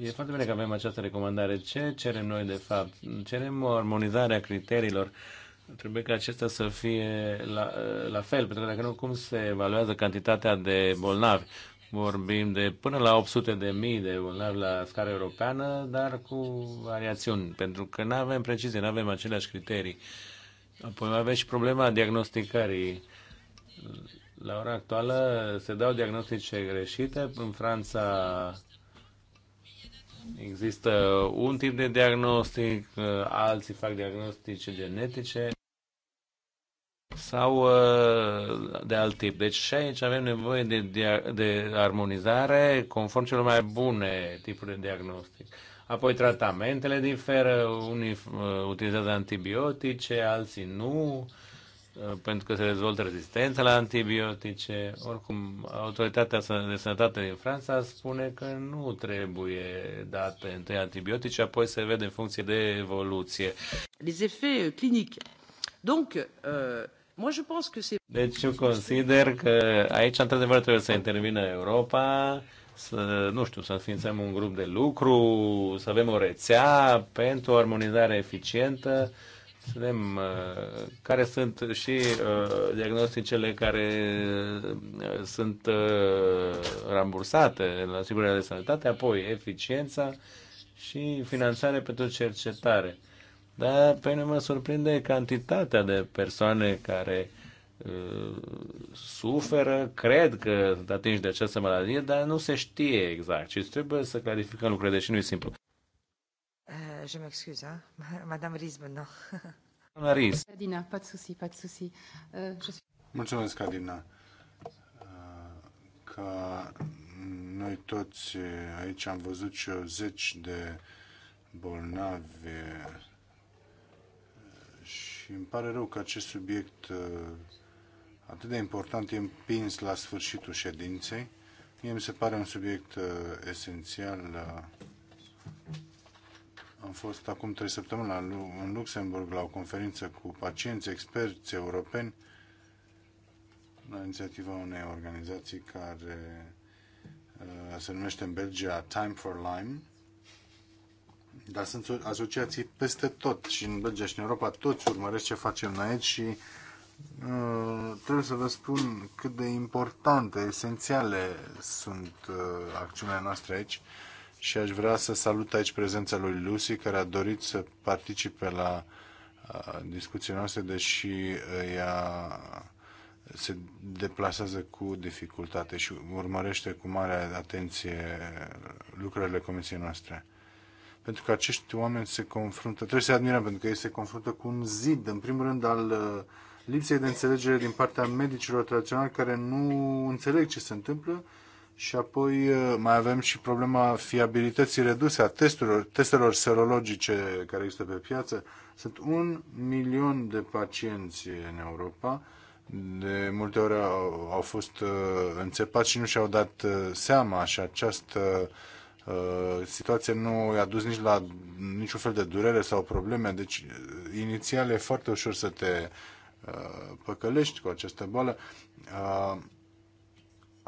E foarte bine că avem această recomandare. Ce cerem noi, de fapt? Cerem o armonizare a criteriilor. Trebuie ca acesta să fie la, la fel, pentru că dacă nu, cum se evaluează cantitatea de bolnavi? Vorbim de până la 800 de mii de bolnavi la scară europeană, dar cu variațiuni, pentru că nu avem precizie, nu avem aceleași criterii. Apoi mai avem și problema diagnosticării la ora actuală se dau diagnostice greșite. În Franța există un tip de diagnostic, alții fac diagnostice genetice sau uh, de alt tip. Deci și aici avem nevoie de, de armonizare conform celor mai bune tipuri de diagnostic. Apoi tratamentele diferă, unii uh, utilizează antibiotice, alții nu. Uh, Uh, pentru că se dezvoltă rezistența la antibiotice. Oricum, Autoritatea de Sănătate din Franța spune că nu trebuie date întâi antibiotice, apoi se vede în funcție de evoluție. Les effets euh, cliniques. Donc, euh, moi je pense que c'est... Deci eu consider că aici, într-adevăr, trebuie să intervină Europa, să, nu știu, să înființăm un grup de lucru, să avem o rețea pentru o armonizare eficientă să vedem uh, care sunt și uh, diagnosticele care uh, sunt uh, rambursate la asigurarea de sănătate, apoi eficiența și finanțare pentru cercetare. Dar pe mine mă surprinde cantitatea de persoane care uh, suferă, cred că sunt atinși de această maladie, dar nu se știe exact și trebuie să clarificăm lucrurile, deși nu e simplu je m'excuse, hein. Madame Risbon, non. Doamna Riz. Adina, pas de souci, pas de souci. Euh, Mulțumesc, Adina, euh, că noi toți aici am văzut și eu zeci de bolnavi și îmi pare rău că acest subiect atât de important e împins la sfârșitul ședinței. Mie mi se pare un subiect esențial am fost acum trei săptămâni la, în Luxemburg la o conferință cu pacienți, experți europeni la inițiativa unei organizații care uh, se numește în Belgia Time for Lyme. Dar sunt asociații peste tot și în Belgia și în Europa toți urmăresc ce facem noi aici și uh, trebuie să vă spun cât de importante, esențiale sunt uh, acțiunile noastre aici. Uh, și aș vrea să salut aici prezența lui Lucy, care a dorit să participe la uh, discuția noastră, deși uh, ea se deplasează cu dificultate și urmărește cu mare atenție lucrările comisiei noastre. Pentru că acești oameni se confruntă, trebuie să admirăm, pentru că ei se confruntă cu un zid, în primul rând, al uh, lipsei de înțelegere din partea medicilor tradiționali care nu înțeleg ce se întâmplă și apoi uh, mai avem și problema fiabilității reduse a testurilor, testelor serologice care există pe piață. Sunt un milion de pacienți în Europa. De multe ori au, au fost uh, înțepați și nu și-au dat uh, seama și această uh, situație nu i-a dus nici la niciun fel de durere sau probleme. Deci, uh, inițial e foarte ușor să te uh, păcălești cu această boală. Uh,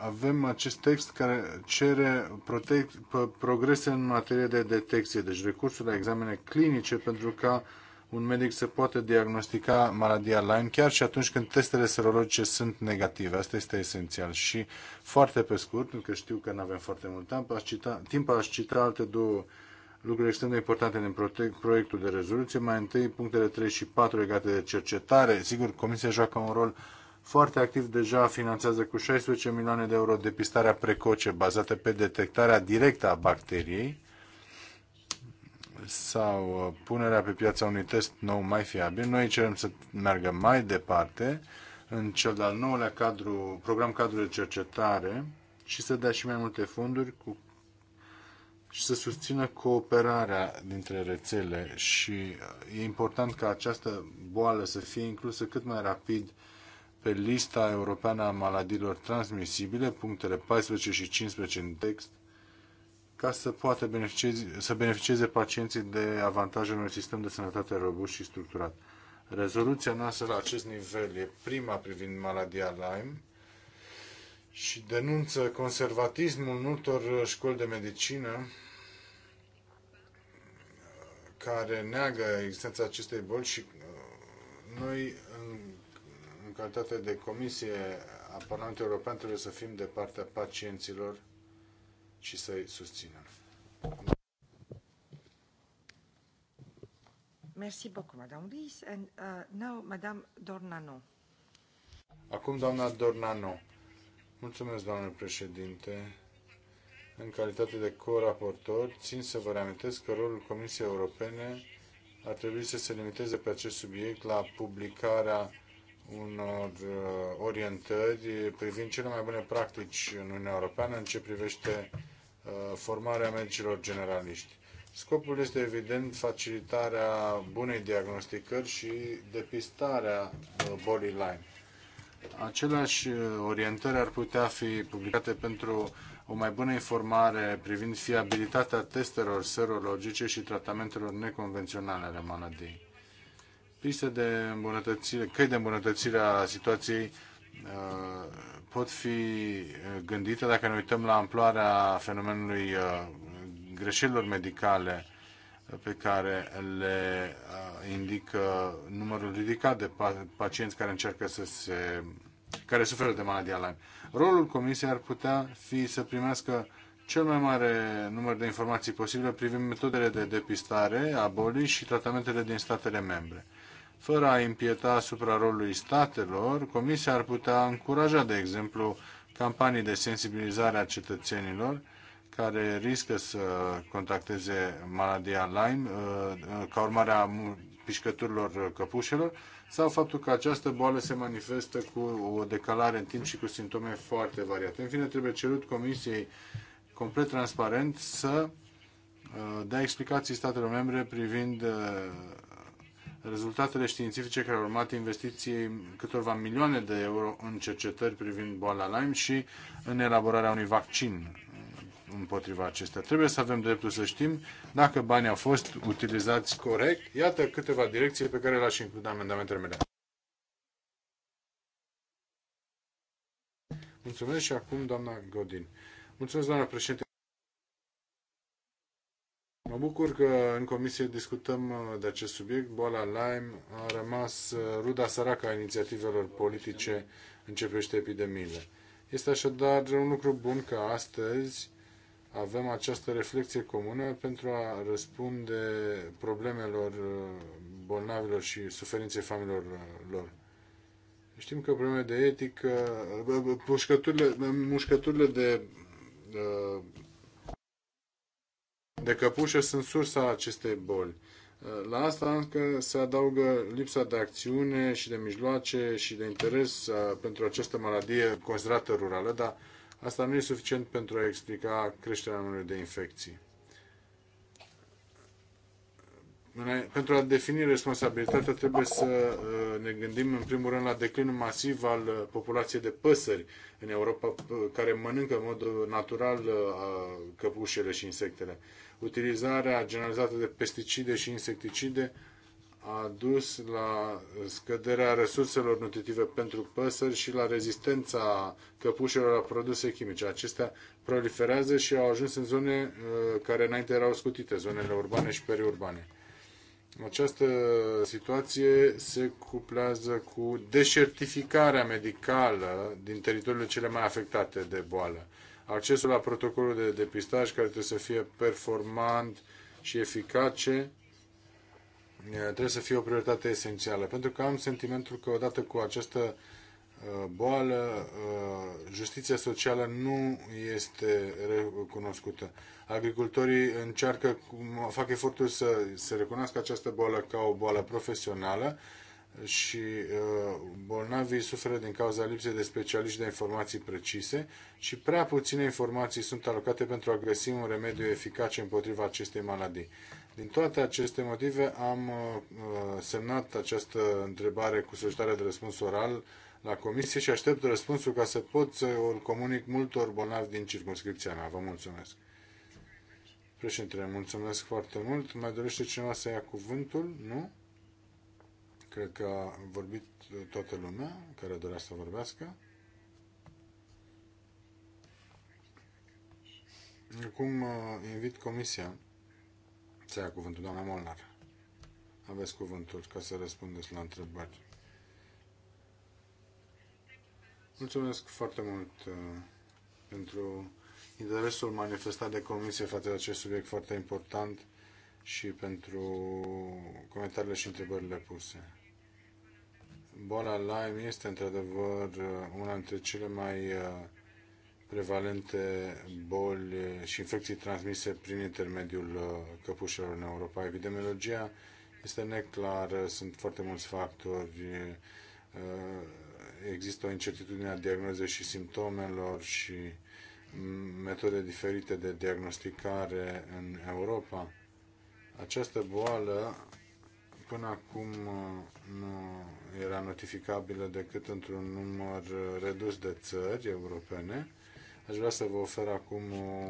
avem acest text care cere protect, progrese în materie de detecție, deci recursul la examene clinice pentru ca un medic se poate diagnostica maladia Lyme chiar și atunci când testele serologice sunt negative. Asta este esențial. Și foarte pe scurt, pentru că știu că nu avem foarte mult timp, aș cita, timp aș cita alte două lucruri extrem de importante din proiectul de rezoluție. Mai întâi, punctele 3 și 4 legate de cercetare. Sigur, Comisia joacă un rol foarte activ deja finanțează cu 16 milioane de euro depistarea precoce bazată pe detectarea directă a bacteriei sau uh, punerea pe piața unui test nou mai fiabil. Noi cerem să meargă mai departe în cel de-al nouălea cadru, program cadru de cercetare și să dea și mai multe fonduri cu, și să susțină cooperarea dintre rețele și uh, e important ca această boală să fie inclusă cât mai rapid uh, pe lista europeană a maladilor transmisibile, punctele 14 și 15 în text, ca să poată beneficieze, să beneficieze pacienții de avantajul unui sistem de sănătate robust și structurat. Rezoluția noastră la acest nivel e prima privind maladia Lyme și denunță conservatismul multor școli de medicină care neagă existența acestei boli și uh, noi calitate de comisie a Parlamentului European, trebuie să fim de partea pacienților și să-i susținem. Merci beaucoup, Madame And uh, now, Madame Dornano. Acum, doamna Dornano. Mulțumesc, doamnă președinte. În calitate de co-raportor, țin să vă reamintesc că rolul Comisiei Europene ar trebui să se limiteze pe acest subiect la publicarea unor uh, orientări privind cele mai bune practici în Uniunea Europeană în ce privește uh, formarea medicilor generaliști. Scopul este evident facilitarea bunei diagnosticări și depistarea uh, bolii Lyme. Aceleași orientări ar putea fi publicate pentru o mai bună informare privind fiabilitatea testelor serologice și tratamentelor neconvenționale ale maladiei piste de îmbunătățire, căi de îmbunătățire a situației uh, pot fi uh, gândite dacă ne uităm la amploarea fenomenului uh, greșelilor medicale pe care le indică numărul ridicat de pacienți care încearcă să se care suferă de maladia Lyme. Rolul comisiei ar putea fi să primească cel mai mare număr de informații posibile privind metodele de depistare a bolii și tratamentele din statele membre. Fără a impieta asupra rolului statelor, Comisia ar putea încuraja, de exemplu, campanii de sensibilizare a cetățenilor care riscă să contacteze maladia Lyme uh, uh, ca urmare a pișcăturilor căpușelor sau faptul că această boală se manifestă cu o decalare în timp și cu simptome foarte variate. În fine, trebuie cerut Comisiei complet transparent să uh, dea explicații statelor membre privind Rezultatele științifice care au urmat investiții câtorva milioane de euro în cercetări privind boala Lyme și în elaborarea unui vaccin împotriva acestea. Trebuie să avem dreptul să știm dacă banii au fost utilizați corect. Iată câteva direcții pe care le-aș include amendamentele mele. Mulțumesc și acum doamna Godin. Mulțumesc, doamna președinte. Mă bucur că în comisie discutăm uh, de acest subiect. Boala Lyme a rămas uh, ruda săracă a inițiativelor politice în ce privește epidemiile. Este așadar un lucru bun că astăzi avem această reflexie comună pentru a răspunde problemelor uh, bolnavilor și suferinței familiilor lor. Știm că problemele de etică, mușcăturile, mușcăturile de de căpușă sunt sursa acestei boli. La asta încă se adaugă lipsa de acțiune și de mijloace și de interes pentru această maladie considerată rurală, dar asta nu e suficient pentru a explica creșterea numărului de infecții. Pentru a defini responsabilitatea trebuie să ne gândim în primul rând la declinul masiv al populației de păsări în Europa care mănâncă în mod natural căpușele și insectele utilizarea generalizată de pesticide și insecticide a dus la scăderea resurselor nutritive pentru păsări și la rezistența căpușelor la produse chimice. Acestea proliferează și au ajuns în zone uh, care înainte erau scutite, zonele urbane și periurbane. Această situație se cuplează cu deșertificarea medicală din teritoriile cele mai afectate de boală accesul la protocolul de depistaj care trebuie să fie performant și eficace trebuie să fie o prioritate esențială. Pentru că am sentimentul că odată cu această boală, justiția socială nu este recunoscută. Agricultorii încearcă, fac efortul să se recunoască această boală ca o boală profesională și uh, bolnavii suferă din cauza lipsei de specialiști de informații precise și prea puține informații sunt alocate pentru a găsi un remediu eficace împotriva acestei maladii. Din toate aceste motive am uh, semnat această întrebare cu solicitarea de răspuns oral la comisie și aștept răspunsul ca să pot să îl comunic multor bolnavi din circunscripția mea. Vă mulțumesc. Președinte, mulțumesc foarte mult. Mai dorește cineva să ia cuvântul? Nu? Cred că a vorbit toată lumea care dorea să vorbească. Acum uh, invit comisia să ia cuvântul, doamna Molnar. Aveți cuvântul ca să răspundeți la întrebări. Mulțumesc foarte mult uh, pentru interesul manifestat de comisie față de acest subiect foarte important și pentru comentariile și întrebările puse boala Lyme este într-adevăr una dintre cele mai uh, prevalente boli și infecții transmise prin intermediul uh, căpușelor în Europa. Epidemiologia este neclară, sunt foarte mulți factori, uh, există o incertitudine a diagnozei și simptomelor și metode diferite de diagnosticare în Europa. Această boală până acum uh, nu era notificabilă decât într-un număr uh, redus de țări europene. Aș vrea să vă ofer acum o,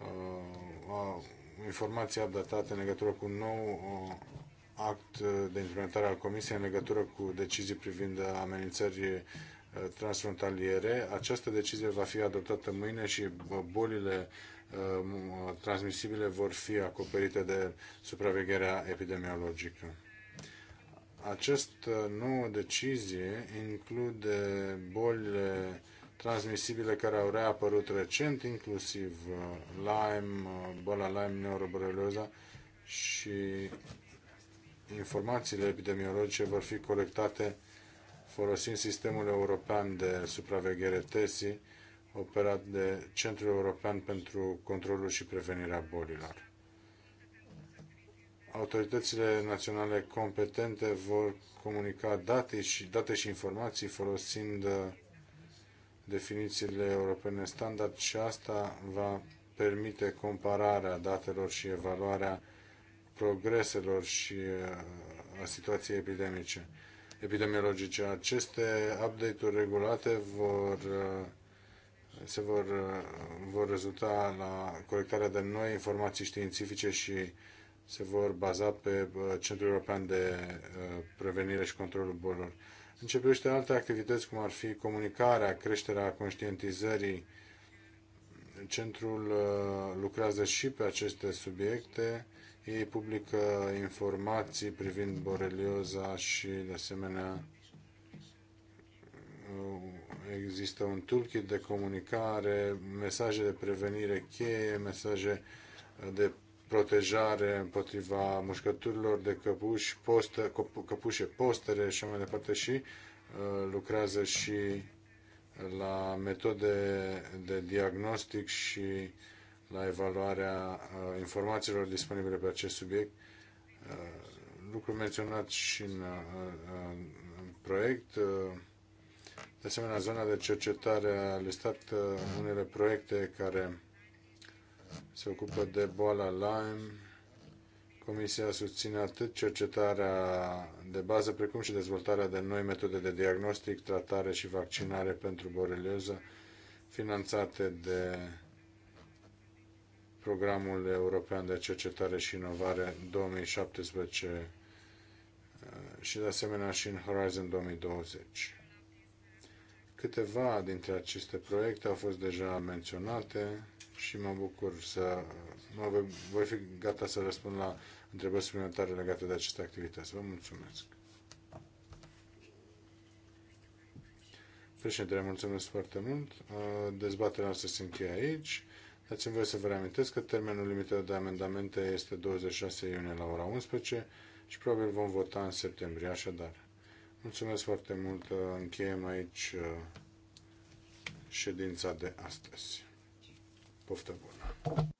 uh, o, o informație updatată în legătură cu un nou act de implementare al Comisiei în legătură cu decizii privind amenințări transfrontaliere. Această decizie va fi adoptată mâine și bolile Uh, transmisibile vor fi acoperite de supravegherea epidemiologică. Această uh, nouă decizie include bolile transmisibile care au reapărut recent, inclusiv uh, Lyme, boala Lyme, neuroborelioza și informațiile epidemiologice vor fi colectate folosind sistemul european de supraveghere TESI operat de Centrul European pentru Controlul și Prevenirea Bolilor. Autoritățile naționale competente vor comunica date și, date și informații folosind uh, definițiile europene standard și asta va permite compararea datelor și evaluarea progreselor și uh, a situației epidemice, epidemiologice. Aceste update-uri regulate vor uh, se vor, vor rezulta la colectarea de noi informații științifice și se vor baza pe uh, Centrul European de uh, Prevenire și Controlul Bolilor. Începește alte activități, cum ar fi comunicarea, creșterea conștientizării. Centrul uh, lucrează și pe aceste subiecte. Ei publică informații privind borelioza și, de asemenea, Uh, există un toolkit de comunicare, mesaje de prevenire cheie, mesaje uh, de protejare împotriva mușcăturilor de căpuși, poster, căpușe, postere și mai departe și uh, lucrează și la metode de diagnostic și la evaluarea informațiilor disponibile pe acest subiect, lucru menționat și în, în proiect de asemenea zona de cercetare a listat uh, unele proiecte care se ocupă de boala Lyme. Comisia susține atât cercetarea de bază, precum și dezvoltarea de noi metode de diagnostic, tratare și vaccinare pentru borelioză, finanțate de Programul European de Cercetare și Inovare 2017 uh, și de asemenea și în Horizon 2020. Câteva dintre aceste proiecte au fost deja menționate și mă bucur să mă voi, voi fi gata să răspund la întrebări suplimentare legate de aceste activități. Vă mulțumesc. Președintele, mulțumesc foarte mult. Uh, dezbaterea noastră se încheie aici. Dați-mi voie să vă reamintesc că termenul limită de amendamente este 26 iunie la ora 11 și probabil vom vota în septembrie, așadar. Mulțumesc foarte mult. Încheiem aici uh, ședința de astăzi. Poftă bună!